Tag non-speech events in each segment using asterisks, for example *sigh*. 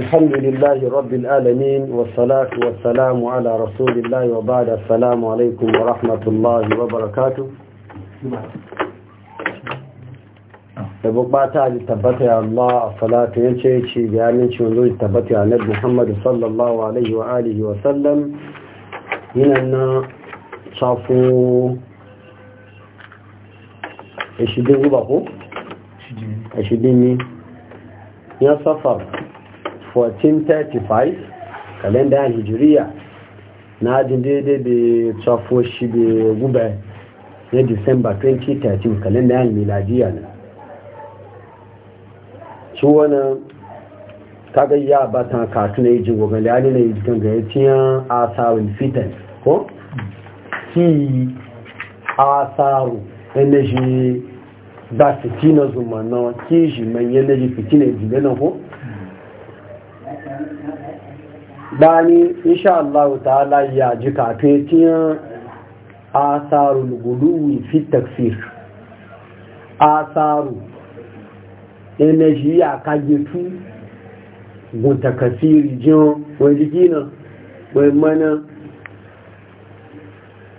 الحمد لله رب العالمين والصلاة والسلام على رسول الله وبعد السلام عليكم ورحمة الله وبركاته يبقى تعالي تبتي الله الصلاة ينشيشي بيامن شوندوي تبتي على نبي محمد صلى الله عليه وآله وسلم هنا شافو اشدين ربقو اشدين مين يا صفر 1435 kalenda ya hijiriya na ajin daidai da tsofo shi da gube na disemba 2013 kalenda ya miladiya na su wani kagayya ba ta kasu na ijin jin gogon da na ijin jikin ga a asarun fitan ko? ki a asaru energy da fitina zuma na ki shi manyan energy fitina jibe na ko? bani insha Allah ta'ala ya ji kafe tiyan asarul guluwi fi takfir asaru energy ya kage tu gunta kafiri jin wani jikina wani mana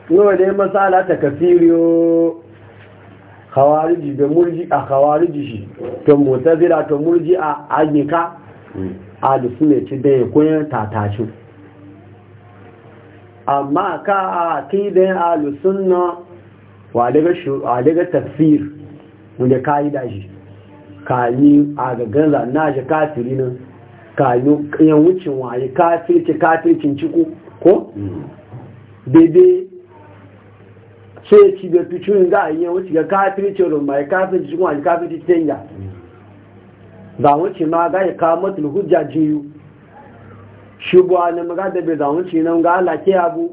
yau dai matsala ta kafiriyo khawariji da murji a khawariji shi to mutazila to murji a agika alisu ne ci bai ta tatashin amma ka a kidan alisun na daga tafsir wanda ka yi daji ka yi a ganza na shi kafiri nan ka yi yan wucin waye kafirci kafircin ciko ko? daidai sai ci da za ga yi yan wucin ga kafirci rumba ya kafirci cikin waje kafirci tenga ba wuce ma ga ikamatul hujja jiyu shi bu ana maga da bai zawon ci nan ga alake abu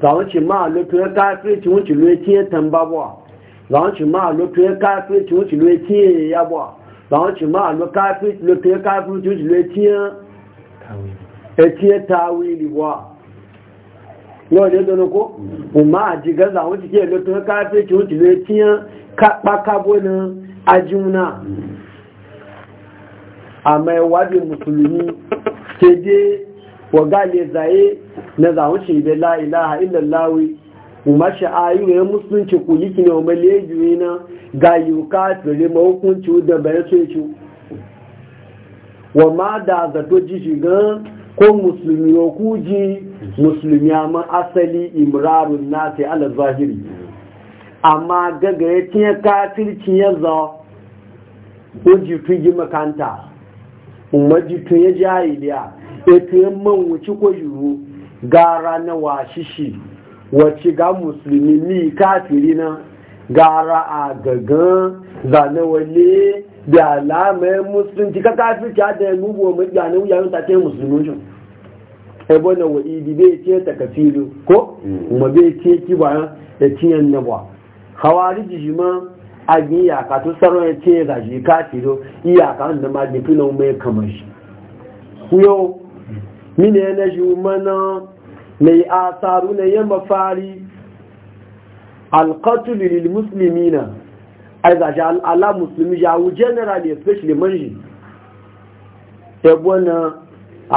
zawon ci ma lotu ya kafirci wuce lo yake tambabuwa zawon ci ma lotu ya kafirci wuce lo yake yabuwa zawon ci ma lotu ya kafirci wuce lo yake tawili buwa yau ne dono ko umma a jigar zawon ci ke lotu ya kafirci wuce lo yake kakpa kabo na ajiyuna a mai wadi musulmi ke je wa gale zaye na zaunci da la ilaha umarshi ayu ya musulunci ku yi kine wa malejiyoyi na ga yuka tsere hukunci da bayan soci wa ma da zato ji shigan ko musulmi wa ji musulmi ma asali imrarun nasi ala zahiri amma gaga ya tiye kafirci ya ko jitu yi makanta umarji tun ya jahiliya ya tun ya man wuce ko yiwu gara na washishi wace ga musulmi ni kafiri na gara a gagan zane wale da alamar musulunci ka da ya gugu wa mutane wuyayen ta ce musulmi ebe na wa idi bai ce ta kafiri ko mm. kuma bai ce ki bayan da ciyan na ba hawari jijima agin iyaka tó sọ́rọ̀ ẹ tí ẹ̀rà yìí káàkiri iyaka ń dama gbé pínlẹ̀ ọmọ ẹ̀ kàmọ̀ sí yóò mí ni ẹnẹ́ ṣe mọ́ náà mai asaru na yamma fari alkatulu lil musulmi na aizashi ala musulmi yawu generally especially manji ẹgbọ́n e na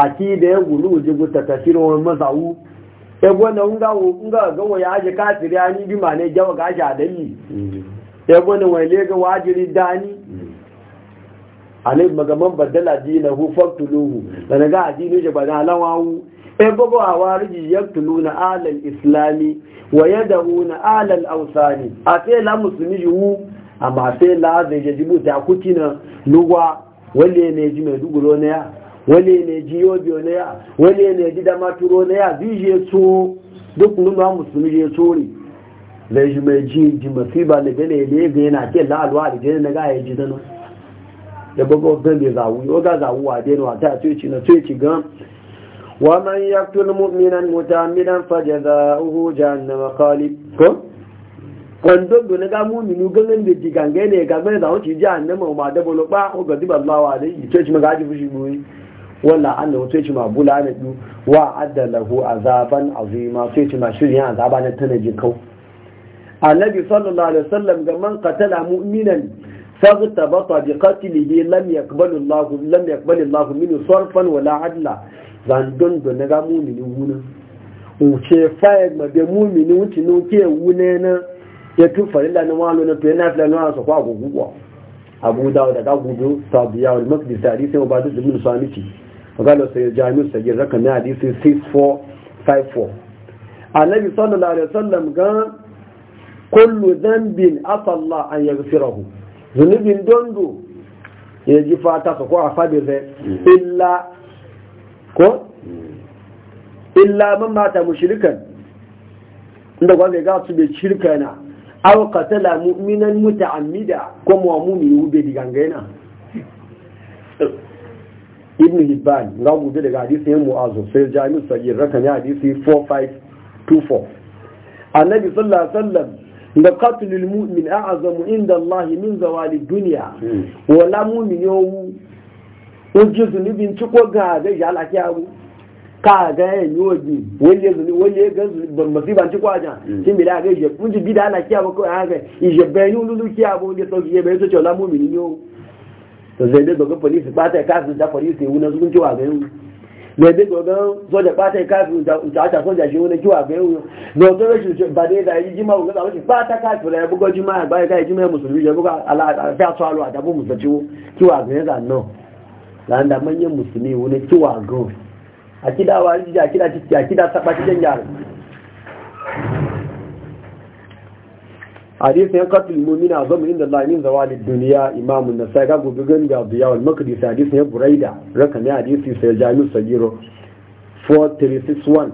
àti da ya gulu ojigbo tattafirin wọn mazawu ẹgbọ́n e na ń gawo ya aji káàkiri a ní bí ma ne jawa ga aji adalli mm-hmm. ya gwani wale ga wajiri dani alai magaman badala dina hu faktuluhu da na ga adini ba na alawawu ya e gogo a wariji ya tulu na alal islami wa ya dahu na alal ausani a sai la musulmi a amma sai la zai jajibu ta kuti na lugwa wale ne ji mai duguro na ya wale ne ji yobiyo na ya wale ne ji damaturo na ya zai je so duk nuna musulmi je so ne zai ji mai ji ji masiba ne gane ne ga yana ke la'alwa da jini na gaya ji dano da babu gan bai zawu yau ga zawu wa dai na ta ce ci na ce ci gan wa man yaqtul mu'minan uhu jan na makali ko kwando da na ga mu'minu gangan da diganga ne ga mai zawu ci jahannam ma da ma ba ko ga diba Allah wa dai ce ci ma ga ji fushi buyi wala annahu wato ci ma bula na du wa adda lahu azaban azima sai ci ma shirin azaba na tanaji kau annabi sallallahu alaihi wasallam ga man qatala mu'minan fagtabata bi qatlihi lam yaqbalu Allah lam yaqbalu Allah minhu sarfan wala adla zan don don ga muminin wuna ce faye ma de muminin wuce no ke wune na ya tu farilla na walo na to yana fila na so kwa gugu Abu Dawud da gugu sabiya al makdis hadisi wa badu bin saliti qala sai jami'u sai rakam hadisi 6454 annabi sallallahu alaihi wasallam ga kullu dhanbin asalla an yaghfirahu zunubin dondo ya ji fata ko a faɗi zai illa ko illa man mata mushrikan inda kwa ga su be shirka na aw qatala mu'minan muta'ammida ko mu'mini ube digangena ibn hibban ga mu daga hadisi mu mu'azu sai jami'u sai Rakani, ya hadisi 4524 annabi sallallahu alaihi wasallam da qatlul mu'min a'zamu inda Allah min zawali duniya hmm. wala mu'min yowu ojú zunubin tí kò gan àgbẹ̀ ìyá alákí àrú káàgá ẹ̀ ní òjì wọ́n lé gan mọ̀síbà tí kò àjà tí mìíràn àgbẹ̀ ìyẹ̀ fún ti bí dá alákí àbọ̀ kọ́ àgbẹ̀ ìyẹ̀bẹ̀ ní olúlu kí àbọ̀ oúnjẹ sọ ìyẹ̀bẹ̀ ní sọ́jọ́ ọlámúmi ní yóò tọ̀sẹ̀ ilé gbọ̀gbẹ́ pọ̀lísì pátẹ̀ káàkiri dá pọ̀lísì ìwúná sókún tí wà gẹ́rù lẹ́bí gbọ̀ngán sọ́jà pátá ìkáàfì ìtàṣà sọ́jà ṣe wọlé kíwà bẹ́ẹ̀ wọn ní ọjọ́ rẹ̀ ìbàdé ìdá yìí jímọ̀ ga wọ́n ti pátá káàfì rẹ̀ gbogbo jímọ̀ àgbáyé káàfì jímọ̀ mùsùlùmí jẹ́ gbogbo aláàfẹ́ àtọ́ àlọ́ àjábò mùsùlùmí kíwà bẹ́ẹ̀ rà náà láńdà mọ́nyẹ́ mùsùlùmí wọlé kíwà gan akídá wa jíjà akídá títí akídá sápá títí hadisi ya qatil mu'mina zama inda Allah min a dunya imamu nasai ga gobe gan ga biya wal makdis hadisi ya buraida ne hadisi sai jami'u sagiro 4361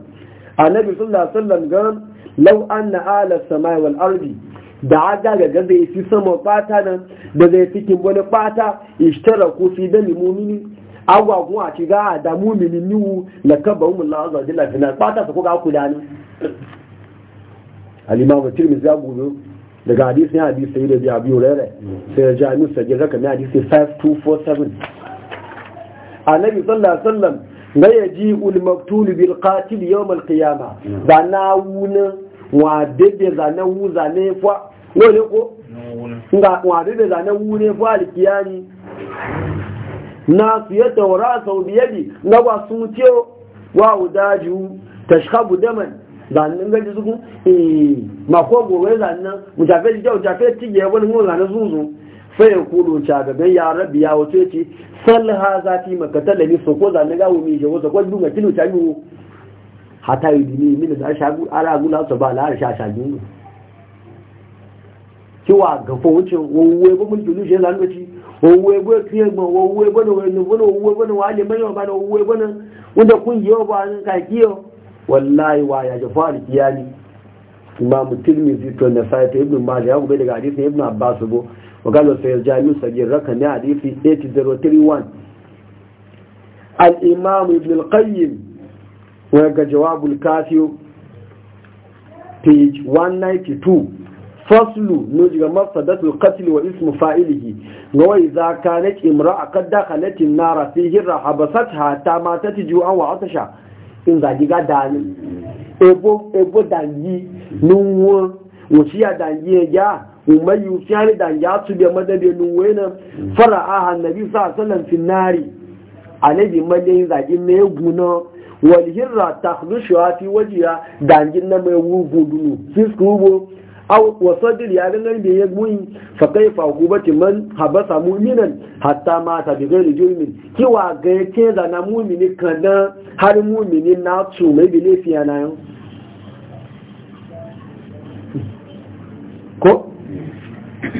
annabi sallallahu alaihi wasallam ga law anna ala samai wal ardi da aga ga gaza ya fi sama fata nan da zai fi kin wani fata ishtara ko fi da mumini agwagun a ci ga da mumini niwu la kaba umul la azza jalla fina fata ta ko ga ku da ni al-imam at-tirmidhi abu daga hadisi ya hadisi da biya biyu rere sai ya jami sagin rakami hadisi 5247 annabi sallallahu alaihi wasallam na ji ulmaktulu bil katil yau malkiyama qiyama na wuna wa dede za na wu za kwa, fa wole ko nga wa dede za na wu ne kwa al qiyani na su ya taura sau biyadi na ba sun wa udaju tashkhabu daman zannin gaji zuku ma ko gobe zannan mu tafe ji jau ya wani mun zannan zuzu faye kudu ta gaban ya rabbi ya wato ce. sal ha za makata da ni so ko zannan ga wumi je wato ko dunga kilu hata yi ni min da shagu ala gula so ba la sha ga fo wuce wuwe ba mun dulu je zannan ci wuwe ba kiyan ma wuwe ba da wani wani wuwe ba da wani mai ba da wuwe ba da wanda kun ba an ka kiyo wallahi wa ya jafa alkiyani imam tilmizi to na sai ibn majah ko daga hadisi ibn abbas go wa sai jami'u sagir raka ne hadisi 8031 al imam ibn al qayyim wa ga jawab al kafi page 192 faslu no diga mafsadatu al qatl wa ismu fa'ilihi wa idha kanat imra'a qad dakhalat an nar fihi rahabasatha ta matat ju'an wa atasha in zagi ga ebo ebo dangi nuwo mo ci ya dangi ya umai yusiyani dangi ya su da madabe nuwo yana fara aha nabi sa sallan finnari alabi madayin zagi na ya guna walhirra ta fi wajiya dangin na mai wugu dunu fiskun aw wasadil ya ganin da ya gumi fa kaifa hubati man habasa mu'minan hatta mata bi ghairi jurmin kiwa ga yake da na mu'mini kada har mu'mini na tsu mai bi lafiya na yau ko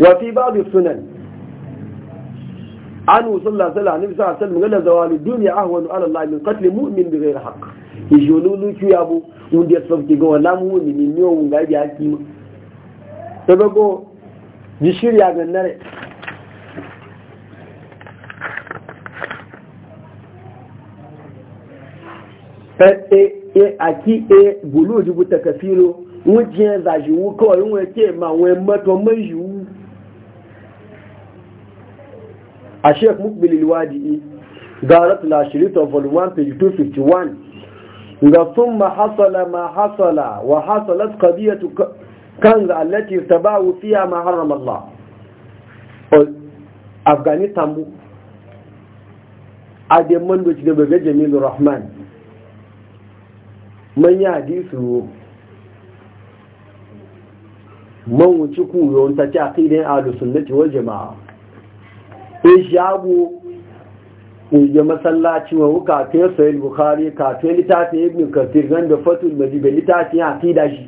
wa fi ba'd sunan anu sallallahu alaihi wasallam gala zawali dunya ahwanu ala allah min qatl mu'min bi ghairi haqq ya kiyabu unde sabki go wala mu'mini ne wunga bi hakima sabago yi shirya gannare aki e gulu jibu ta kafiro wujen zajiwu kawai wọn e ke ma wọn e mato mai yiwu a sheik mukbil ilwadi garat la shirita vol 1 page 251 ga sun ma hasala ma hasala wa hasalat qadiyatu kanzu allati tabawu fiya ma harrama Allah afghanistan bu ade da man doci da baga jamilu rahman man ya hadisu man wuce kuyon ta ci aqidan ahlus sunnati wal jamaa in shago ya masallaci wa wuka ta bukhari ka ta litafi ibn kathir ganda fatul majid litafi aqida shi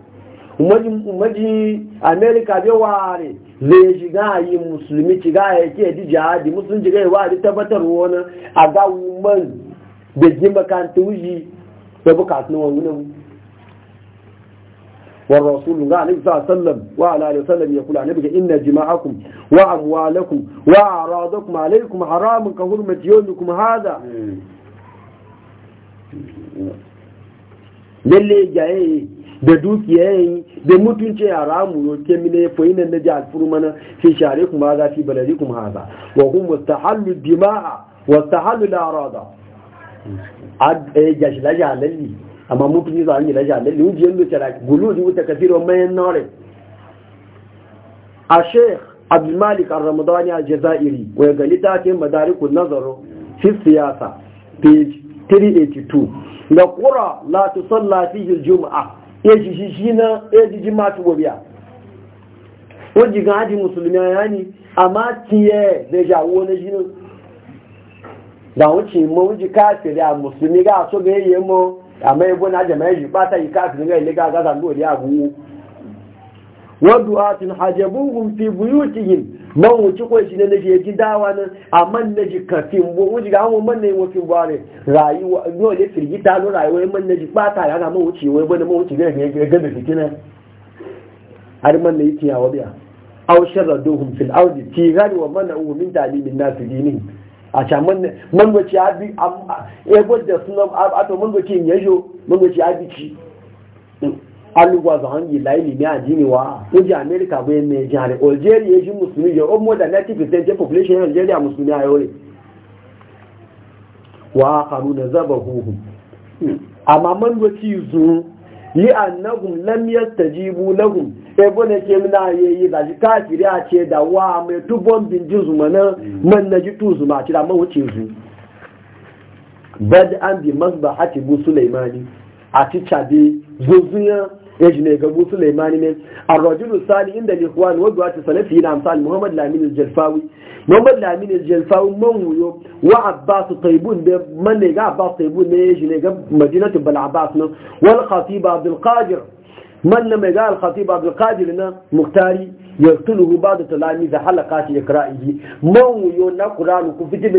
maji amerika bi ware zai shiga yi musulmi ci ga yake di jihadi musulmi ga yi ware tabbatar wani a ga wuman da ji makanta wuji da buka suna wani wani wani rasulun ga alif sa sallam wa alayhi sallam ya kula nabi ga inna jima'akum wa amwalakum wa aradakum alaikum haramun ka hurmati yonikum hada hmm. lalle jaye da dukiya yayi da mutunci haramu yo ke mine fa ina na ji alfurmana fi sharikum ma za fi baladikum hada wa hum mustahallu dima'a wa tahallu al-arada ad e jashi la eh, jalali amma mutunci za ni la jalali uji yendo tara guludi uta kafiro mayan nore a sheikh abdul malik ar-ramadani al-jazairi wa galita ke ku nazaru fi siyasa page 382 da qura la tusalla fihi al-jum'ah ejiji shi na ejiji masu gobiya wajen gaji musulmi a yani amma tiye da jawo na shi da wuce ma wuce kafiri a musulmi ga so ga yi yi mo amma yi gona jama'a yi ba ta yi kafiri ga ile ga gaza lori a gugu wadu'atun hajabuhum fi buyutihim man wuci kwai shi ne na je ji dawa nan man na ji kafin bo wuci ga mu man na yi wuci bare rayuwa no ya firgi ta no rayuwa man na ji bata ya ga wuce wuci wai bane mu wuci ga ga ga fitina har man na ne yake yawo biya aw sharraduhum fil ardi gari wa man hu min talimin nas dinin a can man man wuci ya bi a e da sunan a to man ya yajo man wuci ya bi ci alugwa za hangi laili ne a jini wa kuji america bai ne jihar algeria shi musulmi ya o more than 90% ya population algeria musulmi a yore wa karu na zaba huhu amma man ci zuwa yi annahum lam yastajibu lahum e bone ke mina yayi da ji kafiri a ce da wa mai tubon bin juzu mana man na ji tuzu ma ci da man wuce zu bad an bi masbahati bu sulaimani a ci cabe gozuyan yaji ne gabu Sulaimani ne ar-rajulu inda al-ikhwan wa salafi ila amsal Muhammad Lamin al da man ne ga Abbas Taybun ne yaji ne ga Madinatu Bal Abbas ne wal Khatib Abdul ne mai ga al na Muktari yaqtuluhu ba'd talamiz halaqat iqra'ihi man wuyo na da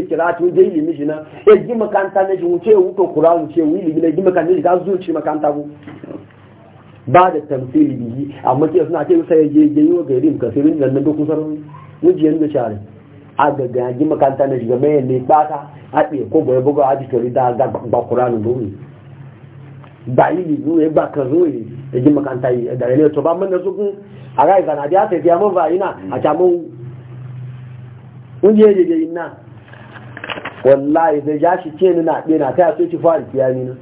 kiratu da ilimi na e ji makanta ne ji ba da tamsili bihi amma ke suna ce sai je je yi wa gari ka sai nan nan dukun sarau mujiyan da share a ga gaji makanta na shiga mai ne bata a tsaye ko bai buga a jikin da ga ba kuranu ba yi ne zuwa ba ka zo ne da ji makanta yi da ne to ba mun da su kun a ga ga na da ta fiya mun ba ina a ta mun yi da na. wallahi zai ya shi ce ni na ɗaya na ta yaso ki fara kiyami na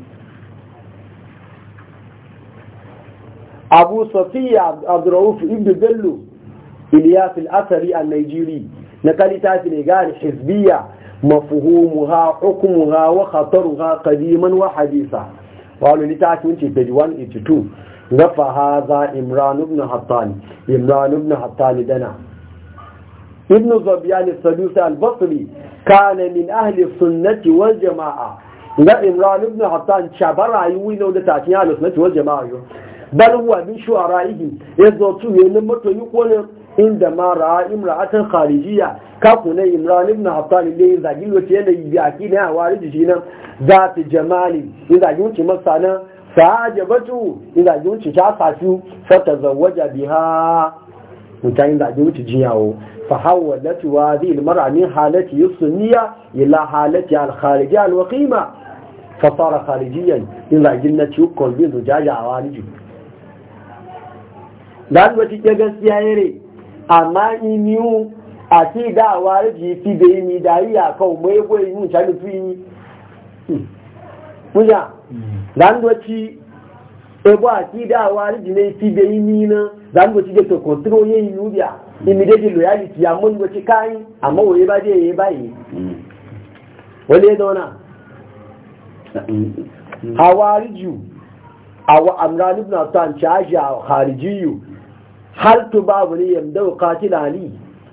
أبو صفية عبد الرؤوف ابن دلو إلياس الأثري النيجيري تاتي لغان حزبية مفهومها حكمها وخطرها قديما وحديثا قالوا لتاك من تجوان اتتو نفى هذا إمران ابن حطاني إمران ابن حطاني دنا ابن زبيان السدوس البصري كان من أهل السنة والجماعة لا إمران ابن حطاني شابر عيوين ودتاك يالسنة والجماعة bal huwa min shu'ara'ihi yazo tu ne mato yi ko inda ma ra'a imra'atan kharijiyya ka kuna imran ibn hattan ne zagi wace yana yi baki ne a wariji shi nan zati jamali in zagi wuce masa nan sa'ajabatu in zagi wuce ta sasu fa tazawwaja biha mutane da ake wuce jiyawo fa hawalatu wa zai ilmara min halati yusunniya ila halati alkhariji alwaqima fa sara kharijiyan in rajin na ciwo kolbin zujaja a wani jiki za su cike gaskiya yare amma imiyu a ti da wari ji fi yi a kawo mai goyi yin cani fi yi hmm. hmm. ebo a ti da ji ne fi da na za su ci da yi lubiya imi ji loyalty amma ni wace kayi amma waye ba je bayi hmm. wani har tu babu ne yamda qatil ali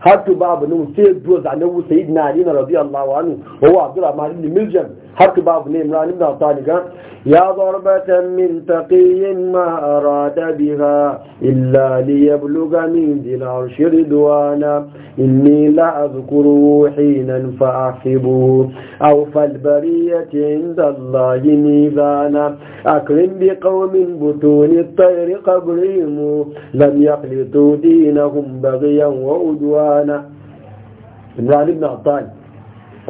har tu babu ne sai do zanen na ali radiyallahu anhu wa abdurrahman bin miljam حتى بعض لان ابن طالقا يا ضربة من تقي ما أراد بها إلا ليبلغ من ذي العرش رضوانا إني لا أذكره حينا فأحسبه أو فالبرية عند الله ميزانا أكرم بقوم بطون الطير قبرهم لم يخلطوا دينهم بغيا وعدوانا ابن بن طالق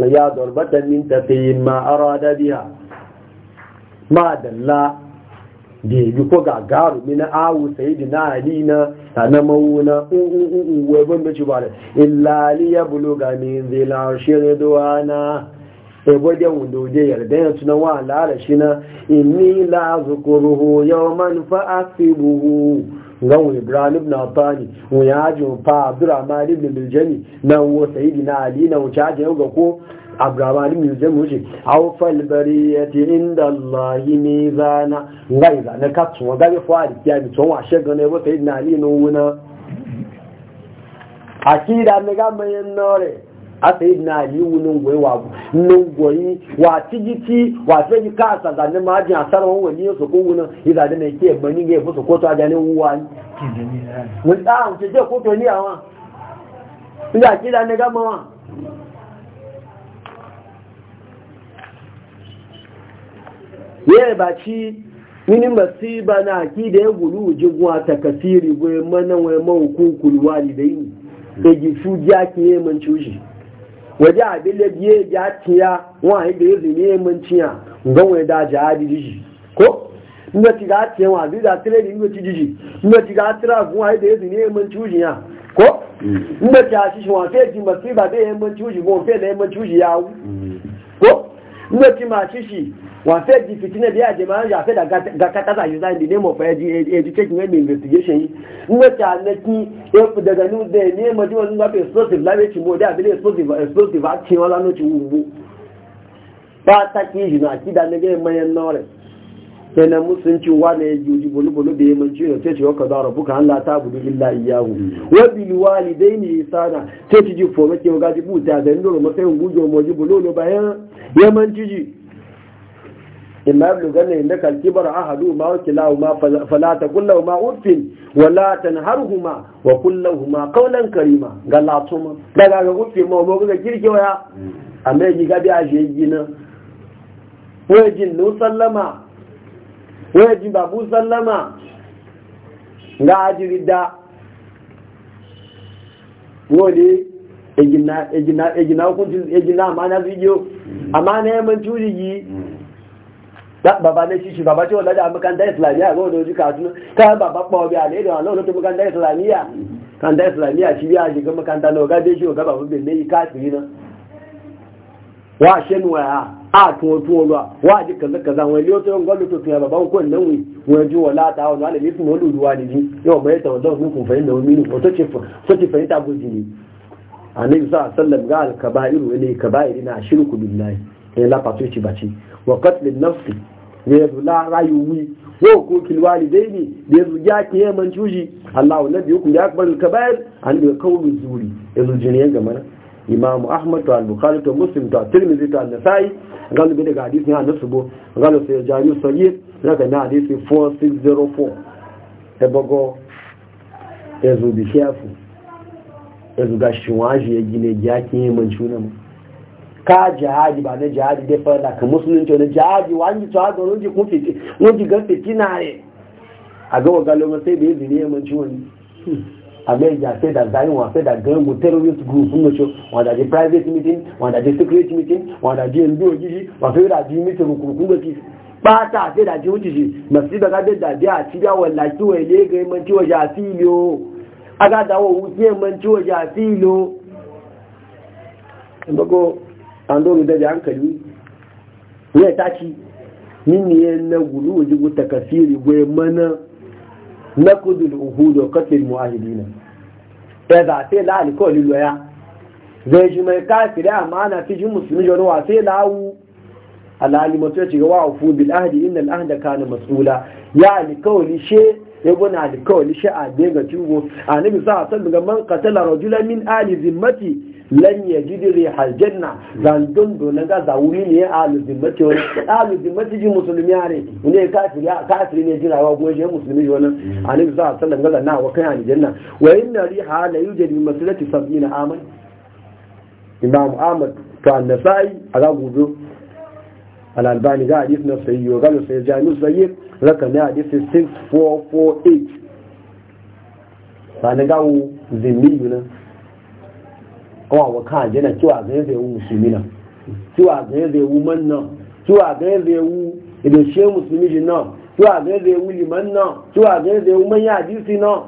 ya dorbatan min tafiyin ma arada biya ma dalla da yi ko garu mina awu sai di na ali na ta na mauna uwai ban da ci ba da illali ya bulo ga min zai larshe na ebo da wundo da yarda yanzu na wa lara na inni la zukuruhu yawman fa nga wani ibrahim na abani wani hajjin fa abdurrahman ibn biljani na wo na ali na wuce hajjin yau ga ko abdurrahman ibn biljani wuce awfal bariyati inda allahi ne zana nga yi zana katsu wa gabe fa alikiya mi tsohon washe gane wa sayidina ali na wuna akida na gama yin nore asa yi na yi wunin goyi wa nan goyi wa tigiti wa feji ka sa da ne maji a sarwa wani yau su ko wunin yi da ne ke bani ga fusu ko ta jani wuwa ni mun ta an ce ni awa ina ki da ne ga mawa ye ba ci mini masiba na ki da ya gulu jigwa ta kasiri goyi manan wai mawukukul walidaini da gifu ya manci shi waje abin da biye ya tiya wani da ya zini ya manciya gan wani da jihadi jiji ko inda ti ga tiya wa zai da tire da inda ti jiji inda ti ga tira gun wani da ya zini ya manci ujiya ko inda mm. ti a shi shi wa fe ji masu ba zai ya manci uji gun fe da ya manci uji ya ko nígbà tí màá ṣíṣì wàá fẹ́ di fìtínà bí àjẹmọ́ àwọn yàrá fẹ́ dà gàkátà yìí láì dìde mọ̀ fẹ́ di education and investigation yìí nígbà tí a nẹ kí epo dẹ̀gà ní ọdẹ ní ẹmọ tí wọ́n ń gbàgbé explosive lábẹ́ tì mọ́ ọdẹ àbílẹ̀ explosive explosive á ti wọn lánàá ti wù wù pàtàkì ìjìnà àti ìdánilẹ́gẹ́ ẹ̀mọ́ náà rẹ̀. kenan musulunci wane ya juji bulubulu da ya manci da ce ce wa kaza ka hannu ta budu illa iyahu wa bil ya sana ce ci ji fome ke ga ji buta da yin ma sai gujo mo ji bululu bayan ya manci ji imma ibn ganna inda kal kibar ahadu ma wakilahu ma fala ta kullahu ma urfin wala tanharhuma wa ma qawlan karima latuma daga ga uffin ma mo ga kirkewa amma ji ga a je gina wajin nusallama wọ́n jí bàbú lama ga ajiri dá wọ́n lè ejìnà ọkùnjú ejìnà àmàna fídíò àmàna ẹmọ́n tí ó rí yìí bàbá ní ṣíṣì bàbá tí ó lọ́dá amẹ́kàndá ìsìlàmíà rọ́ọ̀dọ̀ ojú kàtúnú káà bàbá pọ̀ ọ̀bẹ̀ àlẹ́rọ̀ alọ́rọ̀ tó mẹ́kàndá ìsìlàmíà ji ìsìlàmíà ṣíbí àṣìkọ́ mẹ́kàndá náà ọgá dé ṣe ọgá bàbá bèèrè ní ìkáàkiri náà wọ́n àṣẹ́nu ẹ̀ a tuwo tuwo ruwa wa ji kaza kaza wani liyo tuyon gwallo to tuya baban kwan nan wi wani ji wala ta wani wani lifi wani ruwa ne ji yau bai ta wadda hukun fahimta wani mini wato ce fahimta bu jini a nan sa sallam ga alkaba'iru ne kaba'iri na shirku billahi ne la fato ci bace wa qatlin nafsi ne ko rayuwi wa hukukil walidaini da yanzu ya ke yaman cuji Allah wannan biyu ku ya akbar kaba'ir an da kaulu zuri yanzu jini yanga mana imam ahmad to al-bukhari to muslim to tirmidhi to an-nasa'i galu bi daga hadisi na nasubo galu sai jami'u sahih daga na hadisi 4604 ebogo ezu bi shafu ezu ga shiwaji ya e gine jakin yaman e shuna mu ka jihadi ba na jihadi dai fara da kan musulunci wani jihadi wani to haka wani kun fiti wani gan fitina ne a ga wa galo sai da ya zine yaman ciwon a sai da zai wa sai da gangu terrorist group sun ce wanda je private meeting wanda je secret meeting wanda je ndo gidi wa sai da ji meeting kurkun da ki bata sai da ji wuce masu da gabe da biya ci biya wallahi wai le ga man ciwo ja filo aga dawo wuce man ciwo ja filo bako an do da jan kali ne ta ci min ne na gulu wuce ta kafiri goyen نقض العهود وقتل المعاهدين إذا سيلا لكل الويا zai ji mai kafiri amma ana fi jin musulmi sai lawu alali mutu ya ce wa ufu bil ahdi inna al ahda kana mas'ula ya alkawli she ya gona alkawli she a daga tubo annabi sa sallu ga man qatala rajulan min ali zimmati lan ya ji dire haljanna zandun do na ga zawuri ne a luzimmati wani a ji musulmi ya ne ne kafiri kafiri ne wa goje musulmi ji wani annabi za alaihi wasallam gaza na wa kai aljanna wa inna riha la yujadu min masilati sab'ina aman imam ahmad to an-nasai ala gudu al-albani ga hadith na sayyo ga sayyo jami'u raka rakana hadith 6448 sanin gawo zimmi yunan kawai wa kan ajiyar cewa zai zai wu musulmi nan cewa zai zai wu man nan cewa zai zai wu idan shi musulmi shi nan cewa zai zai wu liman nan cewa zai zai wu man ya hadisi nan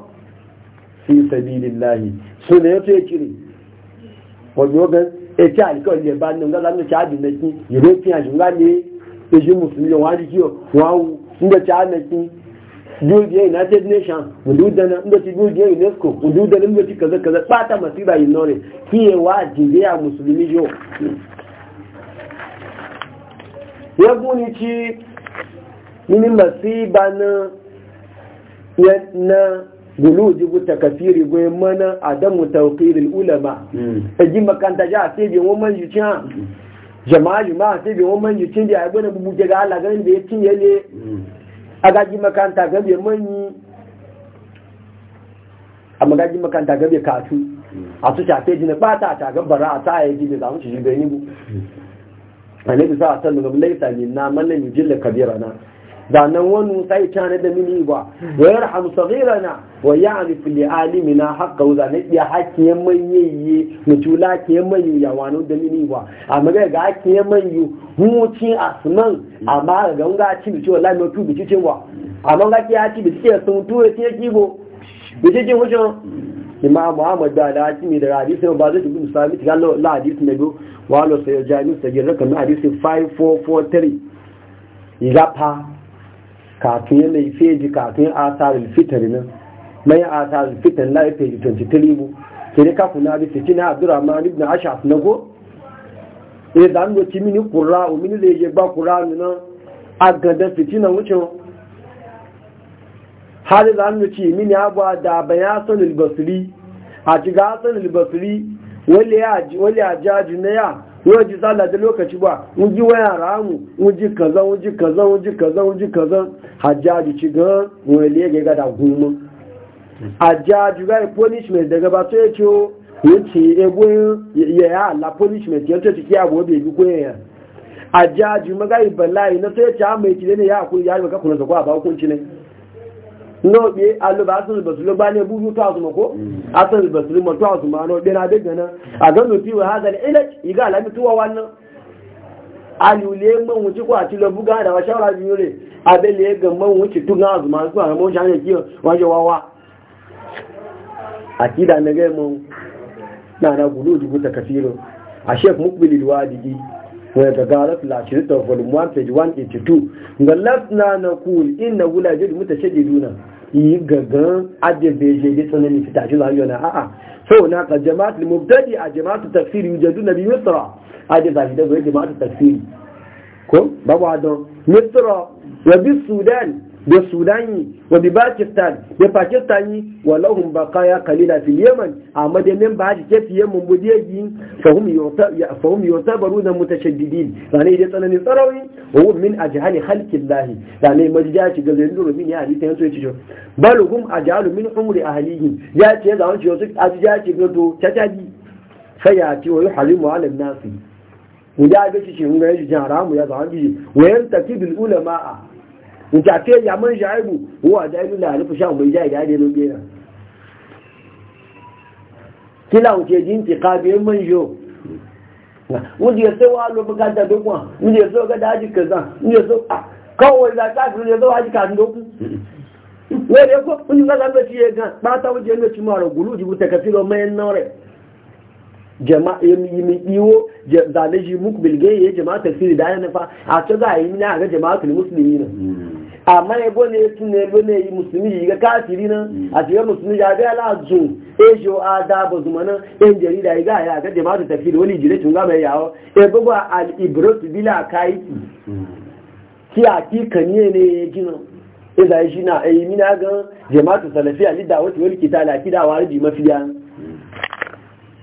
fi sabilillahi so ne yato ya kiri wajen ogan eti alikawar ya ba ni nga zanu ci adi na ki yiro fi hajji nga ne eji musulmi wọn adi kiyo wọn wu nga ci adi na ki duniya united nations nation ududana ndoti duniya unesco ududana ndoti kaza kaza bata yi nore kiye wa jindia musulmi ya yabuni ci mini masiba na na guluji buta kafiri goyi mana adamu tawqiril ulama hmm. eji makanta ja sebe won man yucha hmm. jama'a jama'a sebe won man yucin da ya gwana bubuke ga Allah ganin da ya cinye ne hmm. agaji makanta gabe manyi a magaji makanta gabe katu hmm. a su shafe jini bata ta gabara a ta yi jini zamu mu shi gani bu hmm. a ne bisa a san daga laisa ne na mallan yujilla kabira na da nan wani sai ta da mini ba hmm. wayar hamsagira na wa ya alifu da alimi na haka wuza na iya hakiyan manyayye mutula kiyan manyu ya wani da mini ba a maga ga hakiyan manyu muci asman amma ga ga ci bici wallahi mai tu bici cewa amma ga ki ya ci bici sun tuwe ya kibo bici jin wucin ima muhammad da da hakimi da hadisi ba zai tubi musami ta gallo la hadisi na biyu wa lo sai jami'u sai jirka na hadisi 5443 ya kafin ne feji kafin asarin fitari nan mai asar fitan lai page 23 bu ke ne kafin na bisa cina abdurrahman ibn ashaf na go e da an doki mini kura o mini zai je ba kura nan. a gada fitina wucin hali da an doki mini abuwa da bayan son albasiri a shiga son albasiri wale a jaji na ya wani ji tsala da lokaci ba wuji waya ramu wuji kaza, wuji kazan wuji kazan wuji kazan hajjaji ci gan wale ga gada goma àjájú láì punishment daga bá tó yẹ kí wuce egun yaya Allah punishment ya ce ki abu bai bi koyan ya ajaji magai bala'i na sai ta mai kide ne ya ku ya maka kuna a ba hukunci ne no bi allo ba sun ba ne bubu ta su mako asan ba ma ta su ma no dina da gana a ga no fi wa hadal ilaj iga alami tuwa wannan alule man wuce ko a ti lo buga da wa shawara biyo le abele ga man wuce tun azuma su ma mo shanye ki wa wawa akida na gaimu na na gudu dubu ta kafiru. a shek mukbili luwadigi wani gagara filashin ta volume 1 page 182 ga lasna na kul inna wula jid mutu shaɗi yi gaggan ajiyar da ya je da la yona a a so sau na ka jama'at mubtadi a jama'at tafsir yujadu na biyu misra a da zafi da zuwa jama'at tafsiri ko babu adon misra wa bi sudan da sudani wa bi pakistan da pakistani wa lahum baqaya qalila fil yaman amma da men ba ji ke fiye mun bude gi fa hum yuta fa hum yutabaruna mutashaddidin sane da tsanani tsarawi wa hum min ajhali khalqillah sane majja ci ga zai duro min ya ali ta yanzu ci jo bal hum ajalu min umri ahlihi ya ce yanzu wanci wasu ajja ci ga to tataji fa ya ce, wa yuharimu ala nasi mu da ga shi shi mun ga Jan haramu ya zama bi wa yantaqidul ulama'a nke àti ẹ̀yà mọ́ ìṣà ìlú owó àjá ìlú láàrin fún sáwọn ìjà ìdáde ló gbé náà kí láwọn ti ẹ̀jì ń ti ká bí mọ́ ìṣò wọ́n ti ẹ̀sẹ̀ wá lọ bọ́ká dàdókùn wọ́n ti ẹ̀sẹ̀ ọgọ́dá ájì kẹsàn wọ́n ti ẹ̀sẹ̀ kọ́wọ́ ìlà káàkiri ní ẹ̀sẹ̀ ájì kàdókùn wọ́n ti ẹ̀kọ́ jama'a yi mai iwo zane shi muku bilge ya jama'a tafsiri da yana fa a ce za a yi mina a ga jama'a tuli musulmi na hmm. amma ya gone tun ne gone yi musulmi yi ga kafiri na hmm. a cikin musulmi ya ga ala zun e jo a da ba zuma na yan jarida ya ga ya ga jama'a tafsiri wani jire tun ga mai yawo e bugu al ibrot bila kai hmm. ki a ki kaniye ne ya gina e da shi na e mina ga jama'a salafiya lidda wata wani kitala kidawa riji mafiya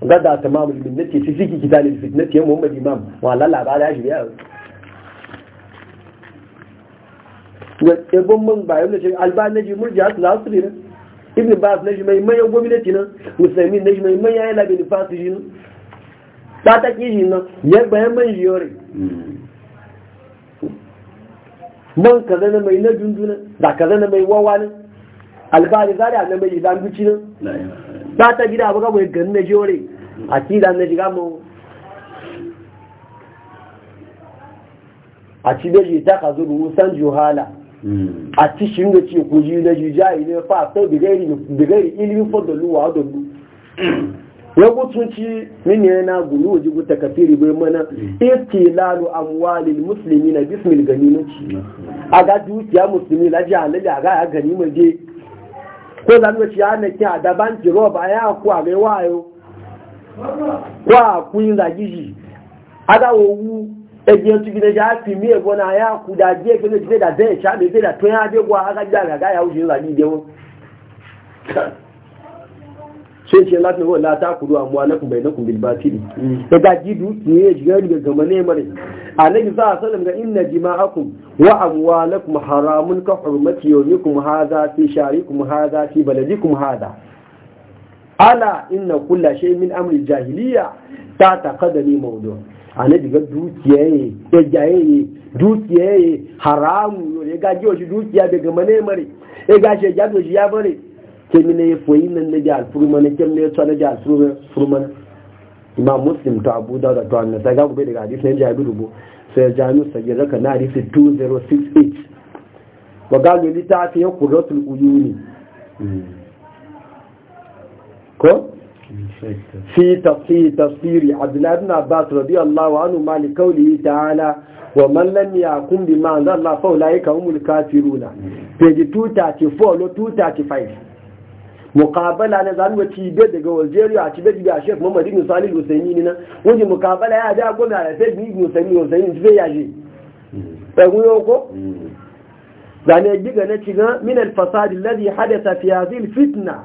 gada ta mamu minnati fi fiki kitalil fitnati ya muhammad imam wala labara ya shirya ya gwamman bayan da shirin alba na jimur jihar na asiri ne ibn bas na jimai manyan gwamnati nan musulmi na jimai manyan yana bin fasi shi nan ta ta ki shi nan ya bayan man jiyori man hmm. kaza na mai na dunduna da kaza na mai wawa nan alba da zari na mai na. nan ta ta gida abu kawai ganin na jiyori àkídà nẹ́jìgámọ́ àti bẹ́jì ìtàkàzó gbogbo sáńjì ọ̀hálà hmm. àti ṣíngẹ̀ tí kò yí lẹ́jì já ilẹ̀ fà fẹ́ bẹ̀rẹ̀ ilé fọ́dọ̀lúwà ọdọ̀lú yago tunci mini yana gulu waje guta kafiri bai mana istilalu amwalil muslimi na bismil ganimanci a ga dukiya musulmi laji halali a ga ya gani mai je ko zanuwa na a a wa kun zagi shi aga owu eje tu gine ja fi mi ebo na ya ku da je ke ne da ze cha be da to ya de gwa aga ja ga ya u shi zagi de wo sai ce lati wa la ta kudu amma na kun bai na kun bil batili da mm. e ga ji duki ne ji gari ga gama ne mare annabi sa sallam ga inna jima'akum wa amwalakum haramun ka hurmati yawmikum hadha fi sharikum hadha fi baladikum hadha ala inna kulla shay min amri jahiliya ta taqadani mawdu anabi e e ga dukiyaye ya jayaye dukiyaye haramu ya ga wasu dukiya daga mane mare ya e ga ya gado shi ya bare ke mine ya foyi nan na furu mane ke mine ya jal na furu mane imam muslim ta abu da to an sai ga be daga hadisi ne jihar rubu sai jami sai raka na hadisi 2068 wa galo littafin ya kuratul uyuni hmm. ko fi tafsiri tafsiri abdullahi ibn abbas radiyallahu anhu mali qawlihi ta'ala wa man lam yakum bima anzala fa ulaika humul kafiruna hmm. page 234 lo 235 muqabala na zanuwa cibe daga Algeria a cibe jibi a Sheikh Muhammad Ibn Salih Husayni na wani muqabala ya da gwamna da Sheikh Ibn Salih Husayni jibe ya je hmm. egun yoko hmm. zane giga na ciga min al-fasad alladhi hadatha fi hadhihi al-fitna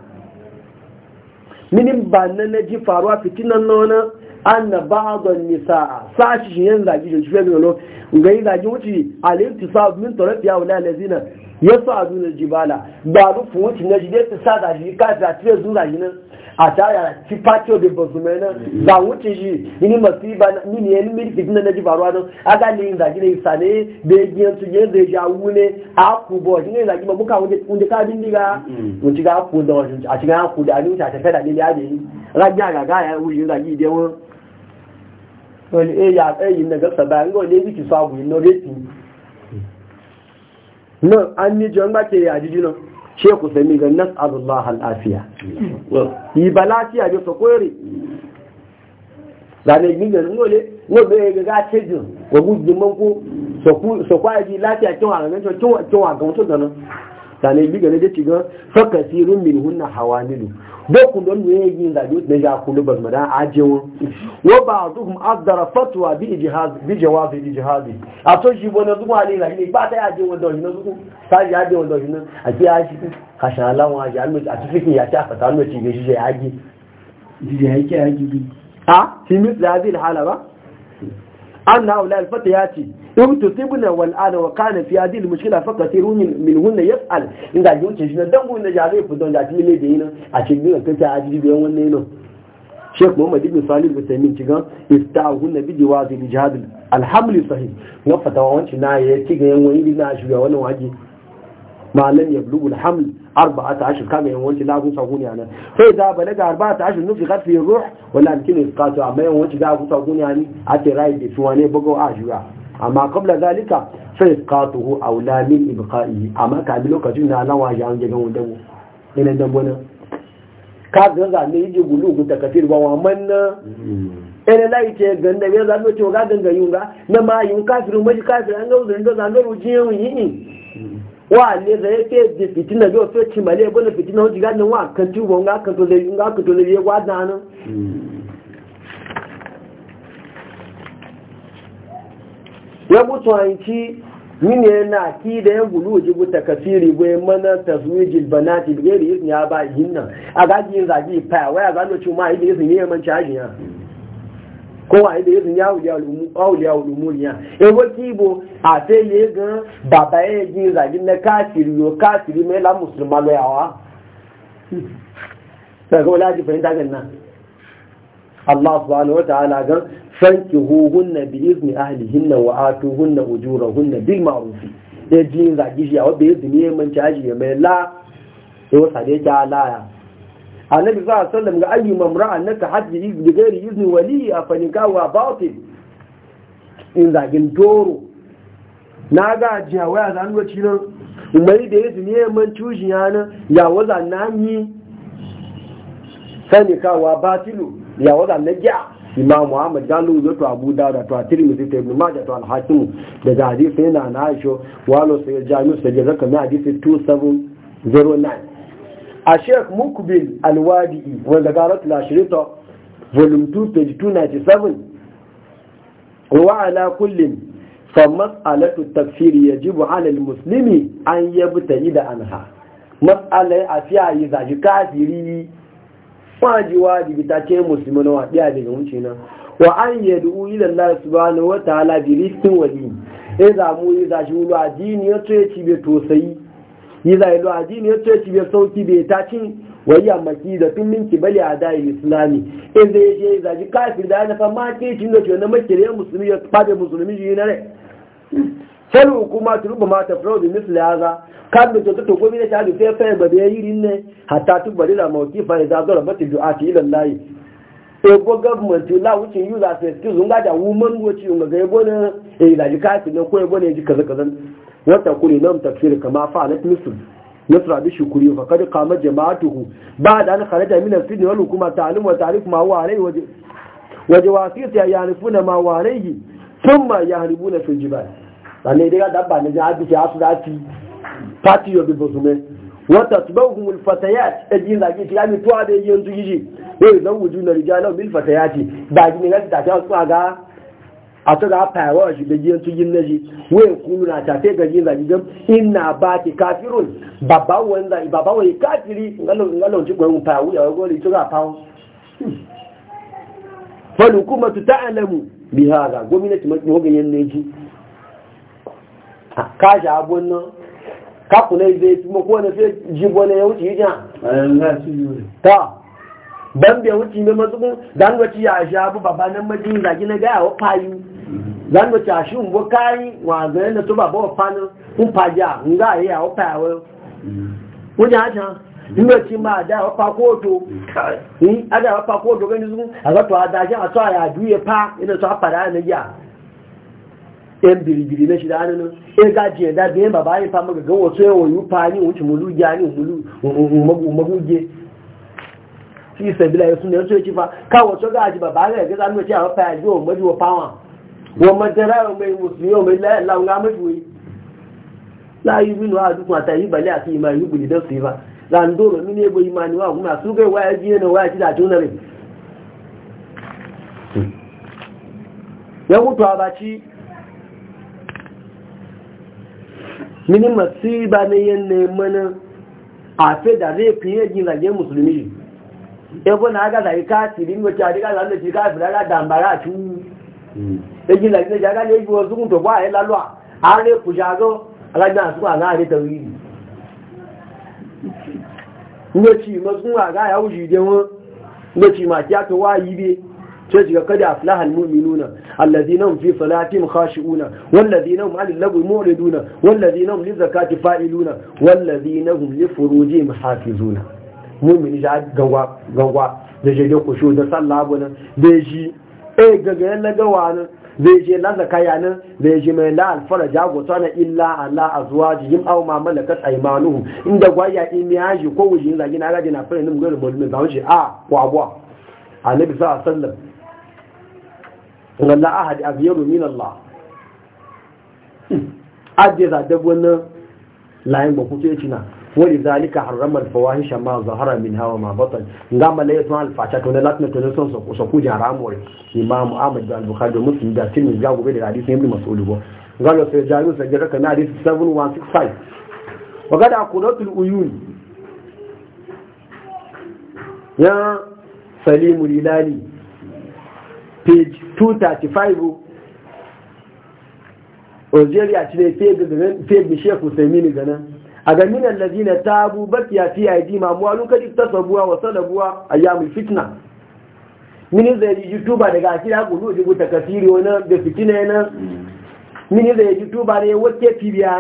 minin ba na na ji faruwa fitinan nona an na ba da nisa sashi shi yin zagi da shi fiye da yalo ga yi zagi wuce alimtisa min tarafiya wula lazina ya sadu na jibala ba rufu wuce na jide su sa zaji ka ta tire zura yi nan a tara ci patio da ba zume nan ba wuce shi yini masiba na mini yan mil fitina na jibaruwa nan aga ne yin zagi ne sane da ya giyan su yin zai ja wune a ku bo shi ne zagi ma buka wunde ka bin diga mm. mun ga ku da wasu a cikin ku da ni ta tafe da ni da ne rajja ga ga ya wuce zagi da wani wani eh ya tsayin eh, daga sabayin ga wani ya biki sabu yin no nan an ni jan ba ke ya jiji nan sheku sami ga nas azullah al'afiya yi ba lafiya da su kwere zane gini ganin wale wanda ya ga gace jin wa gudun manko su ji lafiya kin wa ganin kin wa ga mutum da nan sani bi gane da ci ga fa kasirun min hunna hawamilu boku don ne yin da yut ne ja kulu bas madan ajewo wa ba'dhum addara fatwa bi ijhaz bi jawaz ijhaz a to shi bona zuma ne la ni ba ta ajewo don ne zuku ta ji ajewo don ne a ki a shi ka sha Allah wa ja mu a tafi ya ta fata mu ci ga shi ya ji ji ya ki a ji a fi misli hadhihi al an na haula alfata ya ce in tusibna wal ana wa kana fi hadhihi almushkila fa kathirun min hunna yas'al inda yi wuce shi na dangu na ya fi don da tile da yin a cikin kan ta ajiri bayan wannan yin Sheikh Muhammad ibn Salih bin Taymin cigan istahunna bi jawazi al jihad al hamli sahih na fatawa wancin na ya cigan yan wani na shugaba wannan waje ma bulu yablughu al-haml 14 kaga yawanci lagun saguni ne sai da balaga 14 nufi khafi ruh wala yumkin isqatu amma yawanci da ku ne a ce rai da suwa ne a ajura amma kabla zalika fa isqatuhu a min ibqa'i amma ka bi lokacin na nawa ya an gidan wanda ina dan bana ka ga za ne yiji gulu ta kafir ba wa manna ene lai ce ganda ya zalo ce ga ganga yunga na ma yun kafiru maji kafiru an ga uzurin da zalo rujiyan yin wa ne zai ke da fitina yau sai ci male ko da fitina wajen gadin wa kan tuba nga kan to zai nga kan to zai ya gwada nan ya mutu hanci min na ki da ya bulu ji buta kafiri bai mana taswijil banati bi gairi ya ba yin nan a gaji yin zagi fa waya zalo ci ma yi izini ya manci ajiya kowa da yanzu ya ya auliya ulumuriya ebo kibo a te ne gan baba ya yi zagin na kafiri yo kafiri mai la *laughs* musulma ta ko wala ji fahimta gan na. Allah subhanahu wa ta'ala gan sanki huhunna bi izni ahlihinna wa atuhunna ujurahunna bil ma'ruf ya ji zagi shi a wanda ya zini ya manci aji ya mai la ya wasa da yake ala annabi za a sallam ga ayyu mamra na ta hajji da gairi izini wali a wa batil in zagin toro na ga jiya waya za nuna cinan mai da yanzu ne man cushin yana ya waza na yi wa batilu ya waza na gya imam muhammad galu ya to abu da to tirmidhi to ibn majah to al-hakim daga hadisi yana na aisho walo sai jami'u sai zaka mai hadisi 2709 a sheikh mukbil alwadi wanda garat lashirita volume 2 page 297 wa ala alatu tafsiri ya jibu 'ala musulmi an yi da anha matsalai a fiye yi zaji kafiri waji wajibi ta ce musulmi na wadiya daga wuce nan wa an yad'u ila Allah subhanahu wa ta'ala bi rizqin ya e zamu yi idza wulu a jini ya ci cibe tosayi yi zai lo addini ya ce shi biyar sauki bai taci wai ya maki da tun minki bali a da islami in zai yi zaji kafin da na fama ke cin da ce na ya musulmi ya fada musulmi ji na rai sai hukuma ta ruba mata fraud misli haza kan da ta to gobi da sai fayar ba da yi ne hatta tun bari da mawki fa da zara bata du'ati ila Allah e bo government la wuce su yi ki zunga da woman wuce ga ga yabo na. e eh, yi ji kafin na, ko yabo ya ji kaza kaza watakuri nan tafsir kama fa'alat misr nasra bi shukuri fa kad qama jama'atuhu ba'd an kharaja min al-sidni wal hukuma ta'lim wa ta'rif ma huwa alayhi wa jawasiyat ya yanifuna ma huwa alayhi thumma yahribuna fil jibal sanai daga dabba ne ga abi ya su dati party of the bosume wata tubahum al fatayat ajin da ke tilami tuwa da yanzu yiji eh dan wujuna rijalu bil fatayati ba ji ne ga ta ga su aga a ta ga fayawa shi da jiyan tujin na shi wai kunu na tafe ga jin zaki gam ina ba ki kafirun babba wani zaki babba wani kafiri ngalon ci gwayon fayawu ya wai gole tuga fawo hmm. falu kuma tu ta'alamu bi haza gwamnati mai wagan yan ji. ka shi abun nan ka kuna zai fi mako wani sai jibo na ya wuce yi jan ta ban bai wuce mai matsukun dan gwaci ya shi abu babba nan majin zaki na gaya wa fayu zan wuce a shi mbo kayi wa gane na tuba bawa un nga a ci da ada a ga to ada shi a so ya duye ina na ya en biribiri na shida e ga baba yi fa maga ga wasu yawo yu fa ni wuce mulu ya ni mulu ya sun da su ci ka ga ji baba ga ga a wafa ya ji o wọ́n mọ̀tẹ́rà ọmọ ìmùsùlùmí ọmọ ilẹ̀ làwọn amẹ́fùwé láàyè nínú àdúkùn àtàyè ìbàlẹ̀ àti ìmọ̀ ìlú gbèdé dẹ́sù ìfà làǹdóró nínú egbò ìmọ̀ àníwá òun àsúgbẹ́ wáyé jí ẹnà wáyé títà tó nẹ̀rẹ̀ yẹ́kùtù àbàchí mini masu ba na yin neman àfẹ́ dàrí ìpínyẹ̀ jí ìlàjẹ́ mùsùlùmí yìí ẹgbọ́n náà gàdàrí eji na gina jaga ne ibi wasu kunto wa a yi lalwa a ne ku shago alajina su a gane ta wuri ne ci masu a ga ya wuce idan wani ne ci ma kiya ta wa yi bi? be sai shiga kada a filahal mu'minuna allazina hum fi salatihim khashi'una wallazina hum 'anil lagwi mu'riduna wallazina hum lizakati fa'iluna wallazina hum li furujihim hafizuna mu'min ja gangwa gawa da jeje kushu da sallah bana da shi eh gaga yan lagawa nan zai je la zakaya nan zai je mai la alfara jagota na illa ala azwajihim aw ma malakat aymanuhum inda gwaya in ya ji ko wujin zagi na gaji na fara nim gwaya bolme ba wuce a ah, ko abwa annabi sallallahu alaihi wasallam ngalla ahad abyaru min allah adde za dabwana layin ba kuke cina ولذلك حرم الفواحش ما ظهر منها وما بطن ma le yato alfacha ya ne alfasha to latin son so so ku jaramu re ahmad da al-bukhari muslim da tirmidhi ga gobe da hadisi ibn mas'ud go ngalo sai sai 7165 wa da aqulatul uyun ya Salimu page 235 Algeria ci ne fiye da page sai mini ganan a ga minan lazina ta abu bakiya fi a yi mamuwa lokacin ta sabuwa wa salabuwa a yamun fitna mini zai yi tuba daga kira kudu jibu ta kasiri wani da fitina yana mini zai yi tuba ne wata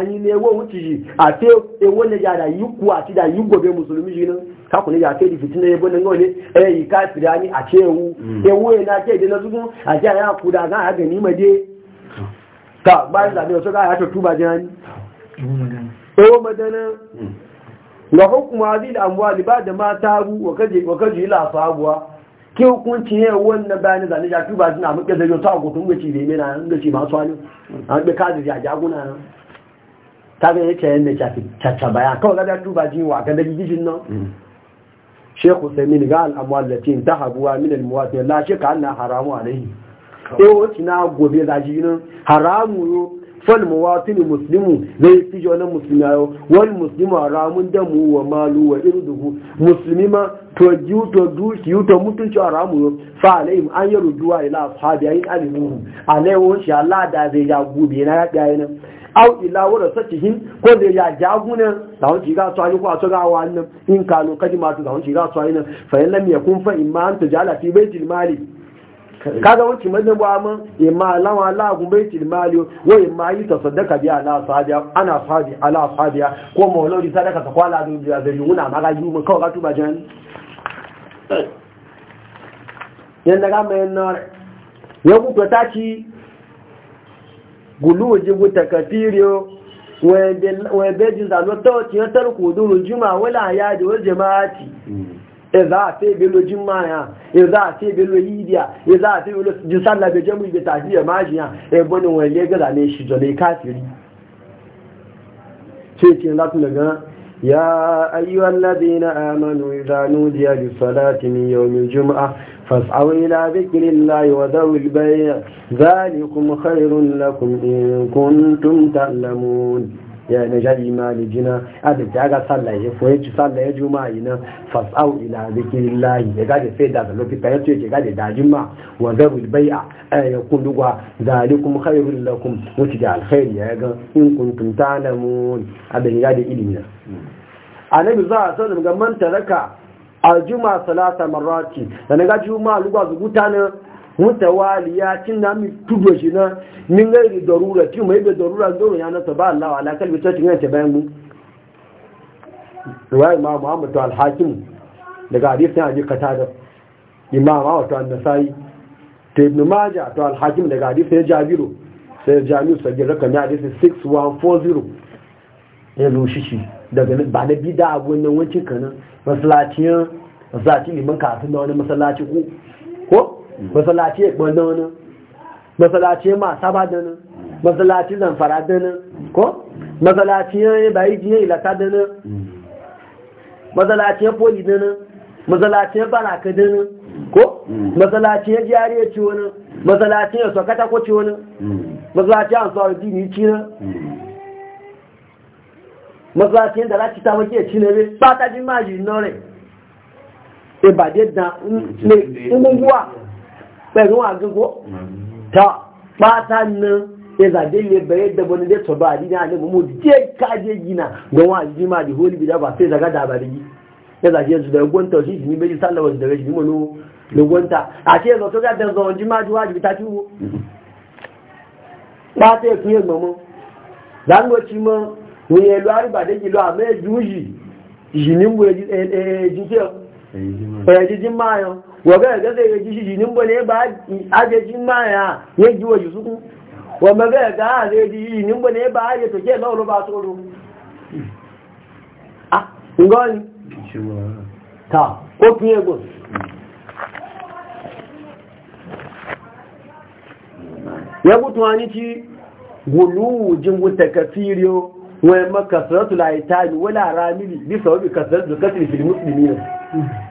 ni ne wa wuce shi a te wanda ya da yi kuwa ci da yi gobe musulmi shi nan kaku ne ya ce di fitina ya bane ngole eh yi ka firiyani a ce wu ya wuye na ke dina zugun a ce ya ku da kan haka ni ma je ka ba da zabe wasu ka ya ta tuba jani ewa madana ga hukuma zai da da mata abu wa kaji ila sabuwa ke hukunci ya wannan bayanin zane ja tuba suna muke zai yota gaci da gaci ya jaguna nan ta zai yake yin ga da tuba wa ga gijin nan mm. ta habuwa min la haramu alaihi ewa gobe zaji nan haramu yo fal muwatin muslimu zai fi ji wani musulmi ayo wal muslimu haramun damu wa malu wa irduhu musulmi ma to jiu to dukiyu to mutunci haramu yo fa alaihim an yi rujuwa ila ashabi ayin alimuhu alaihi shi Allah da zai ja gube na ya tsaye nan au ila wala sakihin ko da ya jaguna da wani shiga su ayyuka su ga wannan in kalu kadima su da wani shiga su ayyuka fa in lam yakun fa imma an tajala fi baitil mali kaga wanki madan ba mun imma lawa la gumbaitil mali wa imma yi tasaddaka bi ala sahabiya ana sahabi ala sahabiya ko maulidi sadaka ta kwala da biya da yuna ma ga yi mun kawai ka tuba jan yanda daga mai na ya ku ta ci guluji buta kafiriyo wa bejin da no to ti tarku duru juma wala ya da jama'ati mm. ya za a sai belo jimaya ya za a sai belo yidiya ya za a sai belo jisar labejen mu da tafi ya majiya ya bani wani ya gaza ne shi zane kafiri sai ce su daga يا أيها الذين آمنوا إذا نودي للصلاة من يوم الجمعة فاسعوا إلى ذكر الله وذوي البيع ذلكم خير لكم إن كنتم ya na jadi ma ne jina a da jaga sallah ya foye ci sallah ya juma yi na fasau ila zikirillahi ya gaje sai da zalofi ka yace ga gaje dajin ma wa zarul bai'a ya kulluwa zalikum khairul lakum wuce da alkhairi ya ga in kuntum ta'lamun a ya da ilimi na annabi za a sallam ga man taraka juma salata marati da na ga juma lugwa zuguta na mutawaliya cin na mi tudo shi na min da darura cin mai da darura zoro ya ta ba Allah ala kalbi ta cin ta bayan mu riwaya ma Muhammad al hakim daga hadisin kata da imam wa to an-nasai ta ibn majah to al hakim daga hadisin jabiru sai jami'u sagir rakami hadisin 6140 ya lushi shi daga ba da bida abu wannan wancin kanan masallacin masallacin liman kafin da wani masallaci ko masallaci gbọ́ndọ́ wani masallaci ma saba dana masallaci zamfara dani ko masallaci yanyi bayi jiye ilata dani masallaci poli dana masallaci ya baraka dani ko masallaci ya jari ya ci wani masallaci ya sokata ko ci wani masallaci ya ansawar dini ci na masallaci ya da lati ta maki ya ci na bai ba ta ji maji nore ibade dan ne ungunguwa pẹ̀lú àgógó tọ́ pátá náà ẹzàdé lè bẹ̀rẹ̀ dẹ̀bọ̀n ilé tọ̀bọ̀ àdínà àdínà mo jẹ́ káàdé yìnà gbọ́nwà àdínà àdí holy bill of faith àgádà àbàdì yìí ẹzàdé ẹzù gbọ́ntọ̀ sí ìsinmi méjì sálọ̀ ọ̀sẹ̀ wo waga ga zai yaji shi jinin bane ba ajeji maya ya ji wa yusuku wa maga ga zai ji jinin bane ba ya to ke lawo ba tsoro ah ngoni ta ko kiye go ya mutu ani ci gulu jingu takafiriyo wa makasratu la itani wala ramili bi sababi kasratu kasri fil muslimina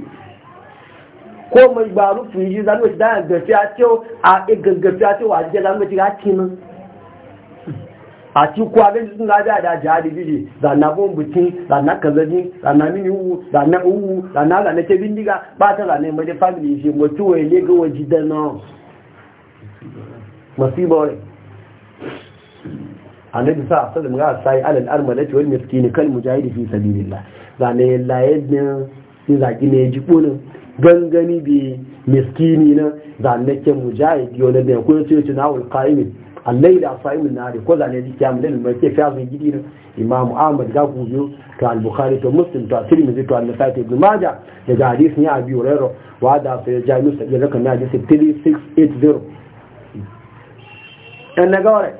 ko mai gbaru su yi zanu da ya gafi a cewa a e gaggafi a cewa a jiya zanu ci gaci nan a ci kuwa ga jisun ga da da jihadi da na bon da na kazani na mini uwu zanna uwu zanna zanna ce bindiga ba ta zanna mai da family shi mutu wai le, ga waji da nan masiba wai annabi sa sallam ga sai alal armalati wal miskini kal mujahidi fi sabilillah zanna yallaye ne sai zaki ne ji kunin gangani bi miskini na zannake mujahid wani da ya kuma ce ce na alƙa'imin allai da sa'imin na ko zane ji kiyam lil mai ke fiya sun gidi na imam ahmad ga ku biyo to al-bukhari to muslim to tirmidhi to an-nasa'i ibn majah daga hadisi ne abi hurairah wa da sai jami'u sai daga na hadisi 3680 an naga wai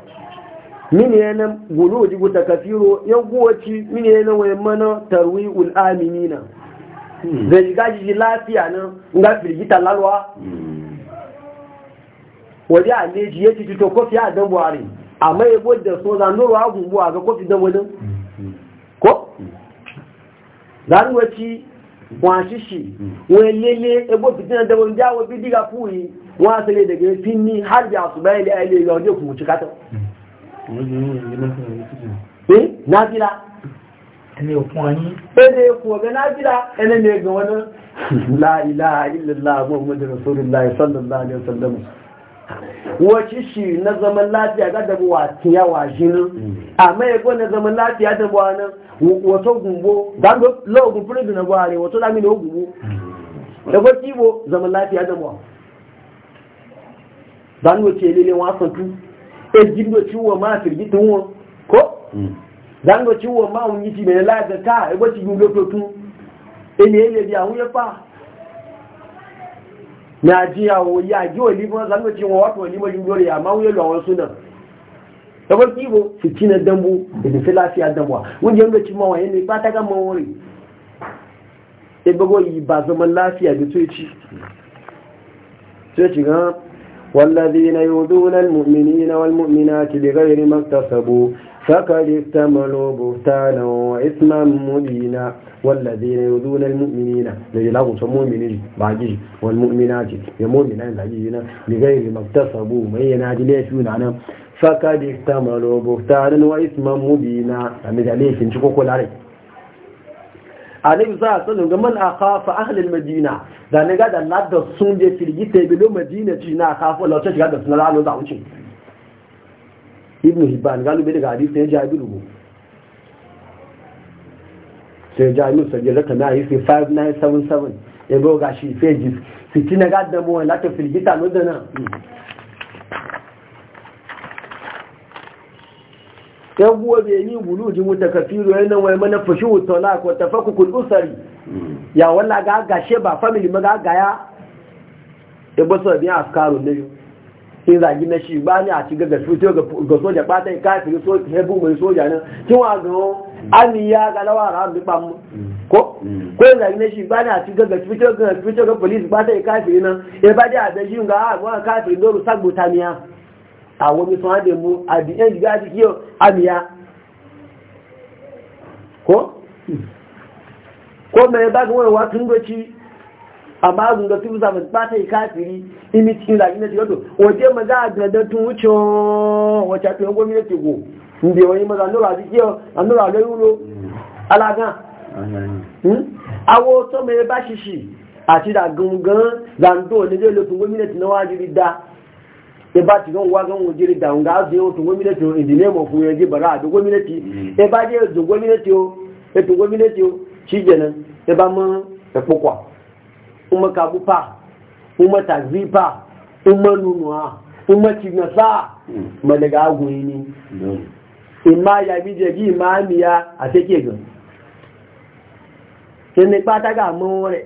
min yana gulu ji kafiro yan guwaci min yana wayan mana tarwi'ul aminina Hmm. zai shiga lafiya nan nga firgita lalwa hmm. waje a leji ya ci fito kofi a dan buhari amma ya bude da so zan nuru agun a ga kofi dan hmm. wani ko ci, zan wace wọn ṣíṣì wọn lélé egbó fìtínà dẹwọ ní àwọn bí díga fún yìí wọn àṣẹlẹ̀ dẹ̀gẹ̀ fi ní hajj àṣùgbà ilẹ̀ ilẹ̀ ilẹ̀ kata. òkùnkùn ṣíkátọ̀ náà ẹni òkun ayé sallallahu wacce na zaman lafiya ga da wa tiya wa shi A mm. amma na zaman lafiya da wa nan wato gumbo ga logun firidu na buhari wato lami da gumbo da ba mm. kibo zaman lafiya da wa ba e ni lele wasan tu e jindo ciwo ma firgitin wọn ko mm. zango ci wo ma unyi ti bele la ka e go ti gulo to tun eni ele bi àwọn ye ni aji awo ya ji oli mo zango ci wo to ni mo ju lórí ama wo lo àwọn suna e go ti bo fitina dambu e ni fe lafi adamwa won je ngo ci mo wa eni pata ka mo ori e bo go yi ba zaman e e lafiya bi to ci to ga والذين يؤذون المؤمنين والمؤمنات بغير ما اكتسبوا فقد استملوا بهتانا وإثما مبينا والذين يؤذون المؤمنين لجلاغ مؤمنين باجي والمؤمنات يمؤمنين باجينا لغير ما اكتسبوا من ينادي ليش يونانا فقد استملوا بهتانا وإثما مبينا أمي ليش نشوفوا كل عليك alaihi za a sanin ga man akafa ahlil madina da na ga da ladda sun je firgita bilo madina ci na akafa lauta shiga da sunan alo za wuce ibn hibban galibi daga hadisi ya jabiru sai sai sajiyar raka na yi 5977 ya goga shi fejis siti na gada wani lati filgita lodda na yan buwa bai yi bulu mu da kafiru yana wai mana fashi wutola ko tafaku usari ya wala ga gashe ba family maga gaya ya basu biya askarun na yau in zagi na shi ba ni a ci fito ga soja kafin hebu mai soja kin wa gano an ya ga lawa ra ba mu ko ko zagi na shi ba ni a ci gaga fito ga fito ga police ɓatan kafin nan e ba da da shi ga ga kafin a wani sun hade mu a the end ga ji kiyo amiya ko ko mai ba ga wani wa tun amma azun da tubu zama ba ta yi kafiri imi cikin zaki na tiyoto waje maza a gandar tun wuce wacce a tuyon gwamnati go inda wani maza nura a jikiyo a nura ga yuro alaga hmm? awo to mai ba shi shi a ci da gangan zando ne zai lotun gwamnati na wajiri da e ba ti gan wa gan wajiri da nga azu yau tun gwamnati o idine mo fun yaji bara a gwamnati e ba je zo gwamnati o e tun gwamnati o shi kenan e ba mun e fukwa umma kabufa umma tazifa umma nunuwa umma cinasa hmm. malaga agoyi ne hmm. imma ya bi je gi ma ya a se ke pata ga mo re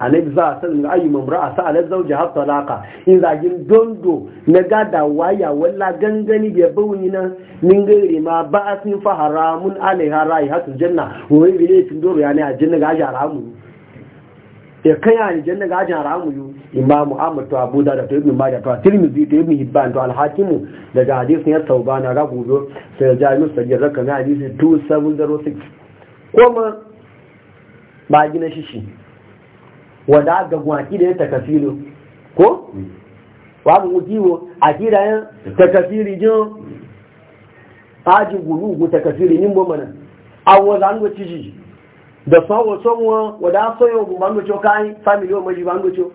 anabi za san ga ayyuma mar'a sa ala zawji har talaqa in zagin dondo na gada waya walla gangani be bawni nan min gairi ma ba'asin fa haramun alaiha rai hatul janna wai bile tun ya ne a janna ga haramun ya kai ni janna gajin haramu yu imamu ahmad to abu da to ibn majah to tirmidhi to ibn hibban to alhakimu hakim daga hadisin ya na ga gudo sai ya jami sajjar raka na hadisi 2706 kuma ba gina shishi wanda ga gwaki da ya takafilo ko wa mu kiwo akida ya takafiri jin aji gulu gu takafiri nimbo mana awwa zango ciji da fawo sonwa wada soyo bu bango cho kai family o moji bango cho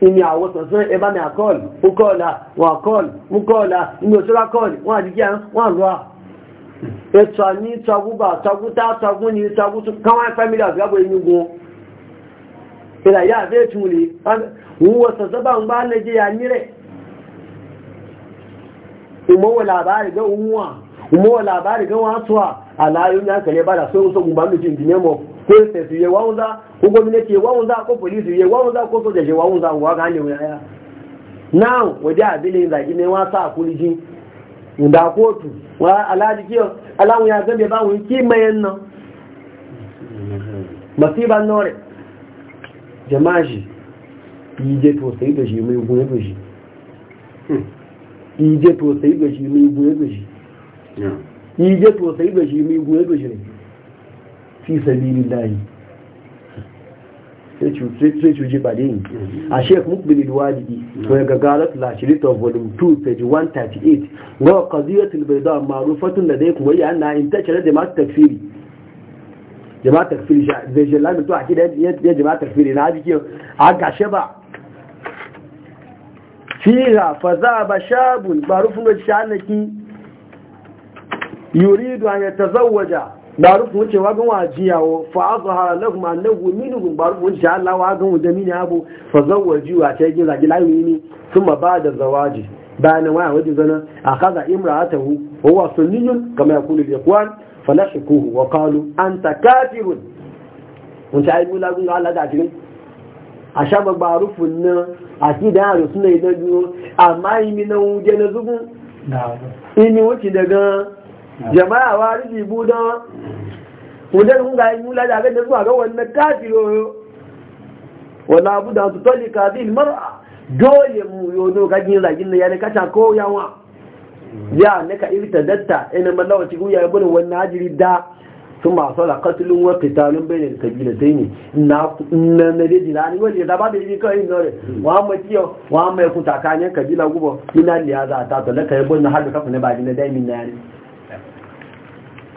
ini awo so so e ba mi akol u wa akol mu kola ni o so la kol wa di kian wa lo e tsa ni tsa bu ba tsa ta tsa bu ni tsa bu kan wa family o ga bo ni go ila ya de tuli wu wa so so ba n ba le je ya ni umo wa labari ga uwa umo labari ga wa alayun ya kare ba da so so gumba mu cin dine mo ko sai su ye wawunza ko gwamnati ye wawunza ko police ye wawunza ko soja wa ga ne waya now waje abile gine wa sa kuliji inda kotu wa alaji kiyo alawu ya zambe ba wun ki mayan nan nore jama'a ije to sai da shi gune da shi ije to sai da shi mai yi je to sai da shi mai goye da ne fi sabili layi sai cuji ba dai a sheik mukbil walidi to ya gagarat la shirit of volume 2 page 138 wa qadiyatul bayda ma'rufatun ladaykum wa ya anna intashara jama'at takfiri jama'at takfiri zai jalabi to akida ya jama'at takfiri na ji kiyo a gashe ba fiha fa za ba shabun barufun shanaki yuridu an yatazawwaja barufu wuce wa gan wajiyawo fa azhara lahum annahu minhum barufu wuce Allah wa gan da mini abu fa zawwaji wa ta gina zagi layu ni ba da zawaji bayan waya wajen zana akaza imra'atahu huwa sunniyun kama yaqulu al-ikhwan falashukuhu wa qalu anta kafirun wuce ta ayi lagun Allah da cikin a sha barufun nan a ci da yaro suna idan biyo amma yi mi na wuje na zugun ini wuce daga jama'a wa rubi budan wajen hunga yi mula da ganin zuwa ga wannan kafiro abu da su toli kafin mar'a dole mu yono gajin ragin na yana kata ko yawa ya na ka irta datta ina mallawa guya ya bane wannan hajiri da sun masu da katilin wa fitalin bayanin kabila ta yi na na daji ni wani da ba da yi kawai nore wa ma kiyo wa ma ya kuta kanyar kabila gubo ina liya za ta to na ka yi na har da kafa na ba na daimin na yari.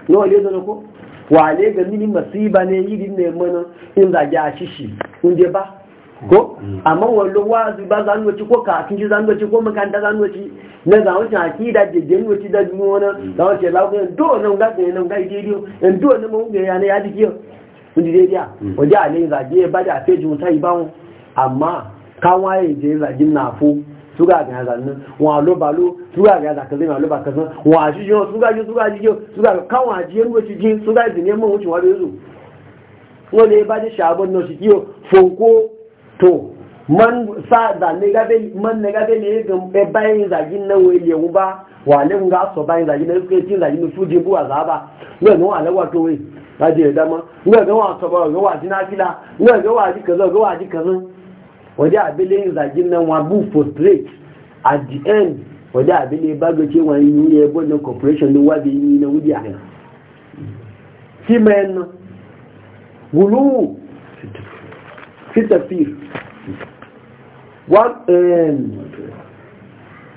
nawa ne zana ko wale ga mini masiba ne yi ne mana in Ko, a shishi kun je ba ko amma wallo wazi ba za nuwaci ko kafin ji za nuwaci ko makaranta za nuwaci na za wuce haki da jeje na da jini wani za wuce lafiyan do nan ga tsaye nan ga idediyo ya do nan mun ga yana ya ndi a ne zage ba da feji wuta yi ba amma kan waye na fu suga ga zannin wa lo balo suga ga da kaze ma lo ba kaza wa shi yo suga yo suga yo suga kan wa ji ruwa ci jin suga din ne mun wuce wa da yuzu wole ba da shabon no shi yo fonko to man sa da ne ga be man ne ga be ne ga e bayin zagin nan wai le ba wa le ga so bayin zagin nan suke tin zagin su je buwa za ba ne no ala wa to wai ba je da ma ne ga wa so ba ga wa ne ga wa ji kaza ga wa ji kaza wajen abili zagin nan wa bu frustrate at the end wajen abin bago ce wani yi ne ebo na corporation ne wabe yi na wuri a nan si mayan nan gulu fitafir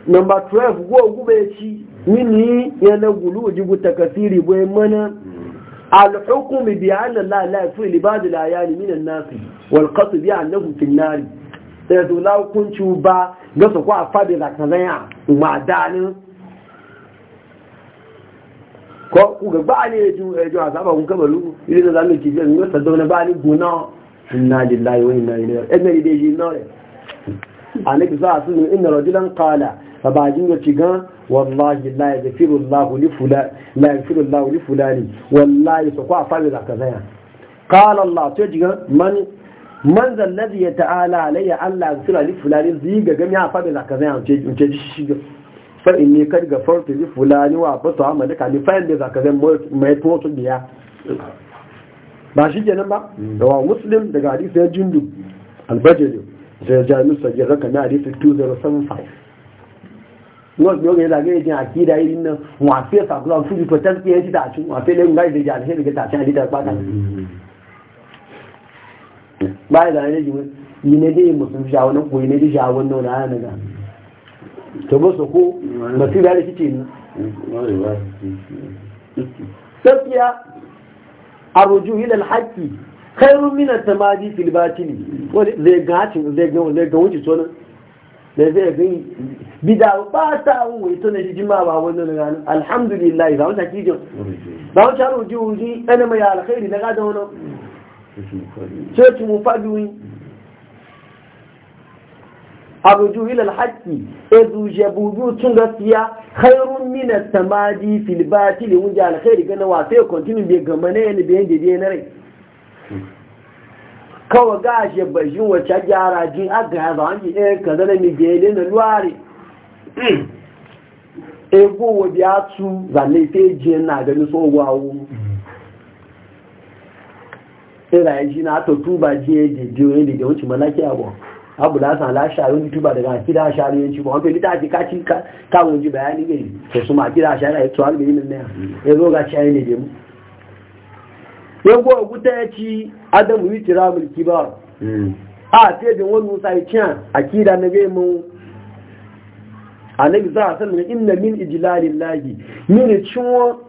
number 12 go gube ci mini yana gulu jibu takasiri bai mana الحكم بأن الله لا يغفر لبعض الأعيان من الناس والقصد بأنه في النار ẹ̀dùn láwùkúnchù bá lọ́sọ̀kọ́ àfábẹ̀ làkànlẹ́yà ìmọ̀ àdáni kọ́ kúgbẹ̀ bá ní ẹjù ẹjù àzábà òun kẹbẹ̀lú ilé náà lókè jẹ́ ìgbẹ́ sọ̀dọ́nà bá ní gùn náà iná lílá ìwé iná ilé ẹgbẹ́ ilé yìí náà sa àníkì sọ àtúnú iná rọ̀júlá ń kààlà jin àjíǹgà ci gan wàláyé láì fìrò láhùlí fúlàní wàláyé sọ̀kọ́ àfábẹ̀ gan kààlà man zallazi ya ta'ala alayya Allah sura li fulani zi ga gami ha fadin zaka zai amce amce shi ga far in ne kar ga farto li fulani wa fata amma da kani da inda zaka zai mai toto biya ba shi kenan ba da mm. wa muslim daga hadisi ya jundu albajali sai jami'u sajjar raka na hadisi 2075 wọ́n bí ó rẹ̀ lágé ìjìn àkídà ìrìn náà wọ́n àfẹ́ sàkúrà fún ìpọ̀tẹ́sì ẹ̀ẹ́sì tààtù wọ́n àfẹ́ lẹ́gbẹ̀ẹ́ ìdíjà àti ṣẹ́lẹ̀kẹ́ tààtù àdídà pátá ba da ne ji yi ne dai musu jawo nan ko ne dai jawo nan na ana ga to ba su ko ba su da kici ne tafiya aruju ila alhaqi khairu min at-tamadi fil batili zai ga zai ga zai ga wuce to da zai bida ba ta wuce to ne jima ba wannan ga alhamdulillah ba wata kijin ba wata aruju ji ana mai alkhairi na ga da sai mu faduwi abuju ilal haqqi ezu jabuju tun gaskiya khairun min as-samadi fil batil wunja al khair gana wa sai continue be gamane ne ne be yende be na rai kawa ga jabajin wacha jara jin aga ba an e kaza ne be le na luari ego wo bi atu zalete jin na ga ni so wawo sai ya shi na to tuba je da jiyoyi da ga wuce malaki abu abu da san la sharu ni tuba daga kida sharu yanci ba wato lita ji kaci ka mun ji bayani ne to su ma kida sharu ai to albi ne ne ya zo ga shayi ne da mu yan go guta ya ci adamu yi yitira mulki kibar hmm. a sai da wannan sai cin kida na ga mun annabi za a sanin inna min ijlalillahi min ciwon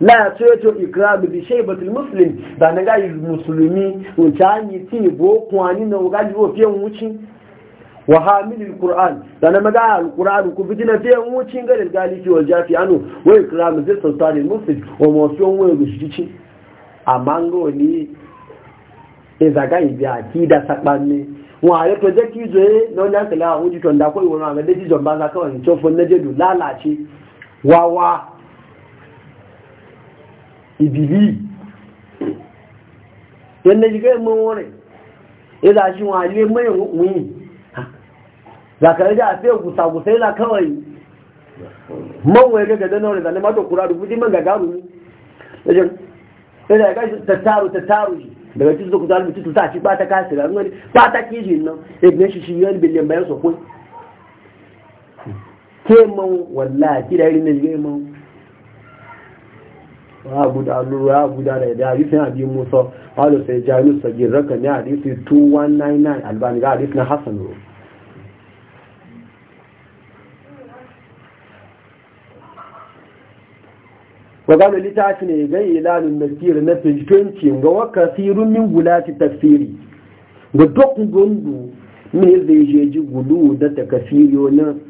na to ikramu bi shaybatul muslim da na ga musulmi wucani ti bo kwani na ga jo fiye wuci wa hamilil qur'an da na maga alquran ku bijina fiye wuci ga dalgalifi wal jafi anu wa ikramu zil sultanil muslim wa mawsun wa gushici amango ni ezaga ibi akida sakpanni wọn ààrẹ tó jẹ́ kí ìjọ ẹ́ lọ́lẹ́ àtẹ̀lẹ́ àwọn ojútọ̀ ìdákọ̀ ìwòrán àgbẹ̀dẹ́jì ìjọba zakọ̀ ìjọ fún nẹ́jẹ̀dù láàláàṣí wáwá ìbìlì yẹnlẹ̀ ìgbẹ́ mọ́ wọn rẹ̀ ìdá ṣe wọn mẹ́rin wọ́n da gusa wani ne wa buda lu da yi sai musa wala sai jalu sagiraka 2199 ga na hasan ro wadanda ne ga ilalun nasir na page 20 ga waka sirun min gulati tafsiri ga duk gundu min zai jeji gulu da takasiriyo nan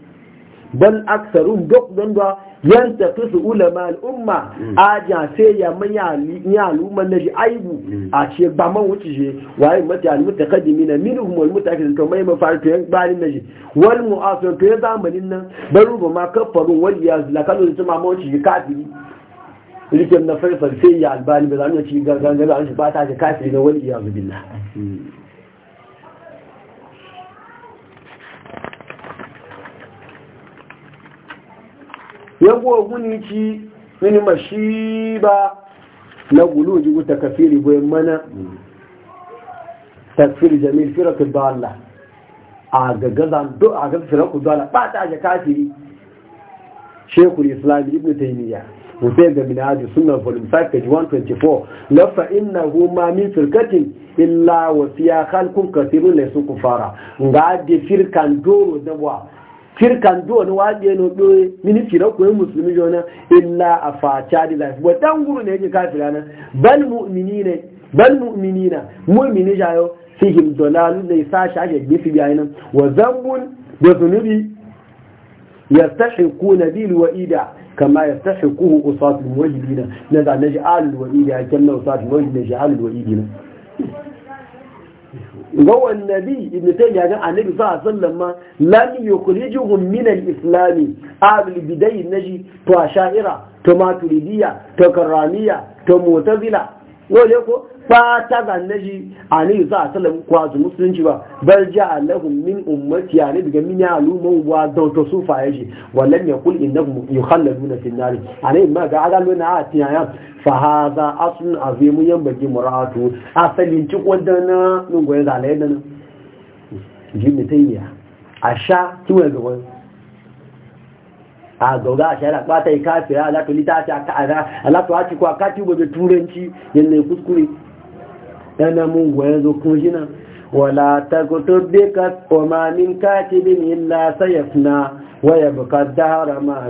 bal aksarun duk gundu yantaqisu ulama al'umma mm. aja sai ya manya ya al'umman naji aibu mm. a ce ba man wuce shi waye mata almutaqaddimina minhum wal mutaakhirin to mai mafarto yan na shi wal mu'asir to ya zamanin nan baru ba ma kafaru wal yaz la kanu tuma ma shi kafiri rikin na farfar sai ya albani ba za mu ci gangan an shi ba ta ce kafiri na wal yaz billah mm. yago guni ci mini mashi ba na gulu jigu ta kafiri bai mana tafsir jami'in firakul Allah a gaggaza duk a ga firakul Allah ba ta ga kafiri shekul islam ibn taymiya وفي من السنة فولم 124 لفا إنه ما من فرقة إلا وفيها خلق كثير ليسوا كفارا نقعد doro دور دواء kirkan do ni waje no do mini kira ko musulmi jona illa afacha di life wa tanguru ne yake kafira na bal mu'minina bal mu'minina mu'mini jayo fihim dalalu ne sa shaje gifi bayanan wa zambun da zunubi yastahiquna bil wa'ida kama yastahiquhu usatul muwahhidina na da naj'al al wa'ida kamna usatul muwahhidina naj'al al wa'idina ga wannabi ibn taymiya ga annabi sallallahu alaihi wasallam lam yukhrijuhum min al-islam ahlul bidai naji to asha'ira to maturidiya to karramiya to mu'tazila wole ko fa ta ga naji annabi sallallahu alaihi wasallam ko musulunci ba bal ja'a lahum min ummati yani daga min alumu wa da to sufa yaji wallan yakul innahum yukhalliduna fi an-nar anai ma ga agaluna atiya fahaza asun azimu yan baki muratu asalin ci kwadana nun goyi zalaye da nan jimi ta yi a sha kiwon gaban a gauga a shayar a kwata yi kafira alatu litafi a ka'ara alatu haki kuwa kati gobe turanci yadda ya kuskure yana mun gwaye zo kun shi nan wala ta kutu bika koma min katibin illa sayafna wa yabqa dahara ma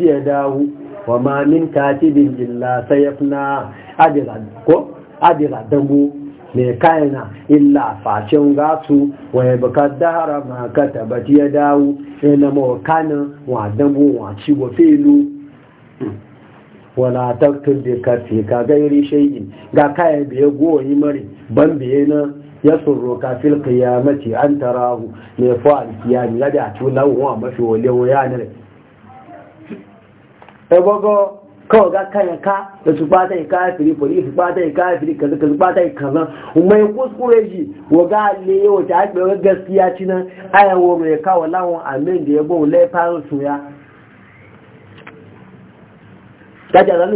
ya dawo wa ma min katibin illa sayafna adira ko adira dangu ne kaina illa facin gasu wa ya dahara ma ka tabbati ya dawo ya na mawakanin wa dangu wa ci wa felu wala taktun da kafi ka gairi ga kayan biye goyi mari ban biye na ya tsoro fil kiyamati an tarahu mai fa alkiyami ya da wa mafi wale wa yanar ẹgbọ́gọ́ kọ́ọ̀gá káyẹ̀ká ẹ̀tùpátá ìká ìfìrí pòlífì pátá ìká ìfìrí kẹ̀lẹ́kẹ̀lẹ́ ìkànnà ọmọ ikú skúrẹ́ yìí lè ọjà agbẹ̀rẹ̀ ayẹwo rẹ̀ káwọ̀ láwọn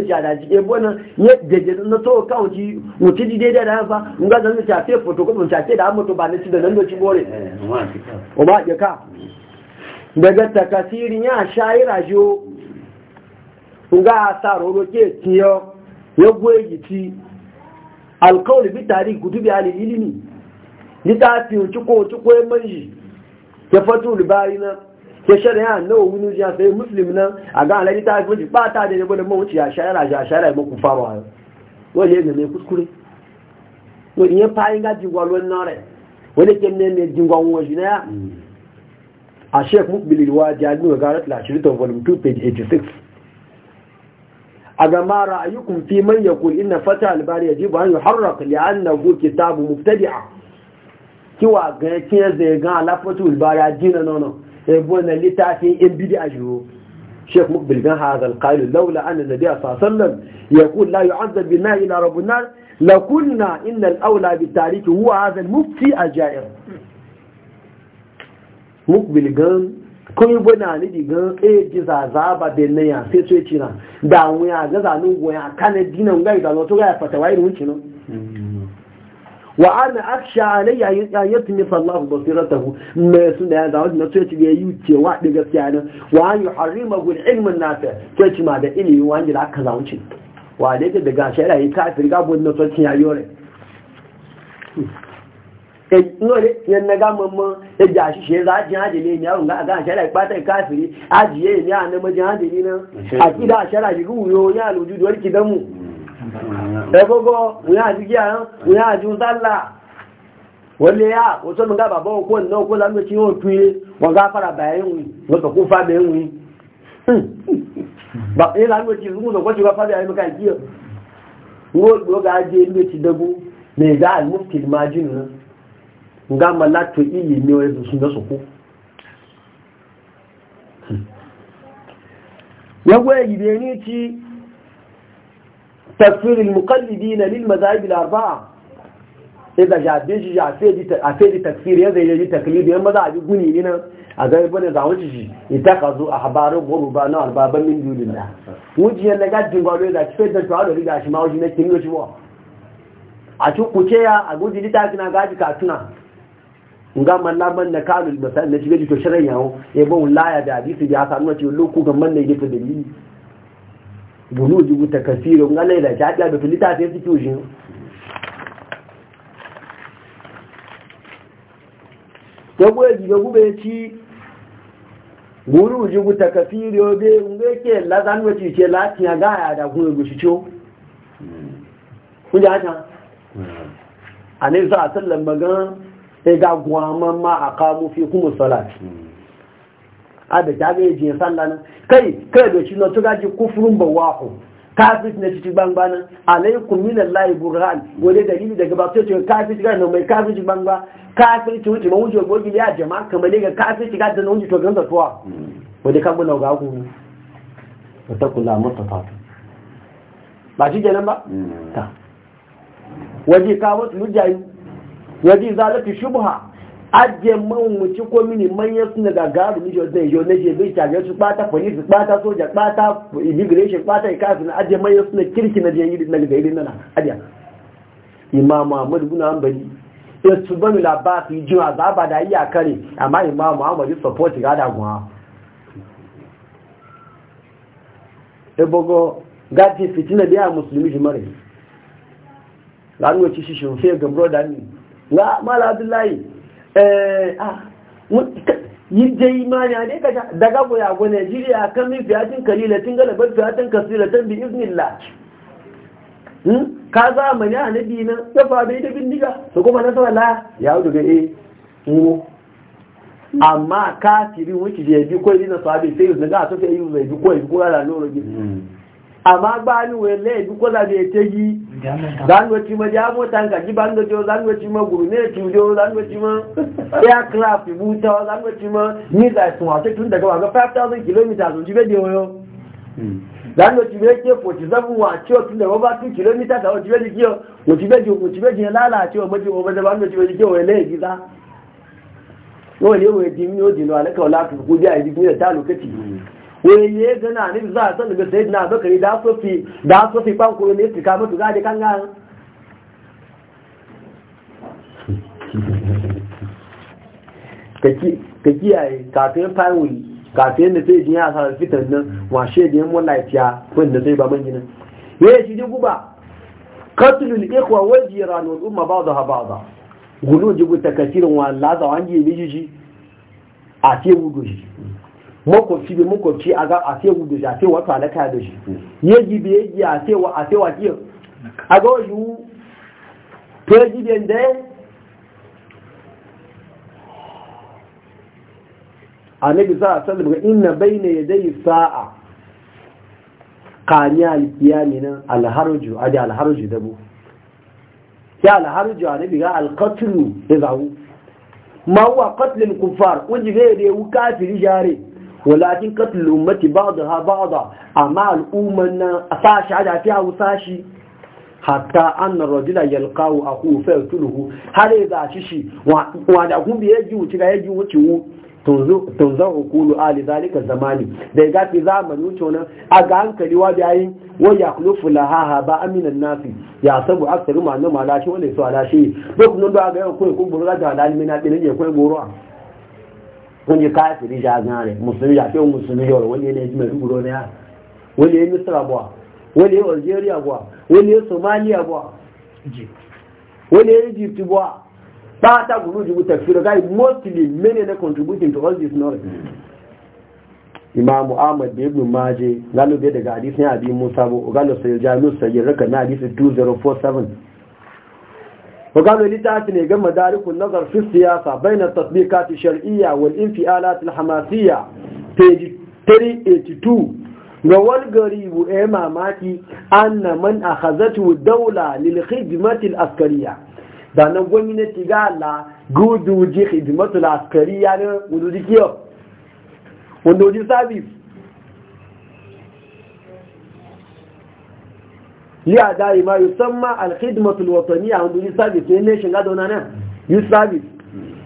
ya ci e bona kawo ji mutu da da fa nga zanu ci afi a ko mun ci afi da o ya ka daga ya jo nga asara oroke tiyo yagwe yiti alkawli bi tarihi ali ilimi litafi uchuko uchuko e manji ya fatu libayina ya shari'a na wani ya sai muslim nan a ga alai ta fi ba ta da yabo da mu wuce ya shari'a ya e shari'a mu ku fara wani yadda ne kuskure wani ya fayin ga jingwa lon wani ke ne ne jingwa wani na ya mm. a sheikh mukbil alwadi ya nuna garat la volume 2 page 86 a gama ra'ayukun fi man ya kuli fata albari ya jibu an yi harraka li'an na go kitabu muftadi'a kiwa ga kiyar zai gan alafatu albari a jina nono ebo na littafin in bidi a jiro شيخ مقبل بن هذا القائل لولا أن النبي صلى الله عليه وسلم يقول لا يعذب بالنار إلى رب النار لقلنا إن الأولى بالتاريخ هو هذا المفتي الجائر مقبل قال kun bu na ni diga e ji zaza ba da na ya sai sai cira da won ya ga zanu go ya kana dinan ga da to ga fata wai run cinu wa ana aksha alayya ya sallahu basiratahu me ya da ya zawo na sai ya yi cewa da gaskiya ne wa an yi al-ilm an-nafi sai ci ma da ilimi aka zawo wa da daga yi na ya yore nole yan na gama mun ya ja shi she za ji hadi ne ya unga ga shara kwata kafiri ajiye ne ya na majin hadi ne na akida shara wuyo, guyo ya luju da warki mu ya ji ya mu ya ji sallah wale ya wato mun baba ko no ko lamu ci o tuye wa ga fara bayan wi ku fa bayan wi ba lamu ci mu ko ci ga fa bayan mu kan kiyo ngo ga je ne ci dabu ne ga al mufti majinu ngamba lato ili niwezu sunda soku ya wegi bieniti tasfiri na lil mazahibi la arbaa eza jadeji afedi tasfiri yaza ili taklidi ya mazahibi guni ilina azai bane za wuce shi ita ka zo a habaru goruba na albaban min dulilla wuce yana ga dingalo da ci fedan to alori ga shi ma wuce na kinga shi wa a cikin kuce ya a guji lita kina gaji ka nga man laban na kalu masal na shiga to shirin yawo ya ba laya da hadisi da aka nuna cewa loku ga man ne yake dalili bunu ji guta kasiro nga laila ta ta da filita ta su shi to boye ji ga gube ci bunu ji guta kasiro be nga ke la zan wace ce la tiya ga ya da kuma gushi ciwo kun ji haka hmm. anisa sallan magana ga guwaman ma a kamo fi kuma salati abu ta ga yaje sallah nan kai kai da shi na tuga ji kufrun bawahu kafir na cikin bangba nan alaikum min allahi burhan wani dalili daga ba sai ce kafir ga nan mai kafir cikin bangba kafir ci wuce ma wuce gogi ya jama'a kamar ne ga kafir ci ga da wuce to ganga tuwa wani kan bu nauga ku ta kula masa fatu ba shi kenan ba mm. ta waje kawo su mujayi wajen zalafi shubha ajiye mawuci ko mini manyan suna gagaru mi jo zai yau na je bai tage su bata police bata soja bata immigration bata ikafin ajiye manyan suna kirki na jiyan yiri na gairi nana ajiya imam muhammad bin hanbali ya su bani labasi jin azaba da iya kare amma imam muhammad support ga da gwa ebogo gati fitina da musulmi jimare lanuwa ci shi shi fiye ga broda ne ga mala abdullahi eh ah yi da imani ne ka daga goya go Najeriya kan min fiyatin kalilatin galabar kasira tan bi iznillah hmm? ka zamani a nabi nan dafa bai da bindiga su kuma na sala ya wuce ga eh ngo amma tiri wuce je bi ko ina sabi sai su to sai yi bi ko ko ala noro amma ba ni wai laifi ko da ya ta yi zanwaci ma ya mota ka da jiyo zanwaci ma guru ne ki jiyo ma *laughs* aircraft buta zanwaci ma ni hmm. da su tun daga waga 5000 km sun ji bade wayo zanwaci ma yake 47 wa ciwo tun daga ba 2 km da wajen bade kiyo wajen bade wajen bade lalace wa maji wa da zanwaci ma yake wai laifi za wani yau ya dimi yau dino alaka wala ta kuku biya ya dimi da ta lokaci Wai ya gana ne za a san daga sai na bakari da sofi da sofi ban kuro ne tuka mutu a kan gan ka kiyaye kafin fawuli kafin da sai jini ya sa fitar nan washe da yan wallafiya wanda sai ba mangina ya yi shi ba? ji guba qatlul ikhwa wal jiran ba umma haba ba'dha gudu jibu takasirin wa an zawangi bi shi a ce gudu shi makwabci bai makwabci a ga a sai da shi a sewa ta alaka da shi yaji bai yi a wa a wa ki a ga wani president da annabi za a sallu ga inna bayna dai sa'a kaniya alkiyami nan alharju adi alharju dabo ya alharju bi ga alqatlu ya zahu ma huwa qatl alkuffar da ya wuka kafiri jare walakin katul ummati ba'daha ba'da amma al'umman nan sashi ada fi hawo sashi hatta anna rajula yalqahu akhu fa yatuluhu har idza shishi wa da kun biye ji wuci ga yaji wuci wu tunzo hukulu ali zalika zamani da ga fi zamani wuce wannan a ga hankali wa yayin wa yakhlufu laha ha ba aminan nasi ya sabu aksaru ma na malashi wala su alashi duk nan a ga ko ko burga da alalmina din ne ko goro wani kafiri ja gane musulmi ya fiye musulmi yau wani ne ji mai duburo ne ya wani ya misra buwa wani ya algeria buwa wani ya somalia buwa wani ya egypt buwa ba ta gudu jibu tafiro guy mostly many na contributing to all this knowledge imam ahmad da ibn maje gano bai daga hadisin abi musa bu gano sai jami'u sayyid raka na hadisi 2047 littafi وقالوا لتاتي نيغا مدارك النظر في السياسة بين التطبيقات الشرعية والانفعالات الحماسية page 382 ga walgaribu ya mamaki anna man a hazatu daula lilhidimatul askariya da na gwamnati gala guduji hidimatul askariya ne wuduji kiyo sabis liya dai ma yusamma al-khidmatul wataniyya an duri service ne ne shiga da wannan yi service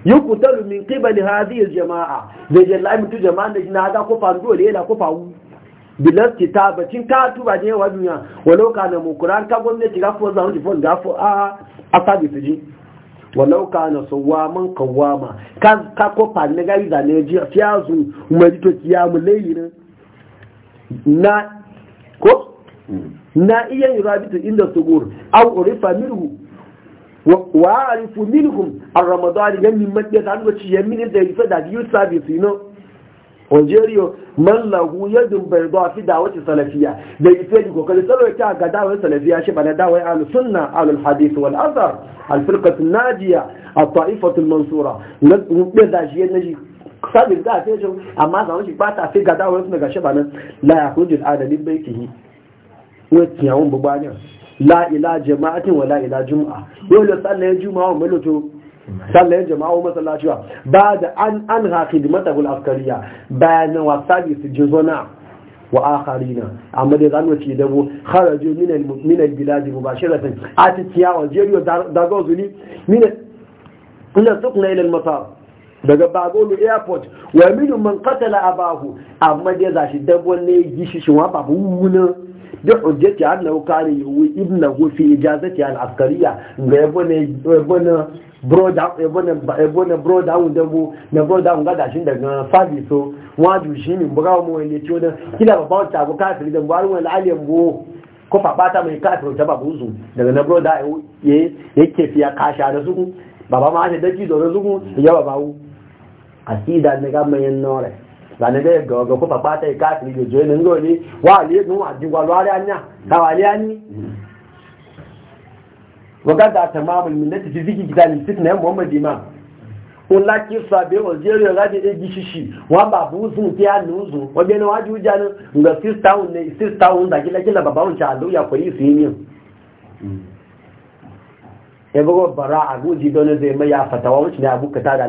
yuqtalu min qibali hadhihi al-jama'a da jallai mutu jama'an da na da kofa fandu le kofa wu. Bilas bilas kitabacin ka tuba ne wa duniya walau kana mukuran ka gwamnati ga fo zaun fo ga fo a a service ji walau kana sawaman kawama ka kofa ne ga yi zane jiya. ji fiyazu umari to kiyamu layina na ko نا إيان يرابطوا إن الثقور أو أريفا منه وعارف منهم الرمضان يمي من يتعلم وشي يمين إذا يفا داد يسابس ونجيريو من له يد بيضاء في دعوة صلافية داي فيدي كوكالي صلوه كاكا دعوة صلافية شب على دعوة آل سنة آل الحديث والأثر الفرقة الناجية الطائفة المنصورة نزل داشية نجي sabi da ce shi amma zaunci ba ta fi gada wani suna gashi ba nan la ya kunji al'adalin baikihi wetin yawon bugbanin la'ila jama'atin wa la'ila juma'a yau da tsallayen juma'a wa maloto tsallayen jama'a wa matsalaciwa ba da an an haƙi da matakul askariya bayanan wasa da su jizona wa akharina amma dai zamu ci dabo kharaju min al min al bilad mubashiratan atiya wa jeriyo da ga zuli min ila sukna ila al matar daga bagolu airport wa min man qatala abahu amma dai zashi dabo ne gishi shi wa babu wuna bi hujjati annahu kana yuwi ibnahu fi ijazati al-askariya ga yabone yabone broda yabone yabone broda un dabo na broda un gada shin daga fadi so waju shi min buga mu ne ciwo da kila babban ta go kafiri da baro wani aliyan go ko fa bata mai kafiri ta babu su daga na broda yake fiya kasha da su baba ma da daji da zugu ya babawu asida ne ga mayan nore zanage ga ga ku papa ta ka ti je ni ngo ni wa le nu wa ji wa lo ara anya ka wa da e o ba bu sun ti anu zu o be no wa ju ja nu ga sister un ne sister un da kila kila baba ya yi sini e bara aguji dono zai mai ya fatawa wacce ne abu ka ta da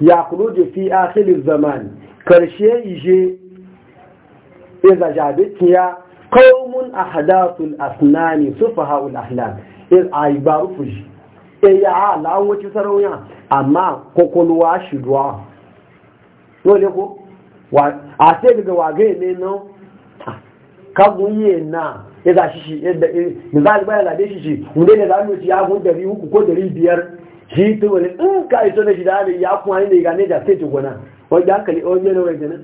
ya da fi akhir zaman karshe ije iza jabitiya qaumun ahdathul asnani sufahaul ahlam iz aibaru fuji e ya ala wuce sarauya amma shi shidwa dole ko wa a sai daga wage ne na? ka na ya zashi shi yadda misali baya zabe shi shi mun dai da ya gun 300 ko 500 shi ta wani in ka na da ya kuma da sai tukuna hankali on yana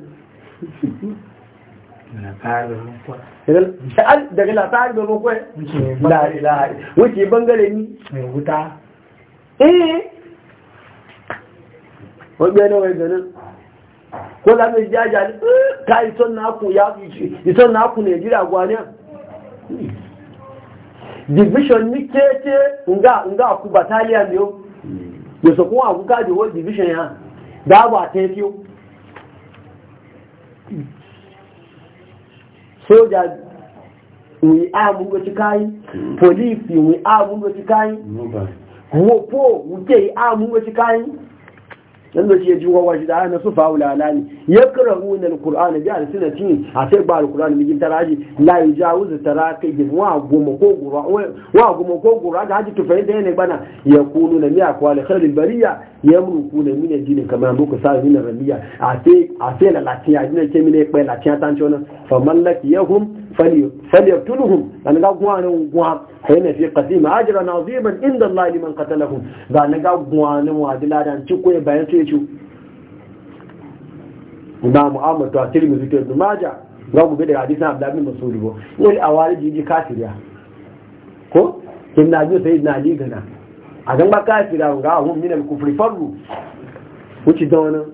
daga latari da wuce bangare ni wuta eh yana ko jaja mm, ka na ku ya na ku gwaniya hmm. division ni nga nga ku battalion da su kuma abu kaji wani division ya da ba ta fiye soja mai abu ga cikayi polisi mai abu ga cikayi wopo wuke abu nan da ya ji wawa shi da ana su faula lani ya karahu na alkur'ani bi alsinati a sai ba alkur'ani mijin taraji la yajawuz taraka bi wa goma ko gura wa goma ko gura da haji tufai da ne bana ya kunu na miya kwale khairul bariya ya na mina dinin kamar boko sai mina rabiya a sai a sai la latiya dinin ke mine pe latiya tan chona fa mallaki yahum فليقتلهم لأن قوانا وقوان حين في قسيم أجرا عظيما عند الله لمن قتلهم لأن قوانا وعدلانا تشكوين بيان تشكو Imam Ahmad to Tirmidhi to Ibn Majah ga gobe da hadisin Abdullah bin Mas'ud go wal awariji ji kafiriya ko kin na ji sayyidina Ali gana a gan ba kafira ga hum min al-kufri farru wuce da wannan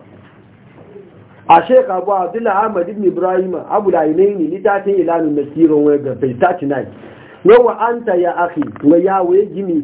a sheik abu abdullah ahmad ibn ibrahim abu da ne littafin ilanin nasirin wani ga fai 39 yawa anta ya ake wa ya waye gini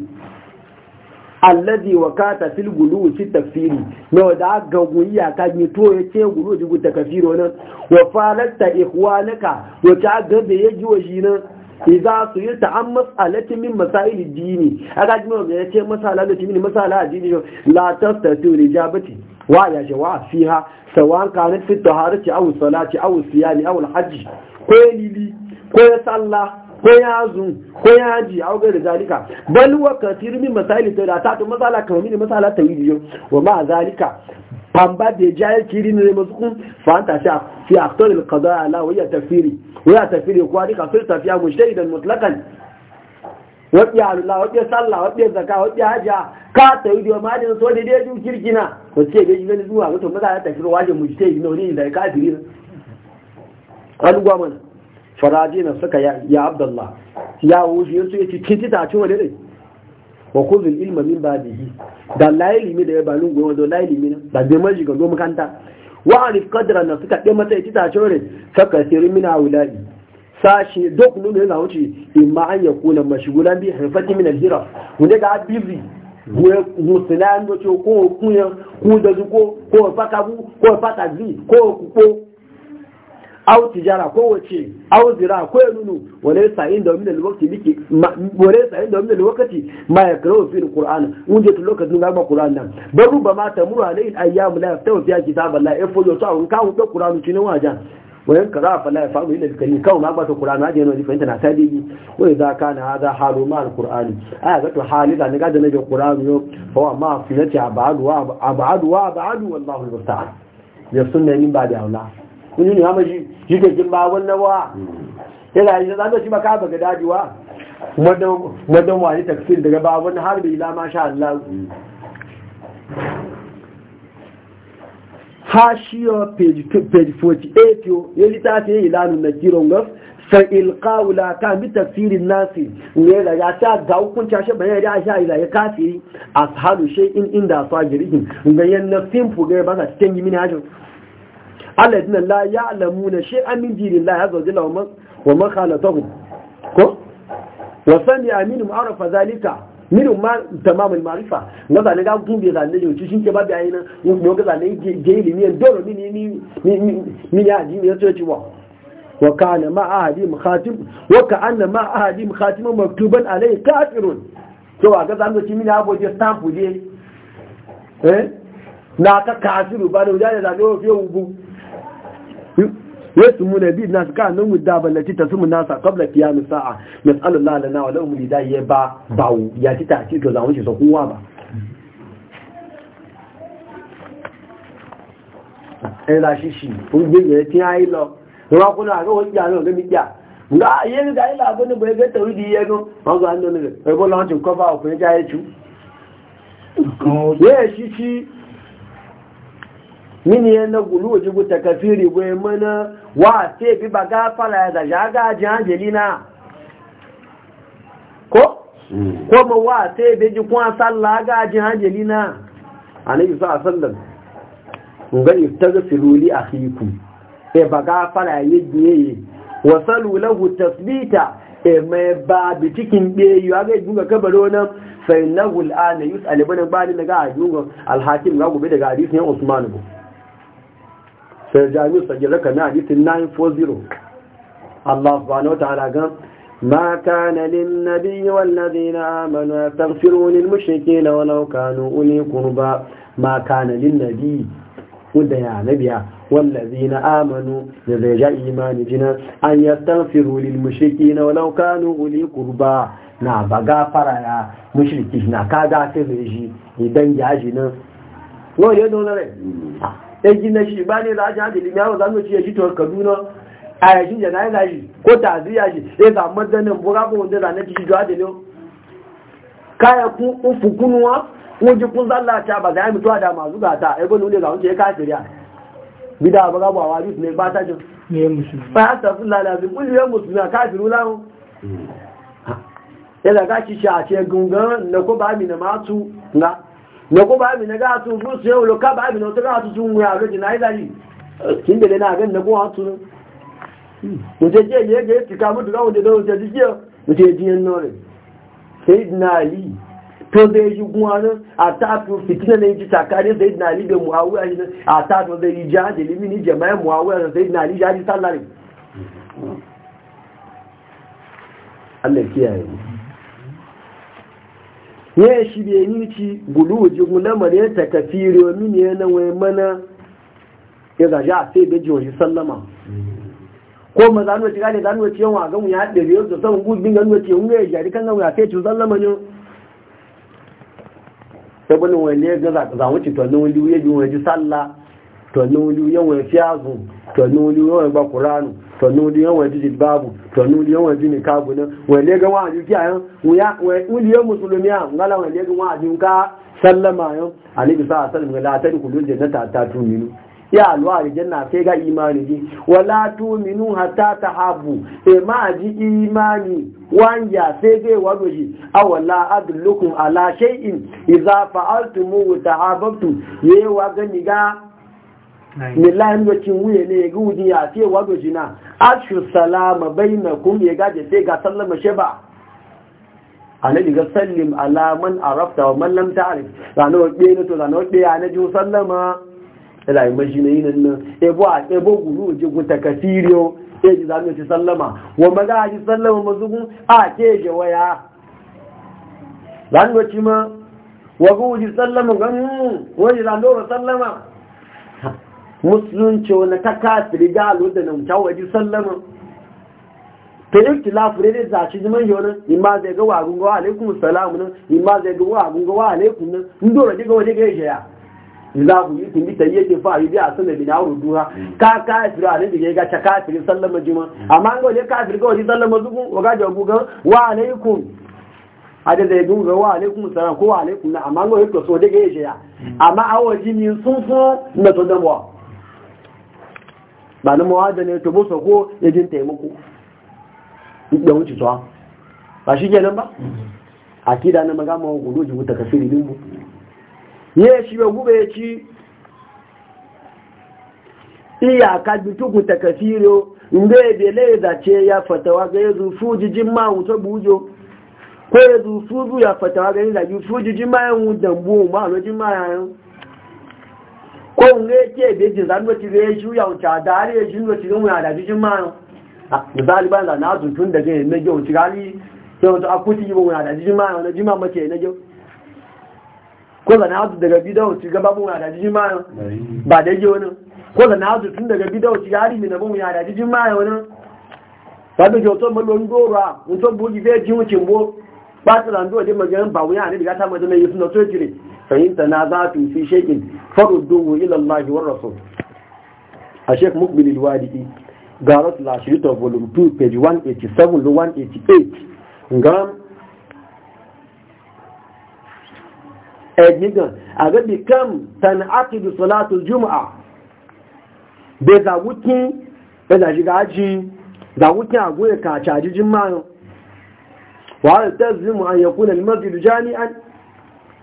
alladhi wakata fil gulu fi tafsiri no da ga guiya ka ni to ce gulu ji ta kafiro nan wa falatta ikhwanaka wa ta ga da wa waji nan idza su yi ta ta'an mas'alati min masail dini aka ji no ga ce masala da timi masala addini la tastatu rijabati ويا جواب فيها سواء كانت في الطهارة أو الصلاة أو الصيام أو الحج كويلي كوي صلى كوي عزم كوي عجي أو غير ذلك بل وكثير من مسائل الثلاثات ومسألة كمين مسألة تويديو ومع ذلك فانبا دي جاي كيري نري مزقون فانت شاف في أخطر القضاء لا ويا تفيري ويا تفيري وكواريك صرت فيها مجتهدا مطلقا waɗi alula waɗi sallah waɗi zaka waɗi hajja ka ta yi ma da so da dai kirki na ko ce dai gani zuwa mutum maza ya tafi waje mu ce ina ne da kafiri na an gwa mana faraji na suka ya abdullah ya wuce yanzu ya ci ta cin wani ne wa kuzul ilma min badihi da layi mi da ya ba lungu da layi mi na da bai maji ga zo makanta wa arif qadra na suka ɗaya mata ya ci ta cin wani saka sirri mina wula'i sashi duk nuna yana wuce imma an ya kula mashugulan bi harfati min alhira wanda ga bizi musulan da ce ko kuya ko da zuko ko fakabu ko fatazi ko kuko au tijara ko wace au zira ko ya nunu wane sa'in da min alwaqti biki wale sa'in da min alwaqti ma yakrahu fi alquran wanda to lokacin ga ba quran nan baru ba mata mura alayhi ayyam la yaftahu fi kitaballahi ifo yo ta un ka un qur'anu cikin wajen wayan kaza fa la yafamu illa bikani kawai ma ba ta qur'ani aje no fahimta na ta digi wai za ka na hada halu ma alqur'ani aya ga to halida ne ga da ne qur'ani yo fa ma fi lati abadu wa ba'adu wa abadu wallahu almusta'an ya sunna yin ba da aula kun yi ha maji jike kin ba wannan wa yana yi zan ci maka ba ga dajiwa madan madan wani tafsir daga ba wannan har bai la ma sha Allah hashiyo page 48 yeli ta littafi ya ilanu na kiron gaf fa ilqa'u la ka bi tafsirin nasi ne da ya ta ga hukunci shi bayan da sha ila ya kafiri ashalu in inda sajirihim ga yanna simple ga ba ta cikin gimi ne hajin Allah dinna la ya ya'lamuna shay'an min dinillahi azza wa jalla wa man khalaqahu ko wa sami aminu ma'arafa zalika mirin ma tamamul marifa na zane ga kun za zane yau cikin ke babu ayyana yau ga zane je ilimi yan dole mini ni ni ya ji ya ce wa wa kana ma ahadi mukhatib wa ka anna ma ahadi mukhatib maktuban alai kafirun to ga zan ci mini abo je stamp je eh na ka kafiru ba da ya da ga fiye ubu wasu muna bi nasu ka nan wuda ballati ta sumu nasa kabla kiyamu sa'a nas'alu la lana wa lahum lidai ba bawo ya ci ta ci to ci so ba eh la shi shi kun bi ne tin ayi lo mi ja nga ye ga ila go ga ye go ma ga ndo e bo ja ye chu ye shi shi mini yana gulu bai mana wa ce bi ba gafara ya zaja gaji hanjeli na ko? Hmm. ko ma wa ce bi ji kuma sallah gaji Angelina? na a na isa a sallar ngani ta ga filoli a hiku e ba gafara ya yi wasalu lahu tasbita e mai ba bi cikin ɗeyu a gai dunga kabaro nan sai na hul'ana yus alibanin ba ni daga a dunga alhakim ga da daga hadisun yan usmanu sai jami'u sa gira ka na hadithin 940 Allah subhanahu ta'ala ga ma kana lin nabiyyi wal ladina amanu yastaghfiru lil na wani kanu uli qurba ma kana lin nabiyyi wanda ya nabiya wal ladina amanu da zai ja imani jina an yi yastaghfiru lil na wani kanu uli qurba na ba gafara ya mushriki na ka ga sai zai ji idan ya ji nan wa ya dole ne eji na shi ba ne za a ji hajji limiya za mu ci ya kaduna a yashin jana ya shi ko ta zu shi ya za mu zanen wanda na ci da yau kaya ku kunuwa ji kun zallata ba za a mutuwa da masu gata ya gwani wanda za mu ce ya kafiri a bida ba ga ba wa ne ba ta jin ne musulmi ba ta fi hmm. a ce gungan na ko ba mi ko ba mi mi ya lo ji na ida yi kin de le na ga na ko atu ti ka mu du ga wo de do je ji je mo te yi a tafi fitina na yi tsakanin zai yi Allah kiyaye ya shirye ni ci guluji gulamar ya ta kafiri wa ne na wai mana ya zaji a sai gaji wa shi sallama ko ma zanu ci gane zanu ci yawa ga mu ya haɗe yau da san gudin ga nuwa ci mun ya jari kan ya sai cikin sallama ne sai bani wani ne ga za mu ci to nan ya bi wani sallah to nan wani ya wani fiyazu to nan wani ya wani ba qur'anu tọ̀núlé ọwọ̀ ìdíjì báàbù tọ̀núlé ọwọ̀ ìdí ní káàbù náà wọ̀n lẹ́gẹ̀ wọ́n àjú kí àyán wùlíẹ̀ musulmi yan àmúgbálà wọ̀n lẹ́gẹ̀ wọ́n àjú ka sallama yan bi sa àyán alébìsá àsálùmí látẹ́rì kò lóòjẹ̀ ta tààtù mínú ya alwa aljanna sai ga imani ji wala tu'minu hatta tahabbu e ma ji imani wanja sai ga wado ji awala adullukum ala shay'in idza fa'altum wa tahabbtum yewa wa gani ga milayin wakin wuye ne ya ga wuji ya fiye wado jina ashu salama bai na kun ya gaje sai ga sallama shi ba a na diga sallim alaman arafta wa mallam ta arif ranar wadda na to ranar wadda ya e na e e ji sallama ila yi mashi na yinan nan ebo a ebo guru ji guta kasiriyo ya ji zanu ci sallama wa maza a ji sallama mazugun a ke je waya ranar ci ma wa guji sallama ganin wani ranar sallama musulunci wani ta kafiri galo da na wuce waje sallama ta ɗauki ne zaci jiman yi wani imma zai ga wagun gawa alaikun salamu nan imma zai ga wagun gawa alaikun nan ndo waje ga waje ga ya shaya za ku yi kun bita yake fa yi biya sun da bina wuri duha ka kafiri a nan da ya gaca kafiri sallama jima amma ga wani kafiri ga waje sallama zugun waga jagu ga wa alaikun ada da yagun ga wa alaikun salam ko wa alaikun na amma ga wani to so da ga ya shaya amma awaji min sun so na to damuwa ba na mawada ne to busa ko ya jin taimako da wuce tsawa ba shi nan ba a kida na magama wa gudu jibu ta kafiri limbu ya shi ya gube ya ci iyaka bituku ta kafiro inda ya bele ya ce ya fatawa ga ya zufu jijin ma wuta bujo ko ya zufu ya fatawa ga ya zaji fuji jima ya wudan buwa ma a lojin ma yayin ko ne ke da yake zan wace da ya da shi da ma ba na azun tun da gani na gyau wuce gani sai akuti yi ba wuya da jishin ma na jima mace na gyau ko zan azu daga bidan wuce gaba wuya da jishin ma ba da gyau nan ko na azu tun daga bidan wuce gari ne mu, ban da jishin ma nan sabi ke wato malo ndora wato buji ji bo ba ba wuya ne daga ta zama fahimta na za tu fi shekin faruddunmu ilan lahiwar rasul a sheik mukbin ilwadi ga rasula shirita volume 2 page 187 188 ga ejidan a gabi kam tan ake da salatun juma'a bai za a shiga aji? Za ajiyi zagukin agoye ka cajijin mayan wa'adda zimu an yankunan mazidu jami'an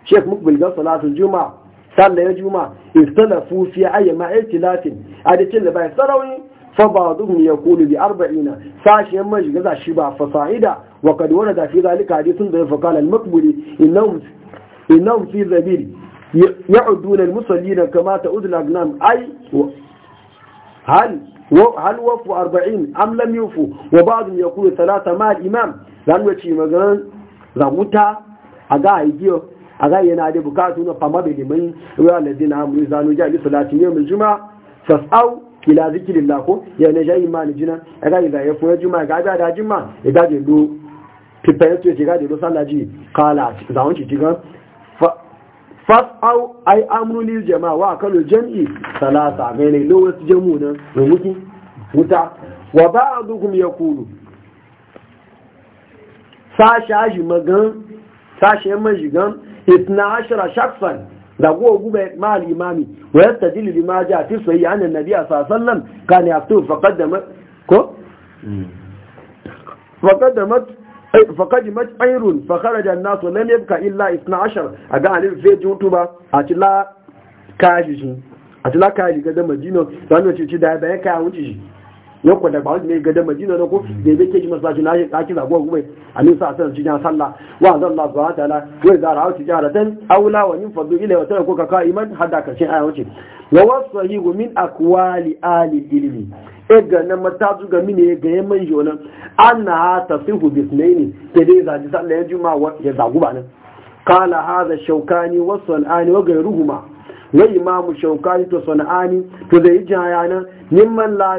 sheikh mukbil ga salatul juma'a sallar juma'a istalafu fi ayyama ikhtilafin a da cin bai sarauni fa ba'dhum yaqulu bi arba'ina sashi yamma shiga shi ba fasa'ida wa kad warada fi zalika hadithun da fa qala al-mukbili innahum innahum fi zabil يعدون المصلين كما تعود الأغنام أي هل هل وفوا أربعين أم لم يوفوا وبعضهم يقول ثلاثة مع الإمام لأنه شيء مغنان زموتا أغا هيجيو a yana da bukatu na fama da liman ruwa da na amuru zanu ja bi salatin yau mai juma fas'au ila zikirillah ko ya ne jayi ma ni jina a ga ya fura juma ga ga da juma ya ga da lo pipa ya tuye ga da lo kala za wanci jigan fas'au ai amuru lil jama'a wa kalu jam'i salasa ga ne lo wasu jamu nan rumuki wuta wa ba'dukum yaqulu sashaji magan sashe majigan اثنا شخصا da go gube mal imami wa yastadil bima ja fi sahih an annabi sallallahu kan yaktu faqaddama ko faqaddamat faqaddamat ayrun fa kharaja an-nas lam yabqa illa 12 aga alif fi jutuba atila kaji atila kaji ga da madina dan ce ci da bayan kai wuce ya ku da ba ne ga da madina na ko da ya ke ji masallaci na ya kaki zago kuma amin sa san cikin sallah wa zan zalla subhanahu wa ta'ala wa da rawu tijaratan aula wa min fadlu ila wa ta'ala ko ka iman hada karshen aya wace wa wasahihu min aqwali ali ilmi e ga na mata su ga mine ga yan man jona anna tasihu bisnaini ke dai zaji sallah ya juma'a ya zagu ba nan qala hadha shawkani wa sunani wa ghayruhuma wa imamu shawkani to sunani to zai yi jayana mimman la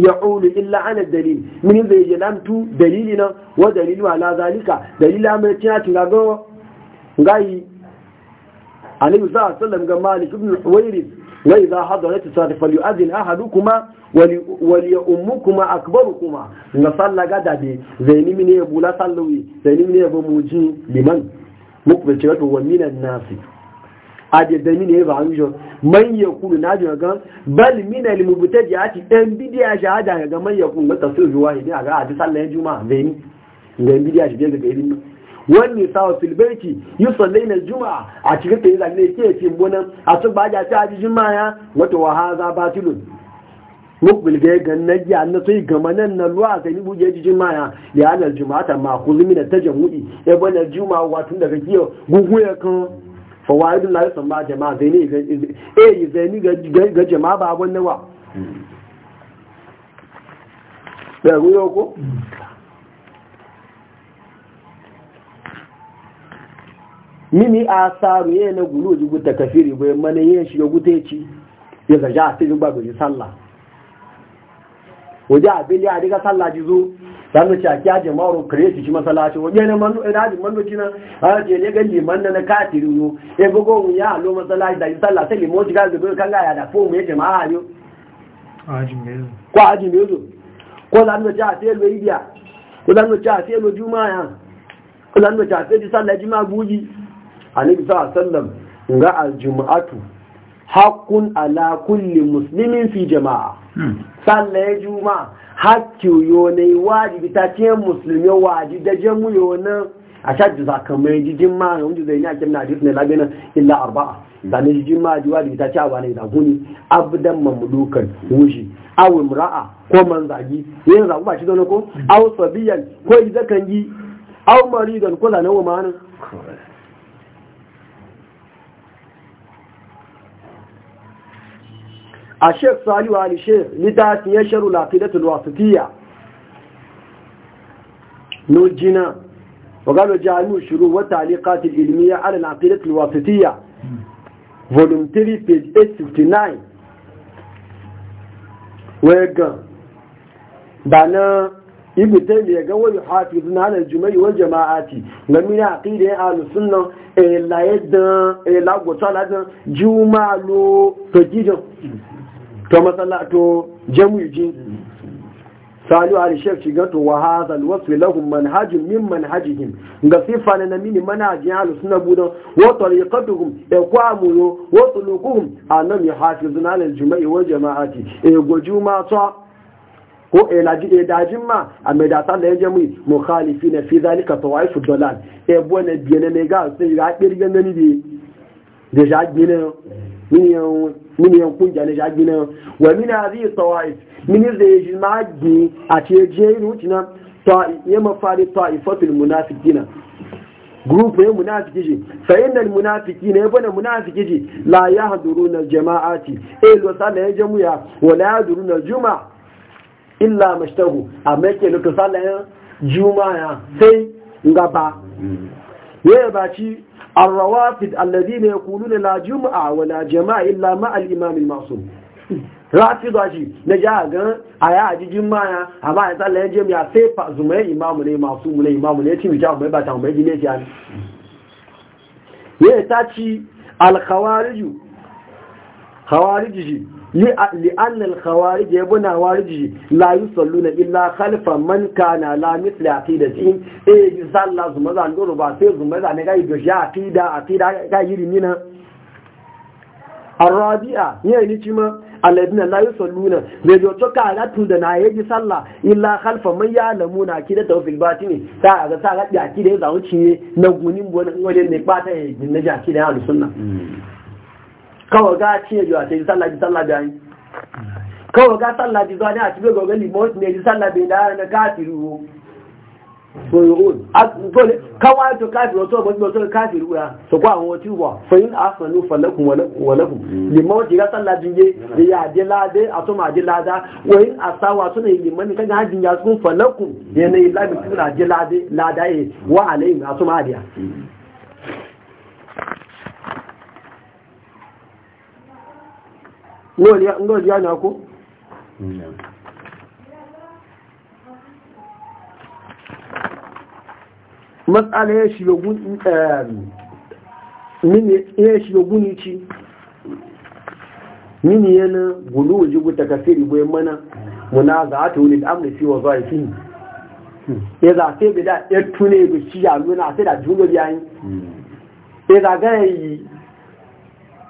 yaqulu illa ala dalil min zai je dan tu dalilina wa dalilu ala zalika dalila mai tina tinga go ngai ali musa sallam ga malik ibn huwairis wa idha hadarat sadif fal yu'adhin ahadukuma wa li ummukuma akbarukuma na salla gada de zai ni mine bula sallawi zai ni mine bo muji liman mukbil jawatu wa minan nasi da ne ya ba jo man ya kunu na ji ga bal min al mubtadi'ati dan bidiya shahada ga man ya kunu tafsir ruwahi a ga hadisi sallan juma'a bai ni dan bidiya shi daga irin wani sawa filbeki yi sallai na juma'a a cikin ta yi zagle ke ce muna a su ba ja ta juma'a wata wahaza batilun mukbil ga ga na an na sai gama nan na luwa sai ni buje ji juma'a ya anar juma'a ta ma kuzumi na tajamudi ya bana juma'a watun daga kiyo gugu ya kan fawaidun la yasan jama'a zai ne eh zai ga jama'a ba wannan wa da ruwa ko mini asaru ya na gulu ji kafiri bai mana yin shiga guta ya ci ya zaja a cikin babu sallah waje abin ya diga sallah ji zo zanu ci a kyaje maro kare shi masallaci wajen ne manu ina ji jina a je ne gani man na katiri yo e gogo mu ya lo masalaci da yi sallah sai limo jiga da kan ga ya da fomu ya jama'a. ma yo aji mezo ko aji mezo ko zanu ci a sai lo idiya ko zanu ci a sai lo juma'a ko zanu ci a sai sallah juma'a buji annabi sallallahu a wasallam ga aljum'atu haqqun ala kulli muslimin fi jama'a hmm. sallah juma'a hakkiyo yonai wajibi ta ce musulmi wajibi da jamu yonan a ka mai jijin ma na wunji zai ni a na hadis ne labinan illa arba'a ne jijin ma ji wajibi ta ce a wani zaguni abdan mamulukan wuji awi mura'a ko man zagi yin zagu ba shi zaune ko awu sabiyan ko zakan yi awu maridan ko zane wa ma'anin a sheik salihu ali sheik littafin ya sharu laqidatul wasitiya no jina wa gado jami'u shuru wa taliqatul 3 page 859 wega dana ibn ya ga wayu hafiz na al jumai wal jama'ati lamin aqida ya al suna e la yadan e la gota la dan juma lo tajidun to matsala to jin salu ali shek shiga to wa hadha alwasf lahum manhajun min manhajihim ga sifa na mini manhajin ahlus sunna budo wa tariqatuhum iqamuhu e wa tuluquhum anam yahafizuna ala aljumai wa jama'ati e gojuma ta ko e laji e dajin ma a mai da sallah ya jami mukhalifina fi zalika tawaifu dalal e bona biene ne ga sai ga kirgan nani de deja biene ni yawon mini yankun jale ja gina wa a hadhihi tawaif min zai jima'a gi a ce jeru tina ta yama fari taifatul munafiqina group ne munafiki ji ya innal munafiqina yabana munafiki ji la yahduruna jama'ati eh lo sala ya jamuya wa la na juma illa mashtahu amma ke lo sala ya juma ya sai ngaba ye ba ci الروافد الذين يقولون لا جمعة ولا جماعة إلا مع الإمام المعصوم رافض أجي نجاة أيا أجي جمعة أما يتعلم جمعة سيبا زمعي إمام لي معصوم لي إمام لي يتم جاء مبا تعمل جنيت يعني يتاتي الخوارج خوارج جي لأن الخوارج يبنى خوارج لا يصلون إلا خلف من كان لا مثل عقيدتهم إيه يصلى الله زمزا نقول باسي زمزا نقاي بشي عقيدة عقيدة كايري منها الرابعة يعني كما الذين لا يصلون بيجو توكا لا تندنا يجي صلى إلا خلف من يعلمون عقيدته في الباطن ساعة ساعة عقيدة يزعو شيء نغوني بوانا ولن نقبata نجا عقيدة على السنة kawai ga ciye yiwa ce ji sallah ji sallah bayan kawai ga sallah ji zuwa ne a cibe gogon limon ne ji sallah bai da na kafiru soyun dole kawai to a to lada wa in asawa suna kan ga sun falakum yana ilabi suna ngoli ya nako matsala ya shilogun mini ya shilogun ci mini yana gudu waje guta kafiri bai mana muna za a tuni da amurci fi wa zuwa fi ya za sai bi da ya tune da shi ya nuna sai da juna biyayi ya za ga yi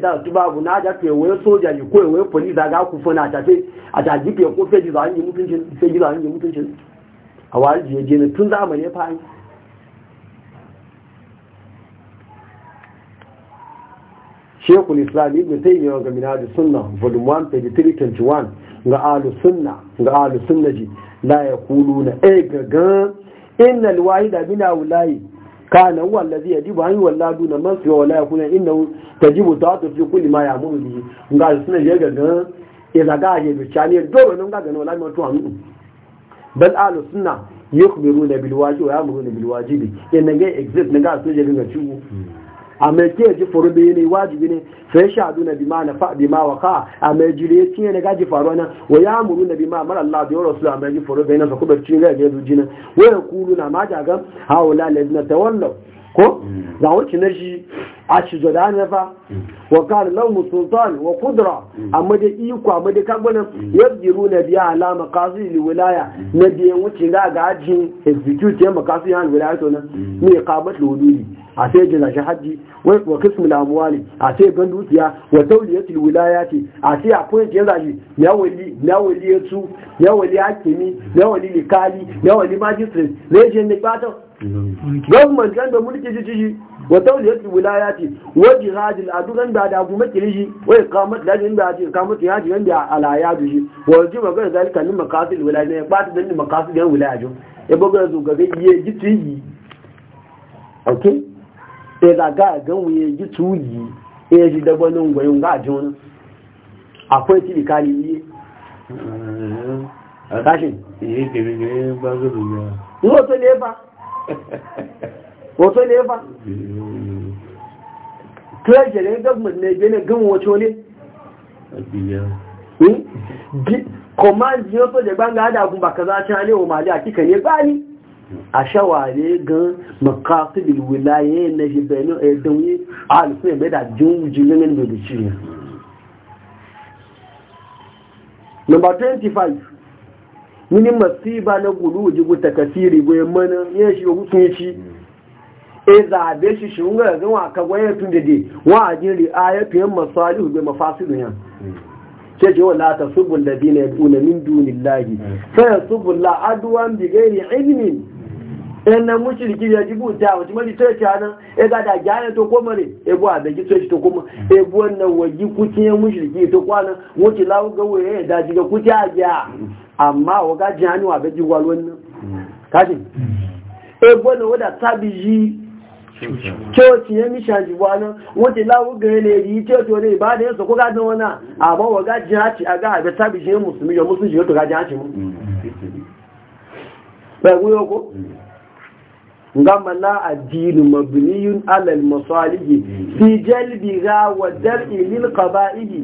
da su ba na jafe wo soja ni ko ga ku a àwọn àríjẹ̀dá òtúbàbù náà jápẹ̀ ìwé sójà ìkó ìwé pọ̀lìsì àgákù fún àtàjípẹ̀ kó fẹ́jìlá ń yẹ mútúnṣe àwọn àríjẹ̀dá ní tún dáàmà fa fáyí shekul islam ibn taymiyyah ga minhaj sunna volume 1 page 321 ga ahlu sunna ga ahlu sunna ji la yaquluna ay eh, gaga innal wahida min awlai Ka na uwa lafiya jibi an yi wa ladu na man siya inda ta jibi ta haɗa ta fi kulli ma ya mun gizi, nga suna ziari da aka haɗa duk cani, dole ne mu ka gani wa ladu ma tunanu, bal'adu suna yi kubiru na biyu waje o ya muru ni biyu waje ne, yanan gaya egzist ne, nga suna ziari ga ganarci a mai ke ji furu bi ne wajibi ne sai shahadu na bima na fa ma wa ka a ji ne tiye ne gaji faru na wa ya muru na bima mara Allah da a mai ji furu bi na sa kubar cin ga ga jina wa kulu na ma jaga haula ladina tawallaw ko mm. zawarci na shi a cizo da na fa mm. wa kare launin sultan wa kudura mm. a mada iko a mada kagbanin yadda na biya alama kasu ili wilaya na biyan wuce ga ga ajin execute yamma kasu yan wilaya to nan ne da lululi a sai jina shi hajji wa kismu ne. a sai gan dukiya wa tauliyatul wilaya ce a sai a kuma ce zaji ya wali ya wali ya su ya wali hakimi ya wali likali ya wali magistrate yi jini ne ba gwamnan kan da mulki ji ji wa tawliyat wilayati wa jihadil adugan da da abu makili ji wa iqamat da da ji iqamat ya ji da alaya du shi, wa ji magana zalika min maqasid wilaya ne ba ta dalil maqasid yan wilaya jo e boga zu ga ga iye ji tuyi Ok, e da ga ga wiye ji tuyi e ji da bonin gwayin ga jo akwai tili kali iye eh, eh, eh. a tashin iye gbe gbe ba zo du ya ngo to le ba wato ne ba treasury government ne gane gan hmm? wato ne command yóò tó jẹ gbangba adagun bakaza cin alewa mali a kika ne bani a shaware gan makasibin wilaye na shi a yadda eh, wuyi a alifin ya bada jinwujin ganin da shi ne 25 wani masiba na gudu jibu ta kasiri goyon mana ya shi ga hutun ci e zaɓe shi shi wunga ga wa ka gwaye tun da wa a jin ya fiye masalihu bai mafasi duniya ce ce wa lata subun da na ya tuna min dunin lahi sai hmm. subun la'aduwan bi gairi ilmin ɗannan mushiriki ya ji buta a wacce mari ana e ga gada gyara to koma ebu a daji eti to koma ebu wannan waji kuci ya mushiriki to kwana wuce lawo ga waya eh, ya daji ga kuci a gya amma wa gaji hannu a bejin gwal wannan kashi ebu wannan wadda tabi ji ya yi tsoci wani ba da yansa wana wa gaji hanci a ga tabi ji musulmi ya musulmi ya to mu. gama la addinu mabniyun alal masalihi fi jalbiha wa dar'i lil qaba'ihi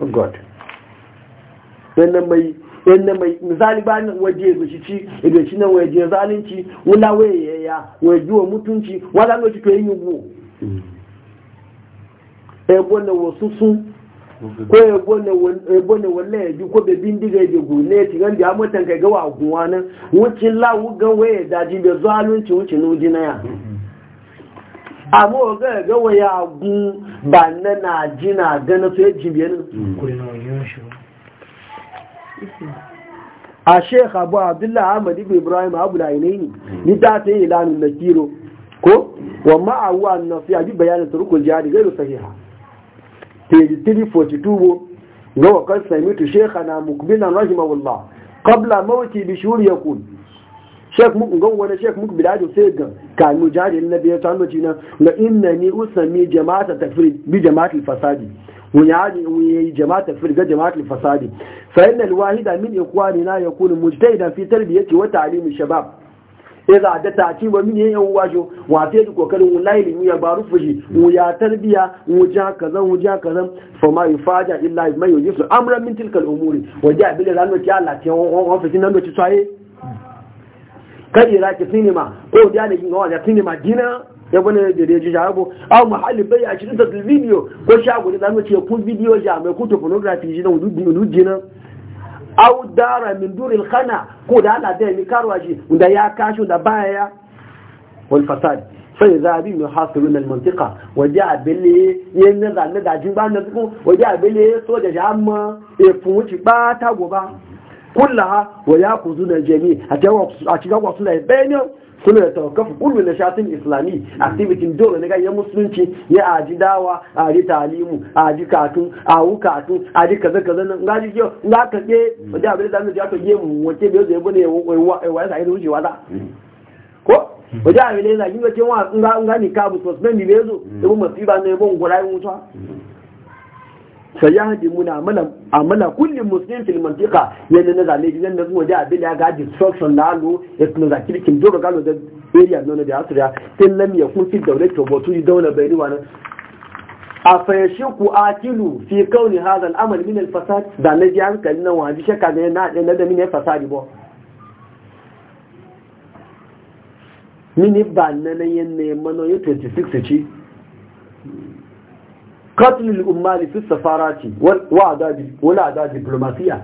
oh god wannan mai yadda mai misali ba ni waje ya zuci ci idan shi nan waje zalunci wula waye ya waje wa mutunci wala ga ci to yin yugo mm. e bonna wasu sun ko ebo ne wala ya bi ko be bindiga ya go ne ti gan da mutan kai ga wa guwa nan wucin lawu gan waye daji be zalunci wucin uji na ya amma o ga ga waya gun ba na na ji na ga so ya ji be nan a sheikh abu Abdullahi ahmad ibn ibrahim abu lainaini ni ta ta yi na nakiro ko wa ma'awu an nafiya bi bayanin turkul jihadi gairu sahiha page 342 bo ga wakar samitu na mukbilan rahimahullah qabla mawti bi shuri yakun shek mu ngon wani shek mu biladu sai ga kanu jari na biyar ta noci na na inna ni usami jama'ata takfir bi jama'atul fasadi wuyaji wuyi jama'at takfir ga jama'atul fasadi fa inna alwahida min ikwani na yakunu mujtahidan fi tarbiyati wa ta'limi shabab sai za a da ta ci ba mini yan uwa shi wa sai ji kokarin wula ilimi ya baru fushi wuya tarbiya wuja kazan wuja kazan fa ma yufaja illa ma yujisu amran min tilkal umuri waje abin da zanu ki Allah ce ofisin nan da ci tsaye kadi ra ki sinima ko da ne kin gawa da sinima dina ya bane da da ji jabo aw mahallin bai a cikin da video ko shago da zanu ce ku video ja mai ku to pornography ji da wudu dina audara min duril khana ko da ala da mi karwaji shi da ya kashi da baya ya wal fasad sai zabi mu hasirun al mantiqa waje abele yin na zalle da jin ba da su waje abele so da jama e fun ci ba ta goba kullaha wa yakuzuna jami a tawa a cikin wasu da bayanin suna da tawakkafu kullu na shatin islami activitin dole na ganyen musulunci ya aji dawa a ji talimu a ji katun a wu katun a ji kaza kaza nan ga ji kiyo ka ke da mm. abin da ya to ge mu wace bai zai bane wa wucewa da mm. ko mm. wajen abin da yana yi wace wa nga ni kabu sosai ne bai zo da mutuwa muna amala kullum muslim fil mantiqa yanda na zame gidan na zuwa da bila ga destruction na alu na zaki za dogo dole galo da area no da asiriya tin lam ya kun fi daure to botu di daula bai riwa nan a fayashi ku akilu fi kauni hadha al amal min al fasad da na ji hankali na wani shaka ne na da na da min fasadi bo mini ba nan yan ne mano 26 ci katilin umari safara ce wani ada diplomasiya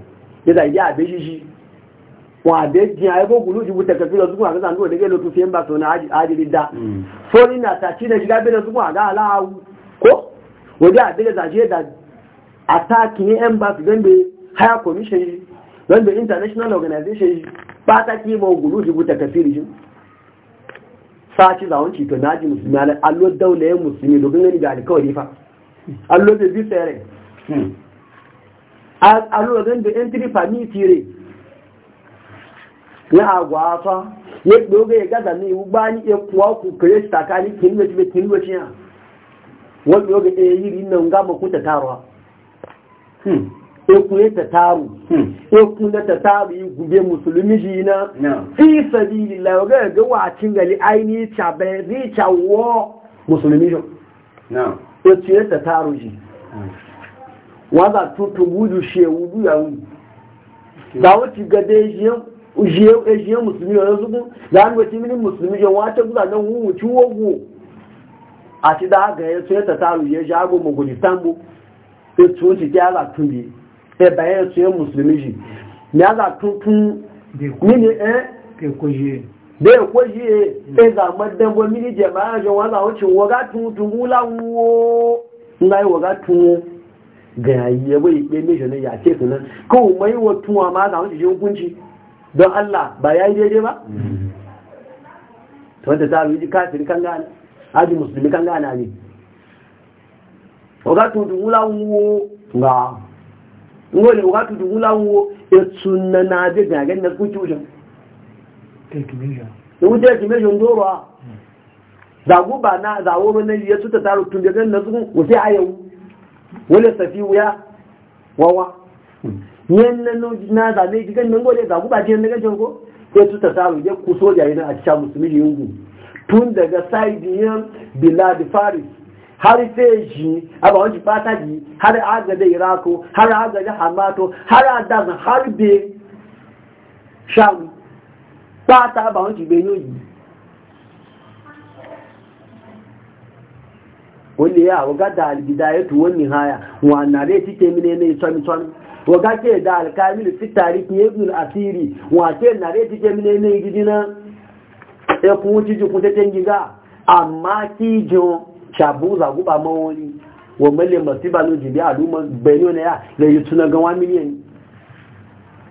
ya zai a beji shi wade jin ayi ko gulu jibuta ka fi zuwa ga zanu da gelo to ba to na ajiri da so ina ta ci da shiga bela zuwa ga alawu ko waje a zaje da yan ba su gambe higher commission yi gambe international organization yi ba ta ki ma gulu zawon ci to naji musulmi musulmi dogon gani ga alkawari fa alóde bí fẹ́rẹ̀ alóde ń bẹ ẹ́ntìrí fàmí ìtìrẹ̀ ní àgbà afá ní pé ó gẹ́ ìgázà ní ìwúgbá ní ẹkùn ọkù kèrè tàkà ní kìnnìwẹ̀tì wọ́n bí ó gẹ́ èyí rí náà ń gá mọ̀kú tẹ̀tàrọ̀ ya tataru ekun da tataru yi gube musulmi ji na fi sabi lillahi ga musulmi jo ó ti ẹ́ tẹ̀tà àrùjì wọ́n bá tún tó wúlù ṣe wúlù yàwó dáwó ti gẹ́dẹ́ ẹ̀ṣẹ́ mùsùlùmí ọ̀rọ̀ sókún láàrín wẹ́tí mí ní mùsùlùmí yọ wọ́n á tẹ́gbùlà náà wúwù tí wọ́n wù àti dáàgẹ̀ ẹ̀ tó ẹ́ tẹ̀tà àrùjì ẹ̀ṣẹ́ àgbò mọ̀gòlì sáńgbó ètò ó ti jẹ́ àlà tún yìí ẹ̀bà ẹ̀ tó ẹ́ tuntun nínú bẹ́ẹ̀ kó yí ẹgbà mọ́dẹ́gbọ́ mini jẹ̀mọ́ àjọ wọn láwọn tí wọ́n gá tún tún wú láwọ́ ńlá ìwọ̀n gá tún wọn gàyí ẹwọ́ ìpé méjọ ní yàtí ètò náà kó o mọ́ ìwọ̀ hukunci don allah ba ya yi daidai ba wọ́n tẹ̀ sáà rí kan gane ájú musulmi kan gane ne ọ̀gá tún tún wú láwọ́ ńgá ńgọ́ ni ọ̀gá tún tún wú láwọ́ wuce ki mejo ndoro dorowa zagu ba na zawo ba yi ya ta taro tun daga na zugun wuce a yau wale safi wuya wawa hmm. yan nan na zane gigan nan gole zagu ba na daga ko ya su ta taro ya ku soja yana a cikin musulmi yungu tun daga saidiyan bilad faris har feji a ba wani fata ji har agada irako har agada hamato har adazan har be sham pátá àbàwọn ti gbé lóyìí wanda ya waga da algida ya tuwon nihaya wa na rai tike mine ne tsami tsami waga ke da alkamil fi tariki ya ibn asiri wa ke na rai tike mine ne gidina ya kuma ci ji kuta amma ki jo shabu za guba mawoni wa malle masiba no jibi aluma bayo ne ya da yutuna ga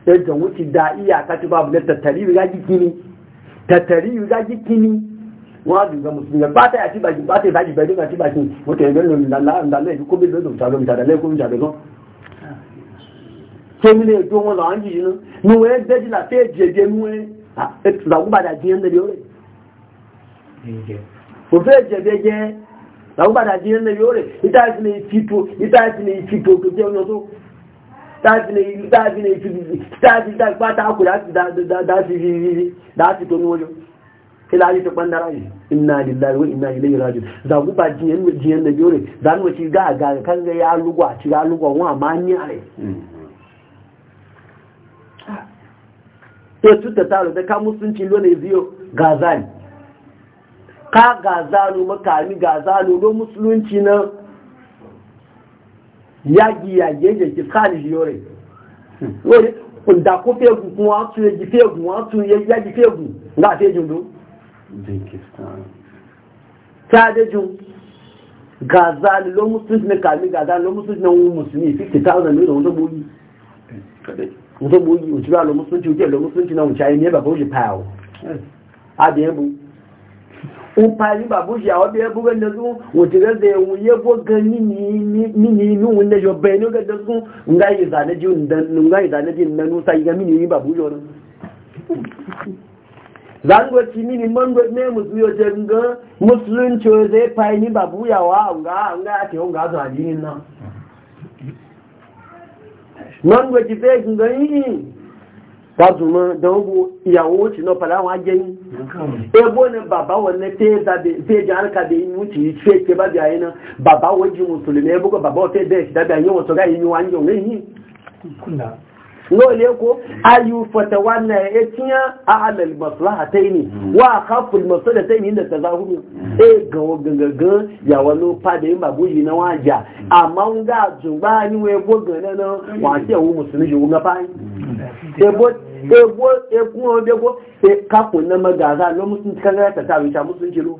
ẹjọ wọn ti da iya kati babu na tattari yi gaji kini tattari yi gaji kini wọn adu ga musulmi ga pata ya ti baji pata ya baji bẹrẹ ga ti baji wọn tẹ̀lé lọ nílá nílá ẹ̀dí kó bí lọ́dọ̀ ìtàlọ́ ìtàlọ́ ẹ̀kọ́ ìjàdọ̀ gan. kémi lè jó wọn lọ àǹjì yìí nu wọn ẹ bẹ́ẹ̀ la fẹ́ jẹjẹ nu ẹ làwọn bàdà diẹ nílẹ̀ yóò rẹ̀. òfẹ́ jẹjẹjẹ làwọn bàdà diẹ nílẹ̀ yóò rẹ̀ ìtàyẹ̀sì ni ìfito ìtàyẹ̀sì ni ìfito kò jẹ́ ọ táàbì ní ìlú táàbì ní ìtú bìbì táàbì ní ìpá táàkù láti dáàbì rírí láti tó níwọ́jọ́ yi láti tó pàndára yìí iná lílá ìwé iná ilé ìrọ̀ àjò zàgúbà jiyan ne biyo rẹ̀ zanuwa ci gáàgá kan ga ya lugwa ci ga lugwa wọn a ni ní to tuta taro da ka musulunci lona ziyo gazani ka gazanu makami gazanu don musulunci na yagi yagi yake ki khalid yore wori kunda ko fegu kun wa fe yagi fegu wa tu yagi nga fe jundu ta de jum, gazali lo musulmi ne kami gazali lo musulmi ne wun musulmi 50,000 ne da boyi wanda boyi ojira lo musulmi ojú lo musulmi na wuce ne ba ko ṣe pa ẹ̀ bu ufari babu shi a wabi ya bugan da ni bai ni mini babu jo nga musulunci yo zai fai wa nga nga ake nga zazuma don bu ìyàwó wuce na fara wọn gani ebo ne baba wannan zabe zai ji harka da yi wuce yi ce ke ba biyayi na baba musulmi ebo ga baba wata da ya shi da biyayi yi yi yi lole ko ayu fata wannan ya tiya a alal maslaha ta ne wa kafin maslaha ta ne da ta hudu. e ga gagaga ya wani fada yin babuji na waja amma ga zuba ni wai e bo gane na wa ce wu musulmi ji fayi ebo ebo ekun obego e, e, e kafin na magaza lo musulmi kan ta ta wuce musulmi ji lo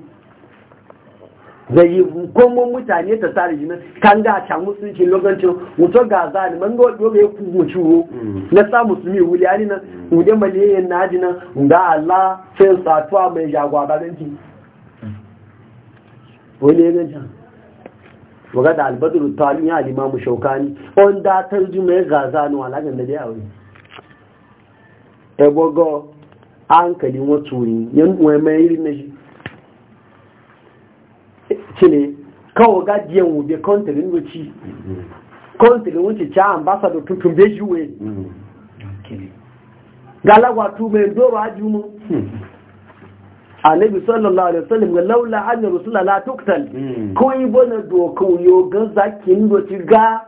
da yi komo mutane ta tsari jimin kan ga can musulunci lokacin mutu ga zani man ga dobe ya kuma ciwo na sa musulmi wuli ani nan wuli maliyayen naji nan ga Allah sai tuwa mai jagwa ki wani ya gaja waga da albadru talin ya alimamu shaukani on da tarjuma ya ga zani wala ga dai aure ebogo an kalin wato yin wani mai irin na shi shi ne kawo gajiyan wube kontirin wuci kontirin wuce ca ambasado tuntun be mm-hmm. juwe mm-hmm. galawa tube doro ajumu hmm. annabi sallallahu alaihi wasallam ga laula hanyar rusula la tuktal hmm. ko yi bona do ko yo ga zakin ga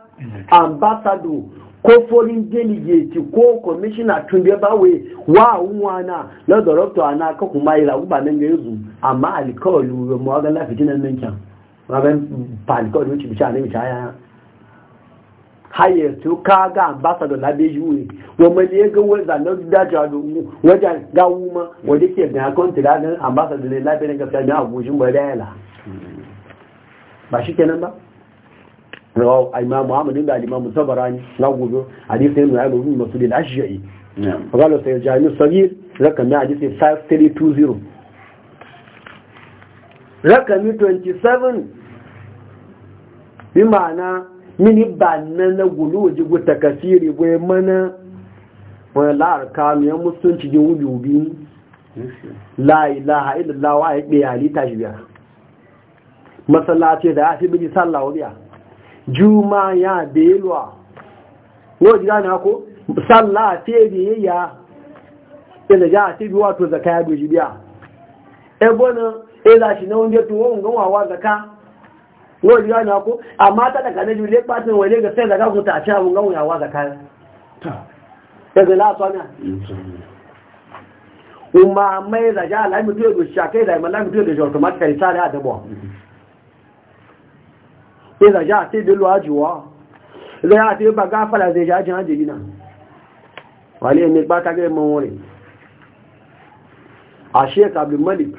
ambasado ko foreign delegate ko commissioner tun da bawe wa wana na director ana ka kuma yi ragu ba nan ga yanzu amma alkawali mu ga lafi jinan nan kyan ragan ba alkawali wuce bica ne bica ya haye to ka ga ambassador na beji wuri wamma ne ga wanda na daja da mu wajen ga wuma wanda ke ga country da ambassador ne labirin gaskiya ne a gojin bari yala ba shi kenan ba rawahu imam Ahmad bin al-Imam Tabarani na gobe hadisi ne ayyubu bin Mas'ud al-Ashja'i qala sai jami'u sagir rakami hadisi 5320 rakami 27 bi ma'ana mini banna na gulu ji guta kasiri bai mana wani la'ar kamiyar musulunci jin wubi wubi la ilaha illallah wa ya ɗaya halitta shi biya masallaci da ya fi biji sallah wa biya juma ya belwa wọ́n jira ni ako salla tebe ya ila ja tebe wato zaka ya doji biya e bona ila e shi na wanda to won ga wa zaka wọ́n jira ni ako amma ta daga ne jule patin wale ga sai zaka ku ta ci abun ga wa zaka ta daga e la to na umma mai da ja la mi to do shakai da ma la mi to do automatically sai da dabo mm-hmm. sai da ja sai a ajiwa da ya sai ba gafara zai ja jin hajji na wale ne ba ta gaya mawore a abdulmalik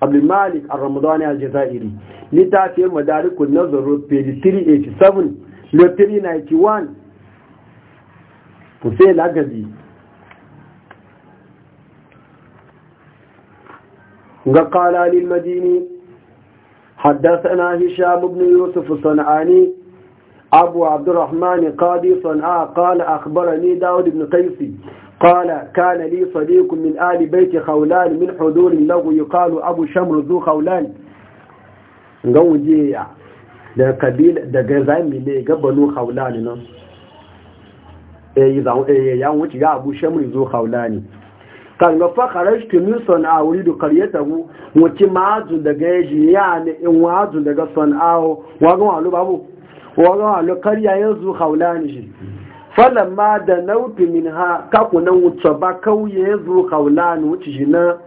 abdulmalik a ramadani aljazairi e littafiyar madarikun nazarar page 387 le 391 حدثنا هشام بن يوسف صنعاني أبو عبد الرحمن قاضي صنعاء قال أخبرني داود بن قيسي قال كان لي صديق من آل بيت خولان من حضور له يقال أبو شمر ذو خولان نقول جي da kabila daga zami ne ga banu haulani nan eh yawon wuce ga abu shamri zo haulani kan ga fa kharajtu min sana'a uridu hu wace ma'azun daga yaji ya ne in wa'azun daga sana'a aho ga walu babu wa ga walu qarya yanzu khawlani shi falamma da nauti minha kakunan wuce ba kauye yanzu khawlani wuce shi na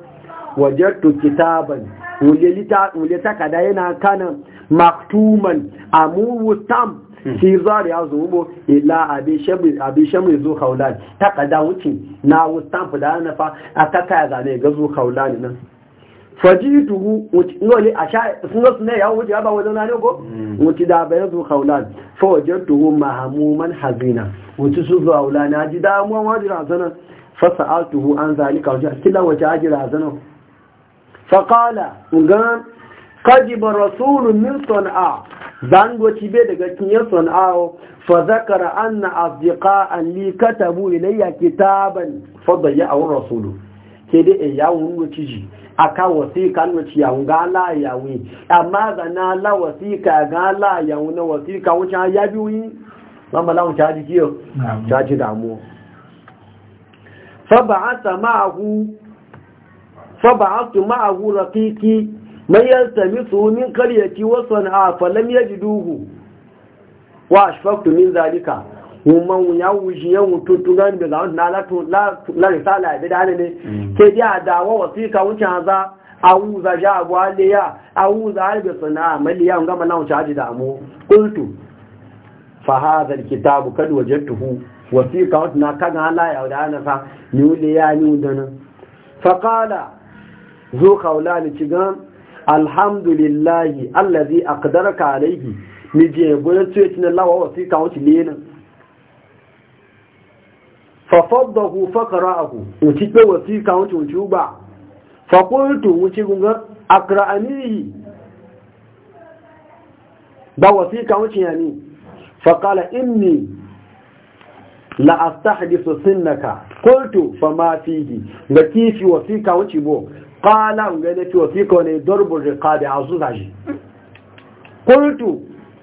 wajattu kitaban wule takada yana kanan maktuman amuru tam shi da ya zuwa ila abin shamu zo ne ta kada wucin na wustan fuda na fa a kaka ya zane ga zo ne nan faji tuhu wani a sha sun suna ne ya wuce ya ba wajen nane ko mm. wuce da bayan zo ne fa wajen tuhu mahamuman hazina wuce su zo haulani a ji damuwa wajen razanar tuhu an zalika a kila wajen ajiyar razanar kala ngan kajiba rasulun min sana'a zango cibe daga kinye sana'a fa zakara an na asdiqa an li katabu ilayya kitaban e ya awon rasulu ke dai a yawon wuciji aka wasika no ci yawun yawon gala yawon amma ga na la wasika gala yawon yawun na wasika wuce ya biyu wuyi lawun lawon caji kiyo caji ji damu fa ba'atha ma'ahu fa ba'athu ma'ahu raqiqi man yaltamisu min qaryati wa sana'a falam yajiduhu wa ashfaqtu min zalika umman ya wuji ya mututu nan da zan na la la la risala da dane ne ke ji adawa wasika wucin haza awuza ja gwaliya awuza albi sana'a maliya ngama na wuce haji da mu qultu fa hadha alkitabu kad wajadtuhu wasika wutna kan ya ya cigan alhamdulillahi allazi aqdaraka alayhi mi je gona tuye tin Allah wa fi ka wuce lena fa faddahu faqra'ahu wuce be wasi ka wuce wuce ba fa qultu wuce gunga aqra'ani ba wasi ka wuce yani fa qala inni la astahdithu sinnaka qultu fama fihi lakisi wasika wuce bo qala ngane to fi ko ne darbu riqabi azuzaji qultu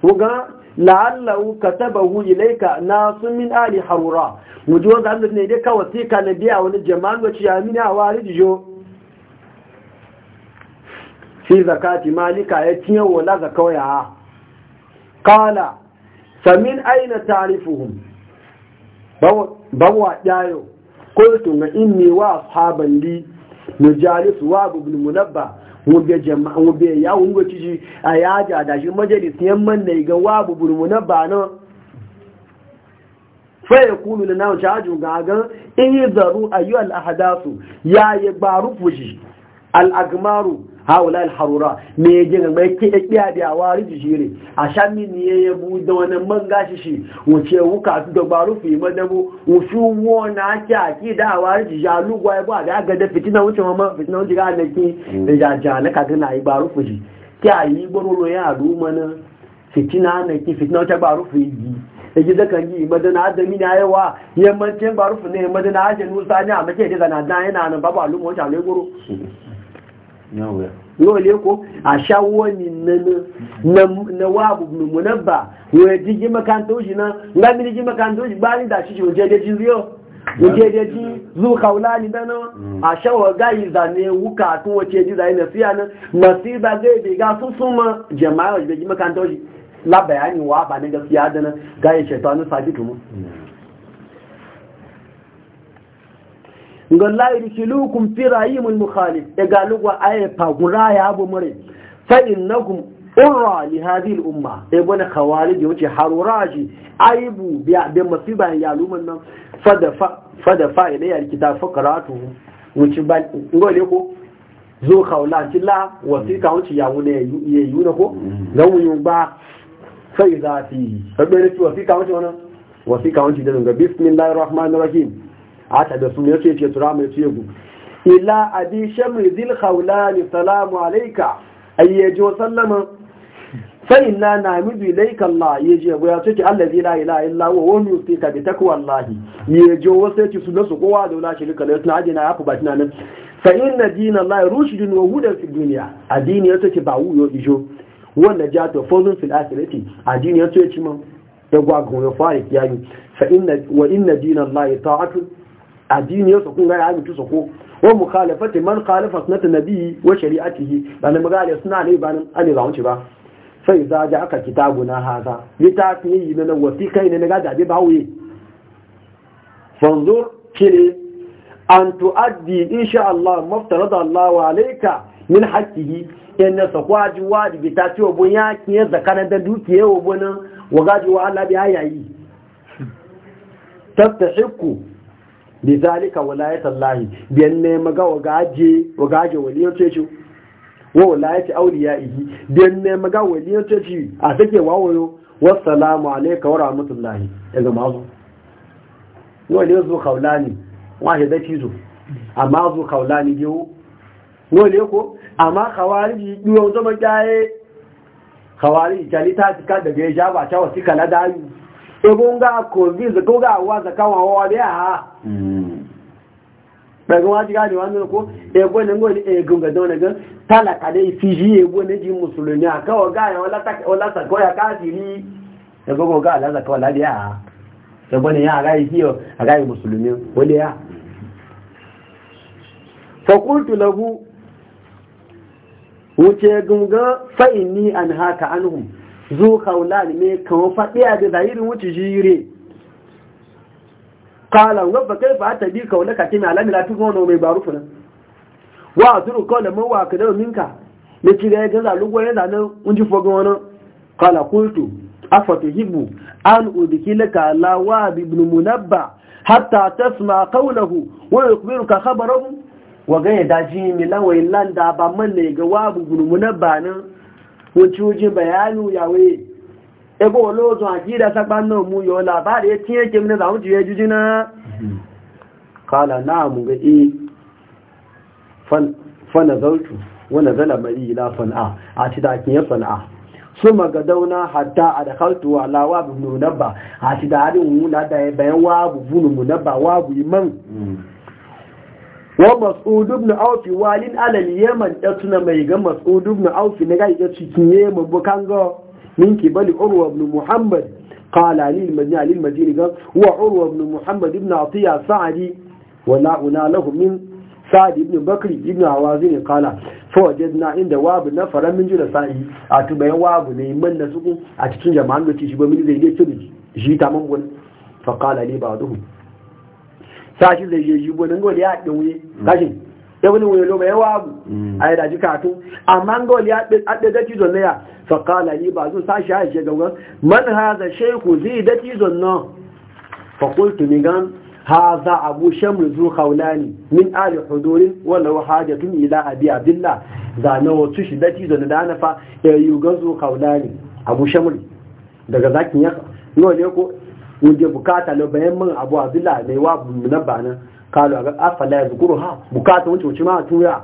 uga la'allahu katabahu ilayka nasu min ali harura muji wanda Allah ne dai ka wasika na biya wani jama'an wace ya mini a wari jo fi zakati malika ya tiye wala zakawaya qala famin aina ta'rifuhum bawa yayo qultu ma inni wa ashaban li mujalis wa ibn munabba wube jama'a wube ya wungo ciji a yaja da shi majalis yamman da ga wa ibn munabba na fa kunu na wa jaju ga ga in yadaru ayu al ahdathu ya yagbaru fushi al agmaru haula al-harura me yake ga mai ke kiya da wari shire a shammi ne ya bu da wannan man gashi shi wuce wuka da baru fi madabu wufu wona ki aki da wari jija lugwa ba ga ga da fitina wuce mama fitina wuce ga da ki da jaja na ka gina yi baru fuji ki ayi lo ya du mana fitina na ki fitina ta baru yi yaji da kan yi madana adami na yawa yammancin baru ne madana ajin musa ne a mace da zana da yana nan babu al'umma wata ne goro yau ne ko a sha wani na wabu munabba wani jirgin makantar shi na ngami jirgin makantar shi bayan da shi shi wajen da jiziyo wajen da ji zu kaula ni da nan mm. a sha wa gayi zane wuka tun wace ji yi na siya nan masu ba zai bai ga sun suma jama'a wajen jirgin makantar shi la bayani wa ba na gaskiya da nan gayi shaitanu sabitu mu mm. E ga lairi shilukum fi rayimul mukhalif daga lugwa aya fagura ya abu mure fa innakum urra li hadhihi al umma e bona khawarij wuce haruraji aibu bi masiba ya luman nan fada fada fa ila ya kitab faqratu wuce ba ngole ko zo khawla killa wasika wuce ya wune ya yuna ko dan mm. wuyun ba sai zati rabbi wasika wuce wannan wasika wuce da bismillahir rahmanir rahim hata da sun yace ce tura mai tegu ila abi shamri zil ni salamu alayka ayyajo sallama fa inna namidu ilayka allah yaje go ya ce allazi la ilaha illa huwa wa yusika bi takwa allah yajo wasu ce su nasu kowa da wala shirka la tuna ajina yafu batina nan fa inna dina allah rushdun wa hudan fi dunya adini yace ce ba wuyo ijo wannan jato fozun fil akhirati adini yace ce mun da gwagun ya fara kiyayi fa inna wa inna dina allah ta'atu addini ya sokun gara hajji soko wa mukhalafati man khalafa na nabiyyi wa shari'atihi ba ne magana suna ne ba ne ba wuce ba sai za ja aka kitabu na haza litafi yi na wasi kai ne ga abin ba wuye fanzur kire an addi insha Allah maftarada Allah wa alayka min haqqihi in sakwaji wajibi ta ciwo bun yaki ya zakana da dukiye wa wa gaji wa Allah bi ayayi tastahiqu bi zalika walayat Allah biyan ne maga wagaje wagaje waliyar cece wa walayat awliyaihi biyan ne maga waliyar a take wawayo wassalamu alayka wa rahmatullahi daga mazo wani zo kaulani wani da cizo amma zo kaulani biyu wani ko amma khawariji duwan zama jaye kawariji jali ta cika daga ya ba ta wasu kala dayu egunga ko bi ga wa zakawa wa biya ha mm. daga wani gani wani ko ebo ne ngoni e gunga don daga talaka dai fiji ebo ne ji musulmi a o ga ya wala ta wala ta ko ya ka ti ni ebo ko ga la ta wala dia ebo ne ya ga yi a aga yi musulmi wale ya fa qultu lahu wuce gunga fa inni an haka anhum zu qawlan me kan fa da zahirin wuce jire kala wabba kai ba ta bi kaula ka tina alami la tu gono mai barufu wa azuru kala man wa kada minka ne ci ga ga zalu gore da nan un ji fogo wannan kala qultu afatuhibu an udkhilaka ala wa ibn munabba hatta tasma qawluhu wa yukhbiruka khabarahu wa ga da ji mi lan wai lan da ba man ne ga wa ibn munabba nan wucujin bayanu yawe ebe olóòtún àkídà sápá náà mú yọ labari ya ẹ kí mínú àwọn jìyẹ jújú náà kala náà mú gẹ́ iya fana wọ́n wani zala mai ila a da kiyan fana su magadauna hatta a da kaltuwa lawa bu nunabba a ya e bayan e wa walin e mai ga mas'ud ibn awfi ne ga ya من قبل عروة بن محمد قال علي المدني علي المدينة قال هو عروة بن محمد بن عطية سعدي ولا أنا له من سعد بن بكر بن عوازين قال فوجدنا عند واب نفر من جلسائه أتبع واب نيمن نسوكم أتتون جمعان وتشيب من ذي ليتوني جيتا من فقال لي بعضهم ساشي زي يجيبون نقول يا أدوي لكن wani welo mai yawa mm. a yi daji kato amma ga wani haɗe dati zonne ya faƙala ni ba zun sashi a ce gaugan man haza sheku zai dati zonne faƙultu ni gan haza abu shamru zu haulani min ali hudurin walau tun ila abi abdullah za na wasu shi dati zonne da ana fa yayu e, gan zu haulani abu shamru daga zakin ya ne ko wanda bukata na bayan man abu abdullah mai wa na bana kalu aga afala yazkuruha bukata wuce wuce ma tuya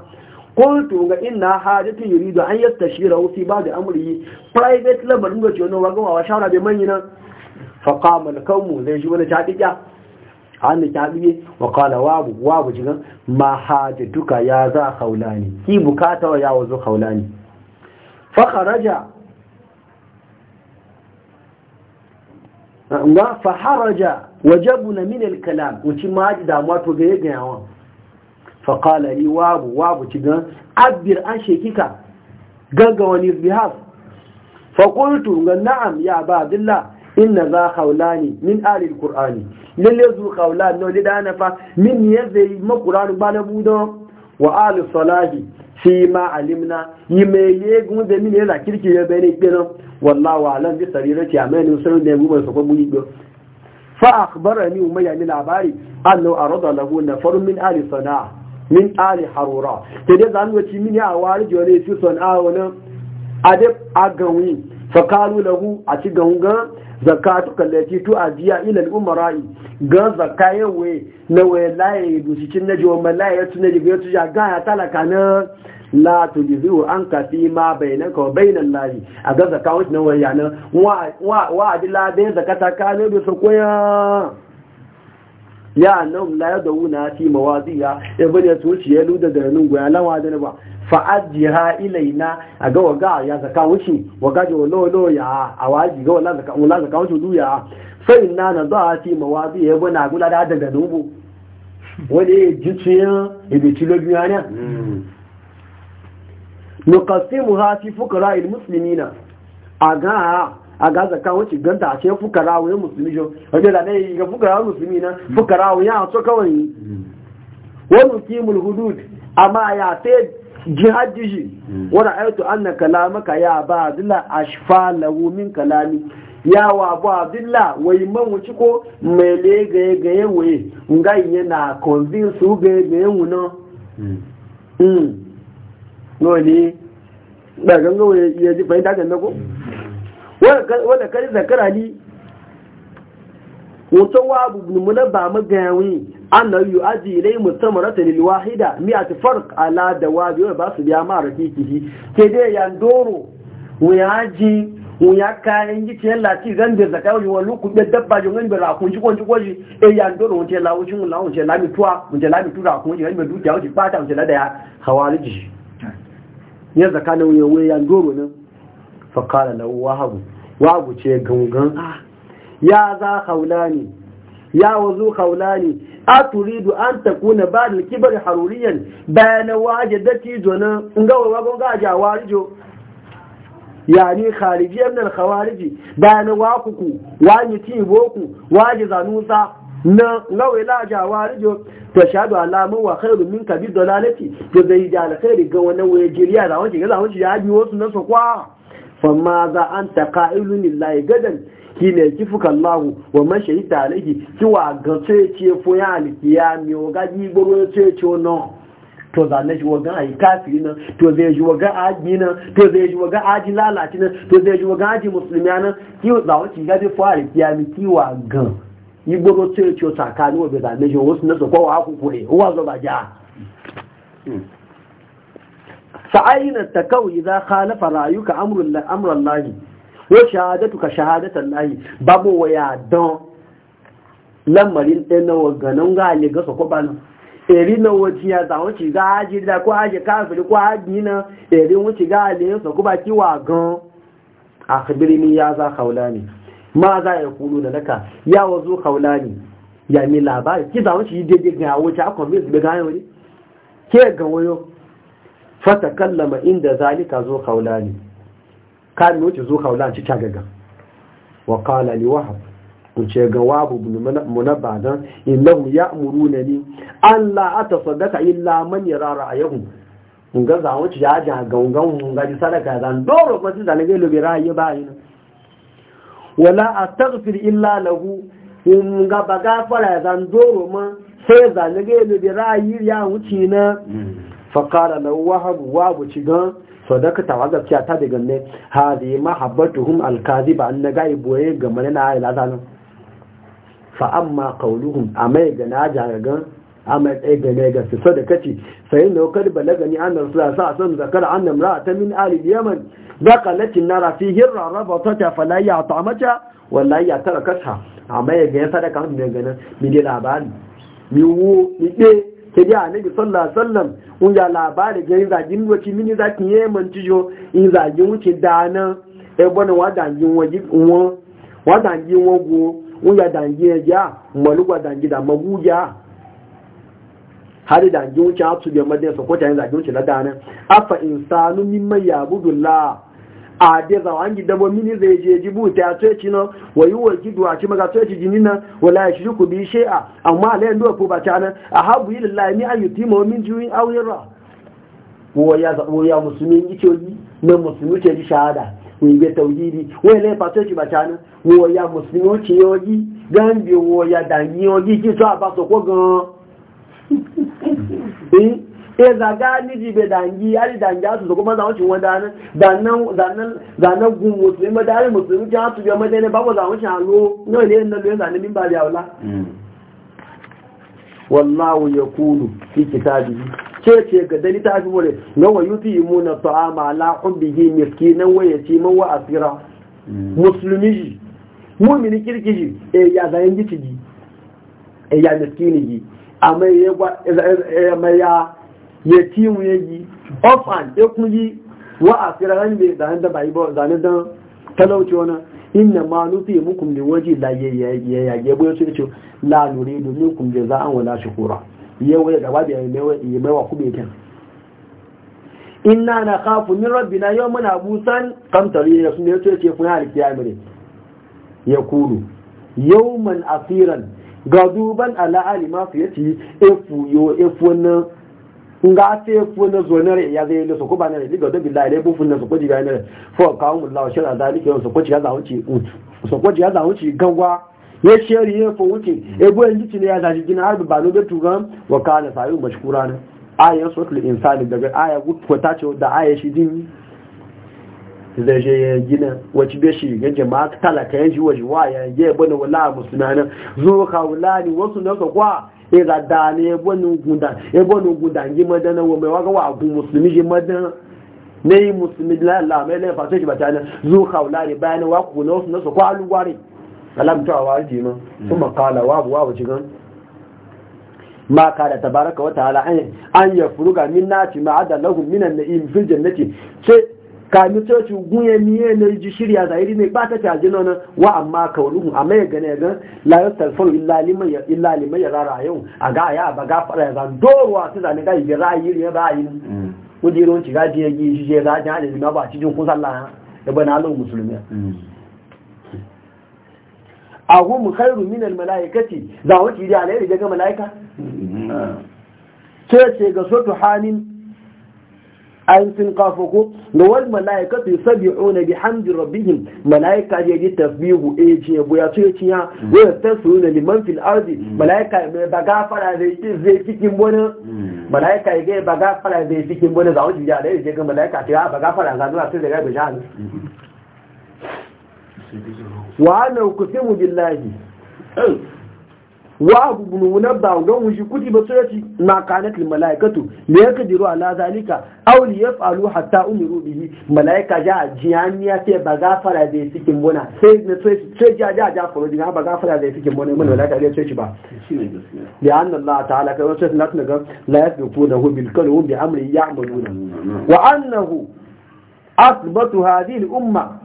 qultu ga inna hajatu yuridu an yastashira fi ba'd amri private labarin ga jono waga wa shawara bai manyi nan fa qama al-qawmu zai ji wani tadiya hannu ta biye wa kala wabu wabu jigan ma hajjatuka ya za haulani ki bukata wa ya wazo haulani fa kharaja nga fa haraja wajabu na minil kalam wuci ma ji damuwa to ga yaga yawan faƙala ni wabu wabu ci gan abir an shekika ganga wani bihaf faƙultu ga na'am ya ba abdullah inna za haulani min alil qur'ani lalle zu haula ne lida na fa min ya zai ma qur'ani ba na budon wa alu salahi fi ma alimna yi mai ye gun da min ya kirki ya bayani kenan wallahu alam bi sarirati amanu sun da ya ba su ko yi فأخبرني أمية من عباري أنه أرد له نفر من آل صناع من آل حرورة تجد أن وتي من يعوارج وليس صناع ونا أدب أقوين فقالوا له أتقون zakatuka زكاة التي ajiya ila al-umara'i ga zakaye we na we laye dushi cin naji wa malaya tu naji ga tu la tujizu an ka fi ma bainaka wa bainal lahi a ga zakawun nan waya nan wa wa adila bin zakata kale bi su koya ya nan la da wuna fi mawaziya ibn ya tuci ya luda da nan goya lawa da ba fa ajiha ilaina a ga waga ya zakawun shi waga jo lo lo ya a waji ga wala zakawun la zakawun su duya fa inna na da fi mawaziya ibn agula da daga nubu wani jiciyan ibi ci lobiya ne nuqassimuha fi fuqara'il muslimina aga ga zaka wacce ganta a ce fuqara wa musulmi jo wajen da dai ga fuqara musulmi na, fuqara wuyan ya so kawai wani kimul hudud amma ya sai jihadi shi aito an na kalamaka ya ba adilla ashfa lahu min kalami ya wa abu abdullah wai man wuci ko mai le gaye gaye waye ngai yana convince gaye gaye wuna noli ɗagan gawa ya ji fahimta kan nako wadda kari zakara ni wutan wa abu muna ba magayawi an na yi aji ilai musamman rata lil wahida miya ta fark ala da wa biyu ba su biya ma rakiki ke dai yandoro wuyaji wuya kayan yi tiyan lati zan da zaka yi wani kuɗe dabba jin wani bara kun ji kwanci kwanci e ya ndo wuce lawo wula wuce lami tuwa wuce lami tura kun ji wani bai dukiya wuce fata wuce lada ya hawari ya zaka na wuyan wuyan doro nan fakara na wahabu wahabu ce gangan ah. ya za ne ya haula ne. a turidu an takuna ba da kibar haruriyan bayan waje da tijo nan in gawa wagon gaja warijo khariji yan nan khawariji bayan wakuku wani tiboku waje zanusa na gawa laja warijo ta shaɗu alamun wa khairu min kabi dalalati to zai da alkhairi ga wannan waye jiriya da wanki gaza wanki ya biyo su na su kwa ma za an ta qa'ilun lillahi gadan ki ne kifuka Allah wa man shahida alayhi ki wa ga sai ce fo ya mi o ga ji gboro ce ce no to za na ji wa ga ai kafiri na to zai ji wa ga aji na to zai ji wa ga aji lalaci na to zai ji wa ga aji musulmi na ki za wanki ga ji fo mi ki wa ga Yi gbogbo tí o tí o sàká ní òbẹ̀dà méjì owó sí lẹ́sọ̀ kọ́wàá kúkú rẹ̀ ó wà bà já sa'ayina takau idza khalafa ra'yuka amrul amrul lahi wa shahadatuka shahadatan lahi babu waya don lamarin ɗaya na waganan ga ne ga sako bana eri na wuce ya za wuce ga aji da ko aji kafiri ko aji na eri wuce ga ne sọ ba kiwa gan akhbirni ya za kaula ne ma za ya kulu da naka ya wazo ne. ya mi labari ki zama shi daidai ga wuce akwai mai zubi gane wani ke ga wayo fata kallama inda zalika zo ne. ka mi wuce zo kaulani ci tagaga wa kala li wahab ku ce ga wabu munabba ya amuru na ni an la atasaddaqa illa man yara ra'ayahu mun ga za ci ya ja gangan mun ga sadaka zan doro kwasi ci zalage lo bi ra'ayi ba ina wala astaghfir illa lahu um ga baga fara zan doro ma sai zane ga yabi ra'ayi ya wuce na fa na lahu wahab wa bu cigan sadaka ta waga ta ta daga ne hadi alkazi ba an ga iboye ga manana ila zalun fa amma a amai ga na jaragan amma ɗaya da ne ga sisa da kaci sayin da wakar balagani an da rasu da sa son zakar an da mura ta min alib yaman zakalatin nara fi hirra rabatata fala ya ta'amata wallahi ya tarakata amma ya ga sadaka mun daga nan ganin midi labari mi wo mi de ke biya annabi bi sallah sallam un ya labari ga zagin wuce mini ki yi mantijo in zagin wuce dana e bona wadangin waji won wadangin wogo un ya ja malugwa dangi da maguja hari dangin wuce a su bi madina sokota yin zagin wuce na dana afa insanu mimman la a da zawan gi dabo mini zai je ji buta ya tsoci nan wayi wa gidu a ci maga tsoci jinin nan wala ya shirku bi shay'a amma la yandu ko ba ta nan a habu lillahi ni an yutima min juwin awira wo ya wo ya musulmi ngi tsoji na musulmi ce ji shahada wo ge tawhidi wo le pa tsoci ba ta nan wo ya musulmi o ci yoji gan bi wo ya dan yoji ki so abaso ko gan *laughs* eh? e zaga miji bai dangi yari dangi asu da kuma zamuncin wadana zanen gun musulmi ba dari musulmi jan asu biya madani ba ba zamuncin halo nawa ne na lura zanen min ba da yaula hmm. wallahu ya kunu fi kitabi ce ce ga dali ta fi wuri na wa yuti yi muna ta'ama la hubbihi miskinan waya ce man wa asira hmm. musulmi ji mumini kirki ji e ya zayen gici ji e ya miskini ji amma e, e, e, ya yetimu yaji ofan ya kuji wa asira ran be da da bai ba da da talauci wani. inna ma nuti mukum li waji la ya ya ya ya bo yace ce la nuridu za an wala shukura yawa da babu ya mewa wa mewa kube kan inna na khafu min rabbina yawman abusan qamtari ya sun yace ce funa alkiyamire ya kulu yawman asiran gaduban ala alima fiyati efu yo efu wannan nga se funa zonare ya zai lissa ko ba ne diga da billahi dai bu funna su ko diga ne fo ka mu Allah shi da zalike su ko diga za wuce su ko diga za wuce gangwa ya sheri ya fo wuce e bo yanzu e ne ya zaji gina arbi ba no da tugan wa kana sayu mashkura ne aya suratul insani daga aya ko ta ce da aya shi din da je gina wace be shi ga jama'a talaka yanzu waje wa ya ge bane wala musulmana zo ka wala ni wasu na ka kwa ila da ne ebonin guda yi madana wa mai waka wa abu musulmi yi madana na yi musulmi lalama ilayin faso shi bata nan zu haula ne bayanin wa ku na wasu nasu ko alugwari alamtawa wa ji ma su makala wa abu wa wuce gan ma ka da tabaraka wata ala an ya furuga min naci ma'adalahun minan na'im fil jannati sai kami coci gunye miye na ji shirya zahiri ne ba ta ji nan wa amma ka kauluhu amma ya gane ga la yastalfun illa liman ya liman yau a ga ya ba ga fara ya dorowa su zane ga yi rayu mm. ya rayi kudi ron ci gaji ya gi shi je a jihar jirgin ba cikin kun lana da bana alu musulmi a hum khairu min al malaikati da wuce da alai da ga malaika ce mm. ce ga sotu hannun an sun kafa ko da wal malaika tu sabi'una bihamdi rabbihim malaika je ji tasbihu e ya buya to yaci ya wa tasuna liman fil ardi malaika me baga fara da yake zai cikin bonin malaika ya ba gafara zai cikin Bona za wuce da ya ga malaika ta ba gafara za zuwa sai da ga bijan wa ana kusimu billahi eh, wa abu bununa ba ga wushi kuti ba sai na kanat lil malaikatu me yake diro ala zalika aw ya yafalu hatta umiru bihi malaika ja jiyaniya ce ba za fara da cikin bona sai ne sai sai ja ja ja faro dinga ba gafara da cikin bona mun malaika ya ce ba li anna allah ta'ala kai wasu na tunaga la yasbiqunahu bil kalu bi amri ya'maluna wa annahu asbatu hadhihi al umma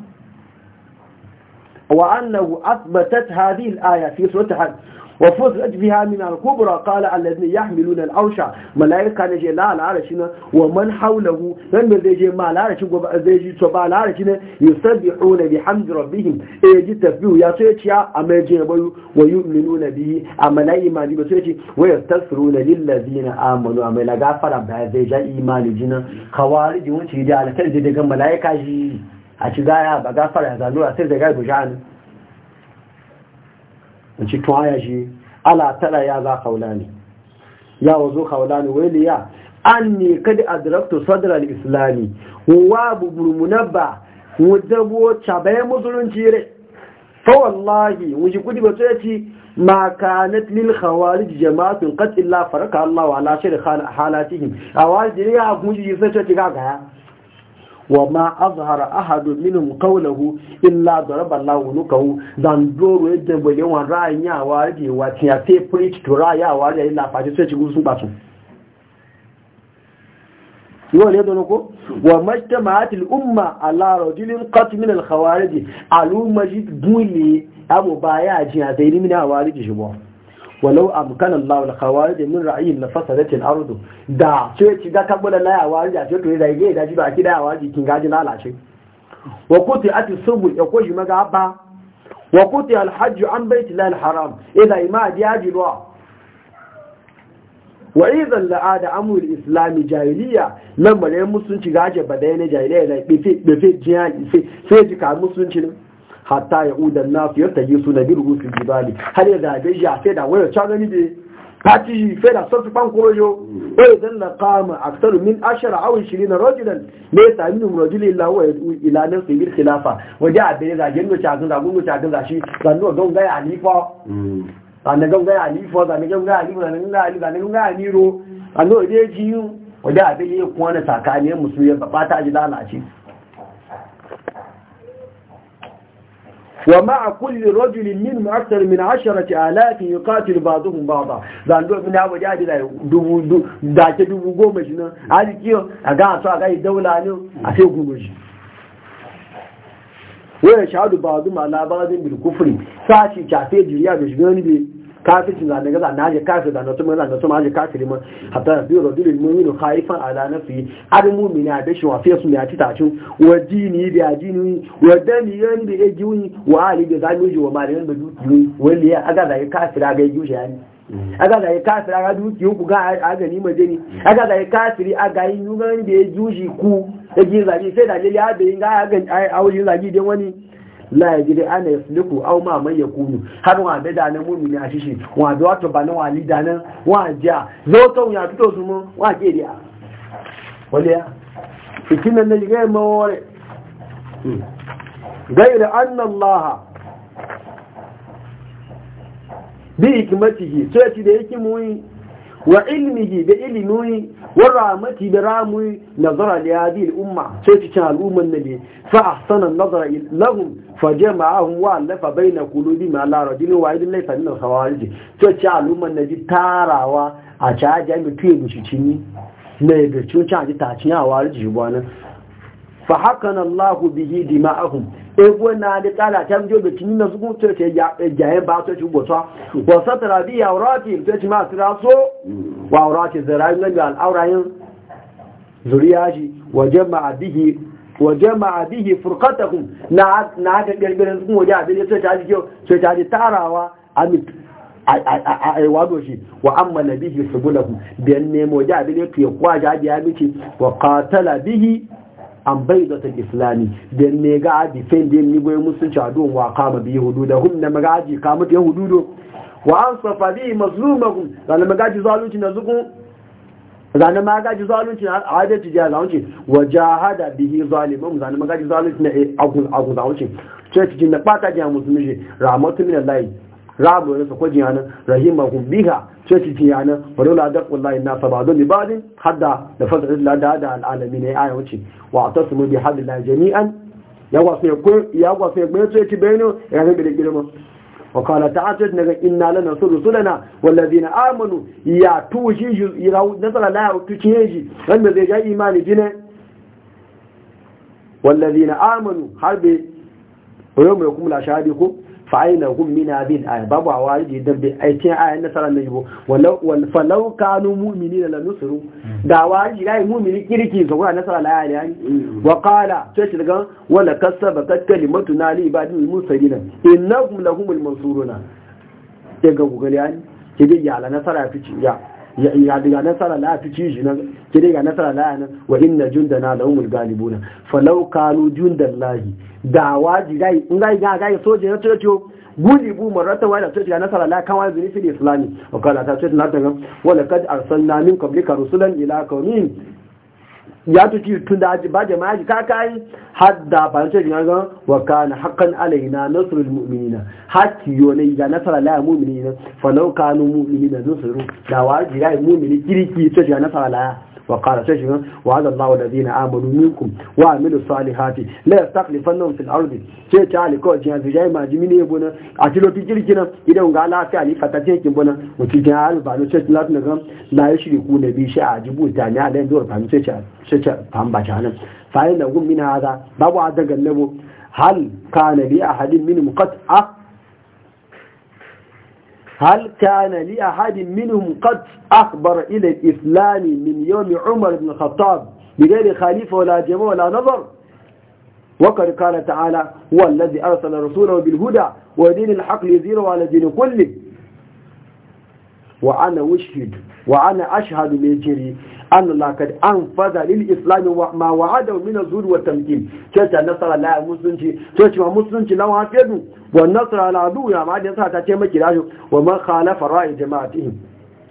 وأنه أثبتت هذه aya في سورة الحج وفزت بها من الكبرى قال الذين يحملون العرش ملائكه نجي لا العرش ومن حوله من زي ما العرش غبا زي تو با العرش يسبحون بحمد ربهم يجي تسبيح يا تيتيا امجي بو ويؤمنون به املاي ما دي بتيتي ويستغفرون للذين امنوا اما لا غفر با زي جا ايمان جنا خوارج وانت دي على كل دي ملائكه جي a ci gaya ba gafara ya zanura sai da gaibu sha'ani ci tun haya shi ala tara ya za kaulani ya wazo kaulani wai ya an ne kada adraktu sadral islami wa buburmunabba wadabo cabaye musulunci re Ta wallahi wuji kudi ba sai ci ma kanat lil khawarij jama'atun qad illa faraka Allah wa ala A halatihim awal jiriya kun ji sai ta ga ga وما أظهر أحد منهم قوله إلا ضرب الله عنقه dan doro yadda bai yawan ra'ayin yawa rage wa tiya sai preach to ra'ayawa da illa fa sai ci gusun basu yau ne don ko wa majtama'atil umma ala rajulin qat min al khawarij alumma jid duli abu baya ji a sai ni mina wariji shi ba walau a Allah wal khawarij min ra'yi la fasadatil ardu da ce ci ga kabula la yawa ja ce to da yake da ji ba ki da yawa ji kin gaji lalace wa kuti ati subu ya koji maga ba wa kuti al an bait la al haram idan ima diaji ruwa wa idan la'ada amur islami jahiliya nan bare musunci gaje badai da sai hatta ya uda nasu yadda tayi suna na bi jibali har ya zabe a sai da waya ta ne fati fai da sarfi fan korojo mm. wai na kama a aktar min 10 aw 20 rajulan ne sami min rajul illa wa yadu ila nafsi bil khilafa waje a ya zagen no ta ganga gungu ta A shi dan no don ga alifa dan ga ga alifa dan ga ga alifa dan ga alifa dan ga aliro ji a da ya kwana musu ya ji lalace ومع كل رجل منهم أكثر من عشرة آلاف يقاتل بعضهم بعضا ذان دو من هوا جاد لا دو دو دا تدو غوم جنا هذه كيو أجا سوا أجا الدولة نو أسيو غومش ويشهد بعضهم على بعض بالكفر ساشي شافي جريا بشغاني بي kafircin zane ga zane aje kafir da nasu mai zane ma aje kafiri ma hatta da biyu rajulun mu'minu khaifan ala nafsi ar mu'mina da shi wa fiyasu ne a ci tashin wa dini bi ajini wa dani yan bi ejiwi wa ali bi zamuji wa mali yan duki wani ya aga da kafira ga ejiwi shani aga da kafira ga duki ku ga aga ni majeni aga da kafiri aga yin yugan da ejiwi ku ejiwi zagi sai da jeli abe ga aga a wajen zagi wani la ya gidi ana ya filiku au ma mai ya kunu har wa bai dana na mumini a shishi wa bai wato ba na wali da wa jiya zo kan ya fito su mun wa ke da wani ya fitina na liga hmm. ya mawore gaira annan laha bi ikimatihi sai ci da wa ilmihi da ilimi wa ramati da ramui nazara da yadi al’umma umma sai cikin al'umman nabi fa ahsana nazara lahum fa jama'ahum wa alafa baina qulubi ma la radin wa idin laysa min al-khawarij to ci al'umman nabi tarawa a caja mutu ya gushi ne da cuta ta cinya warji bwana fa hakana Allahu bihi dima'ahum ebo na da kala ta mjo da tinin na zugun to ce ya ya ba to ci gotsa wa satara bi awrati to ci ma sira so wa awrati zarayin nan al awrayin zuriyaji wa jama'a bihi wa jama'a bihi furqatahum na na ga gargaran zugun waje abin to ta ji ta ji tarawa amit a wado shi wa amma na subulahu biyan nemo ja abin ya kwaja biya miki wa qatala bihi an bai da ta islami don ne ga aji fain da ni goyi musulunci a don wa kama biyu hudu da hum da magaji kama ta do. wa an safa bi mazlumahum zalama magaji zalunci na zukun zane magaji zalunci na adalci jiya zalunci wa jahada bihi zalimum zane magaji zalunci na eh, agun agun zalunci sai cikin na bata jiya musulunci rahmatu min allahi rabu ne su kwaji yanan rahima kun biha ce ci ci yanan wani la da nasa na saba don libadin hadda da fasa da da hada al'alami ya yi wuce wa ta su mu hada hadda jami'an ya wasu ya kun ya wasu ya ce ci bayano ya zai gida gida ma wa kala ta'atid naga inna lana rusulana na amanu ya tuji yirawu nasara la tuci yaji wanda zai ja imani jine har amanu yau wa kuma yakumul ashhadi ko fa'ina hum min hadhihi al-aya babu awaji dan bi aikin ayan nasara ne yibo walau wal falau kanu mu'minina la nusru da waji dai mu'mini kirki so ga nasara la ya wa qala to shi daga wala kasaba na li ibadin musallina innahum lahumul mansuruna daga gugal an ke ya la nasara fici ya ya daga nasara la fi ciji nan ki daga nasara la nan wa inna jundana lahumul galibuna falau kanu jundallahi da waji gai in gai ga gai soje na tuyo gulibu marata wa da tuyo daga nasara la kan wani fil islami wa qala ta tuyo na daga wa laqad arsalna min qablika rusulan ila qaumin ya tuki tun da ba jama'a ji ka kai hadda ba ce ga ga wa kana alaina nasarar mu'minina hakki yo ne ga nasara la mu'minina fa law kanu mu'minina nusru da wa ji yi mu'mini kiriki to ga nasara laya. وقال شيخنا وعلى الله الذين آمنوا منكم وعملوا الصالحات لا يستخلفنهم في الأرض شيء تعالى كو جهاز جاي ما جمين يبونا أتلو تجرجنا إذا ونقع لا تعالى فتاتين كبونا وتجاه البانو شيخ لا تنقام لا يشركون بي شيء عجبو تاني على دور بانو شيخ شيخ بان باشانا فإن أقول من هذا بابو عدد النبو هل كان لأحد منهم قد أق هل كان لأحد منهم قد أخبر إلى الإسلام من يوم عمر بن الخطاب بغير خليفة ولا جمع ولا نظر وقد قال تعالى هو الذي أرسل رسوله بالهدى ودين الحق يزيره على دين كله wa ana ushhidu wa ana ashhadu me jiri an Allah kad an fada lil islam wa ma wa'ada min az-zur wa tamkin cece nasara la musulunci cece ma musulunci la wa fedu wa nasara la du ya ma da sa ta ce maki rashu wa man khalafa ra'i jama'atihim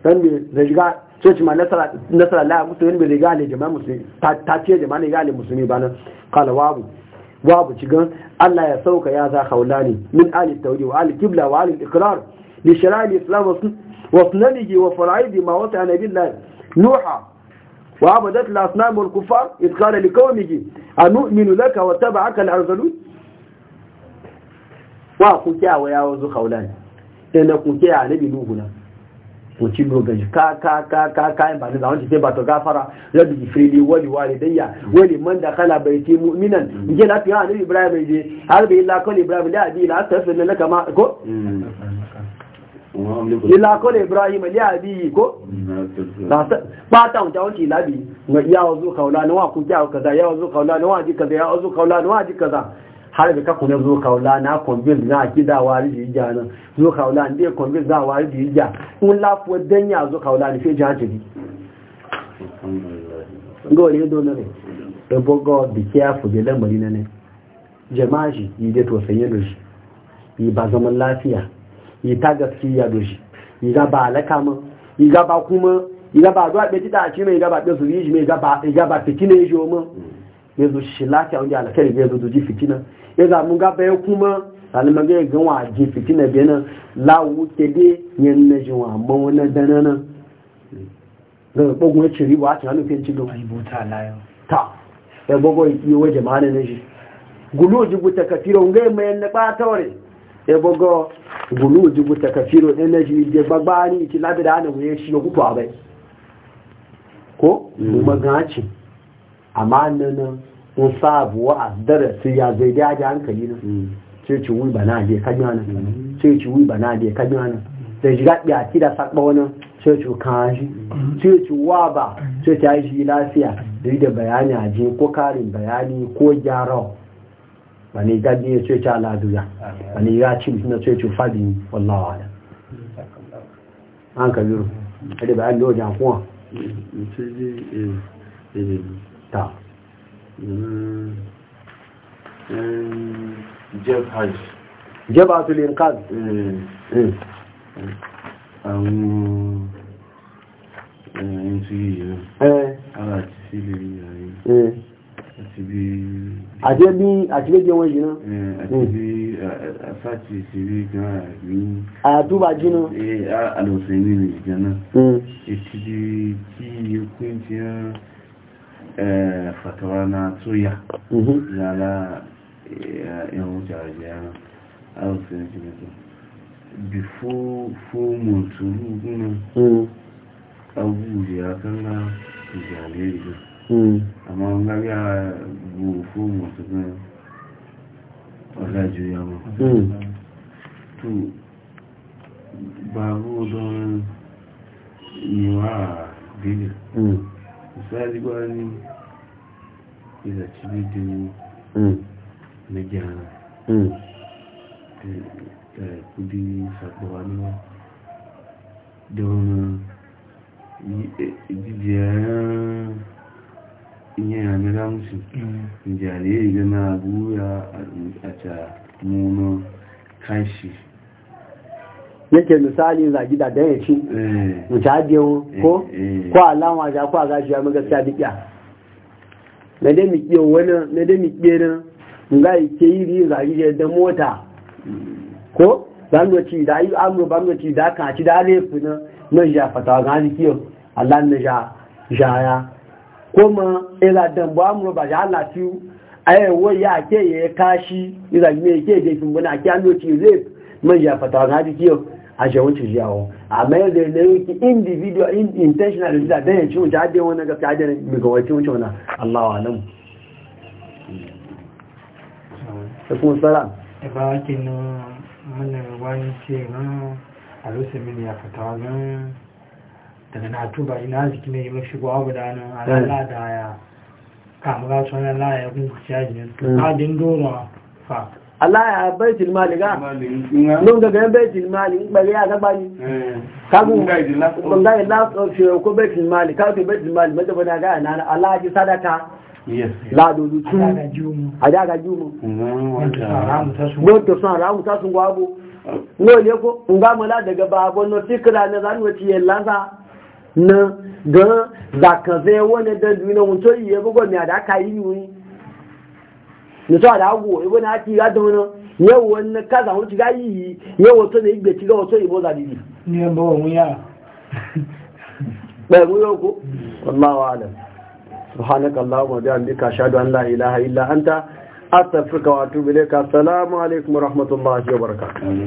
dan bi riga cece ma nasara nasara la musulunci bi riga ne jama'a musulmi ta ce jama'a ne ga musulmi ba nan qala wabu babu cigan Allah ya sauka ya za haulani min ali tawdi wa ali Kibla, wa ali iqrar li shara'i al-islam وصنمه وفرعيد ما وسع نبي الله نوحا وعبدت الأصنام والكفار إذ قال لكومه أنؤمن لك وتبعك الأرزلون وقلت يا وياوز خولان إن قلت يا نبي نوحنا wace lokaci ka ka ka ka kayan ba da wanda ke ba to gafara rabbi jifrili wali walidayya wali man da kala bai ce mu'minan na lafiya annabi ibrahim je har bai la kawai ibrahim la abi la na kama ko ila kone ibrahim ali abi ko batan ta wuce labi ya wazo kaula na wa ku ja kaza ya wazo kaula na wa ji kaza ya wazo kaula na wa ji kaza har da kaku na zo kaula na konbil na kida wari ji ja na zo kaula ne konbil za wari ji ja un lafuwa dan ya zo kaula ji fe jajiri gole do na ne da bogo bi careful da lamari na ne jama'a shi yi da to sanye da shi yi ba zaman lafiya yi ta gaskiya doshi yi ga alaka ma yi kuma yi ga zuwa ɓe a ci mai ga ba ɓe su yi shi mai ga fitina yi shi ya zo shi lafiya wani zo fitina ya kuma salimar gan wa ji fitina nan lawu ke na ji wa amma wani dana nan ɓogon ci riba a cikin ta ya gbogbo yi waje ma'ana na shi gulo na ebogo gulu jibu takafiro energy je bagbani ti labira ana wuye shi ku ba bai ko kuma mm. gaci amma nan un sabu wa addara sai ya zai da ji hankali na. ce mm. ci wi bana je kanya nan ce mm. ci wi bana je kanya nan da ji gabi a kida sakba wannan ce ci kanji ce ci wa ba ce ta yi lafiya da bayani a je ko karin bayani ko gyara wani gaji ya ce ta aladuya wani ya ci na ce ce fadi wallawa da an kabiru ɗaya bayan da wajen kuwa eh, eh, ta jeb hajj jeb atulin kan àwọn ẹ̀yìn tí yìí rẹ̀ ara ti sílẹ̀ yìí rẹ̀ àti bí àtìlẹ́jẹ wọn yìí náà àti bí àfáàtì ìṣẹ́lẹ̀ gan àmì àtúbà jìnà alòsàn ní ìjọ náà ètì bí kí ikú tí wọ́n eh, fàtàwà náà tó yà lára hmm. eh, ẹ̀wọ̀n jàrẹ̀jẹ̀ alòsàn ní ìjọ náà bí fóòmù tó lúgbùn náà hmm. agbúrẹ̀ akẹ́lá ìjàlẹ̀ ìjọ náà Hmm. àmọ́ ngárí àgbò fóòmù ọ̀sọ̀gbọ́n ọ̀lájú ìyàwó tó gbàgbó ọdọ́rin ìwà àgbélẹ̀ ìsáàdígbà ní ìlàtílédé mẹ́jẹ̀ hmm. ara hmm. kudi sàgbọ́wà níwá dẹ̀wọ̀n ìdíje ẹ̀rán ìyẹn àmì rámùsù ìjàrí guya a ta àtàmúnà káṣì yake misali zagi da dan yaci wuce eh. ajiyewo ko eh, eh. ko alama ja ko a gashi ya maga sa dikiya na dai mi kiyo wani na dai mi kiyo na nga ike yi ri zagi da mota mm. ko zangoci da yi amuru bangoci da kaci da lefu na na ja fatawa ga kiyo Allah na ja ja ya kuma ila ba mu ba ya lafiyu ayawo ya ke ya kashi ila me ke je kin buna ki ando ci zai man ya fata na ji ki a je wuce ji yawo amma yau da ne yake individual intentional da dan ya ci wuce hadde wannan ga ka kadar mi ga wace wuce wannan Allahu alam Assalamu salam ba kin mun wani ce na a rusa min ya fata nan daga na tuba ina jiki ne ba shigo abu da nan alala eh. da ya kamura sun alala ya kun kuci ajiyar eh. adin dora fa Allah ya baitul mali ga non daga yan baitul mali bari ya ga bani eh. kagu ban ga illa shi ko baitul mali ka to baitul mali mace bana ga nan Allah ji sadaka la dozu tun a daga jumu wato sun ramu ta sun gwabo no ne ko ngama daga babo no tikra na zanwaci yalla na ga zakaze wani don duniya wuce yi ya bugon ne da aka yi yi ne to da agwo ibo na ati ga dono ne yau wani kaza wuce ga yi yau wato ne igbe ci ga wato ibo za ni ne bo mu ya bai mu yoko wallahi alam subhanaka allahumma bihamdika ashhadu an la ilaha illa anta astaghfiruka wa atubu ilayka assalamu alaikum wa rahmatullahi wa barakatuh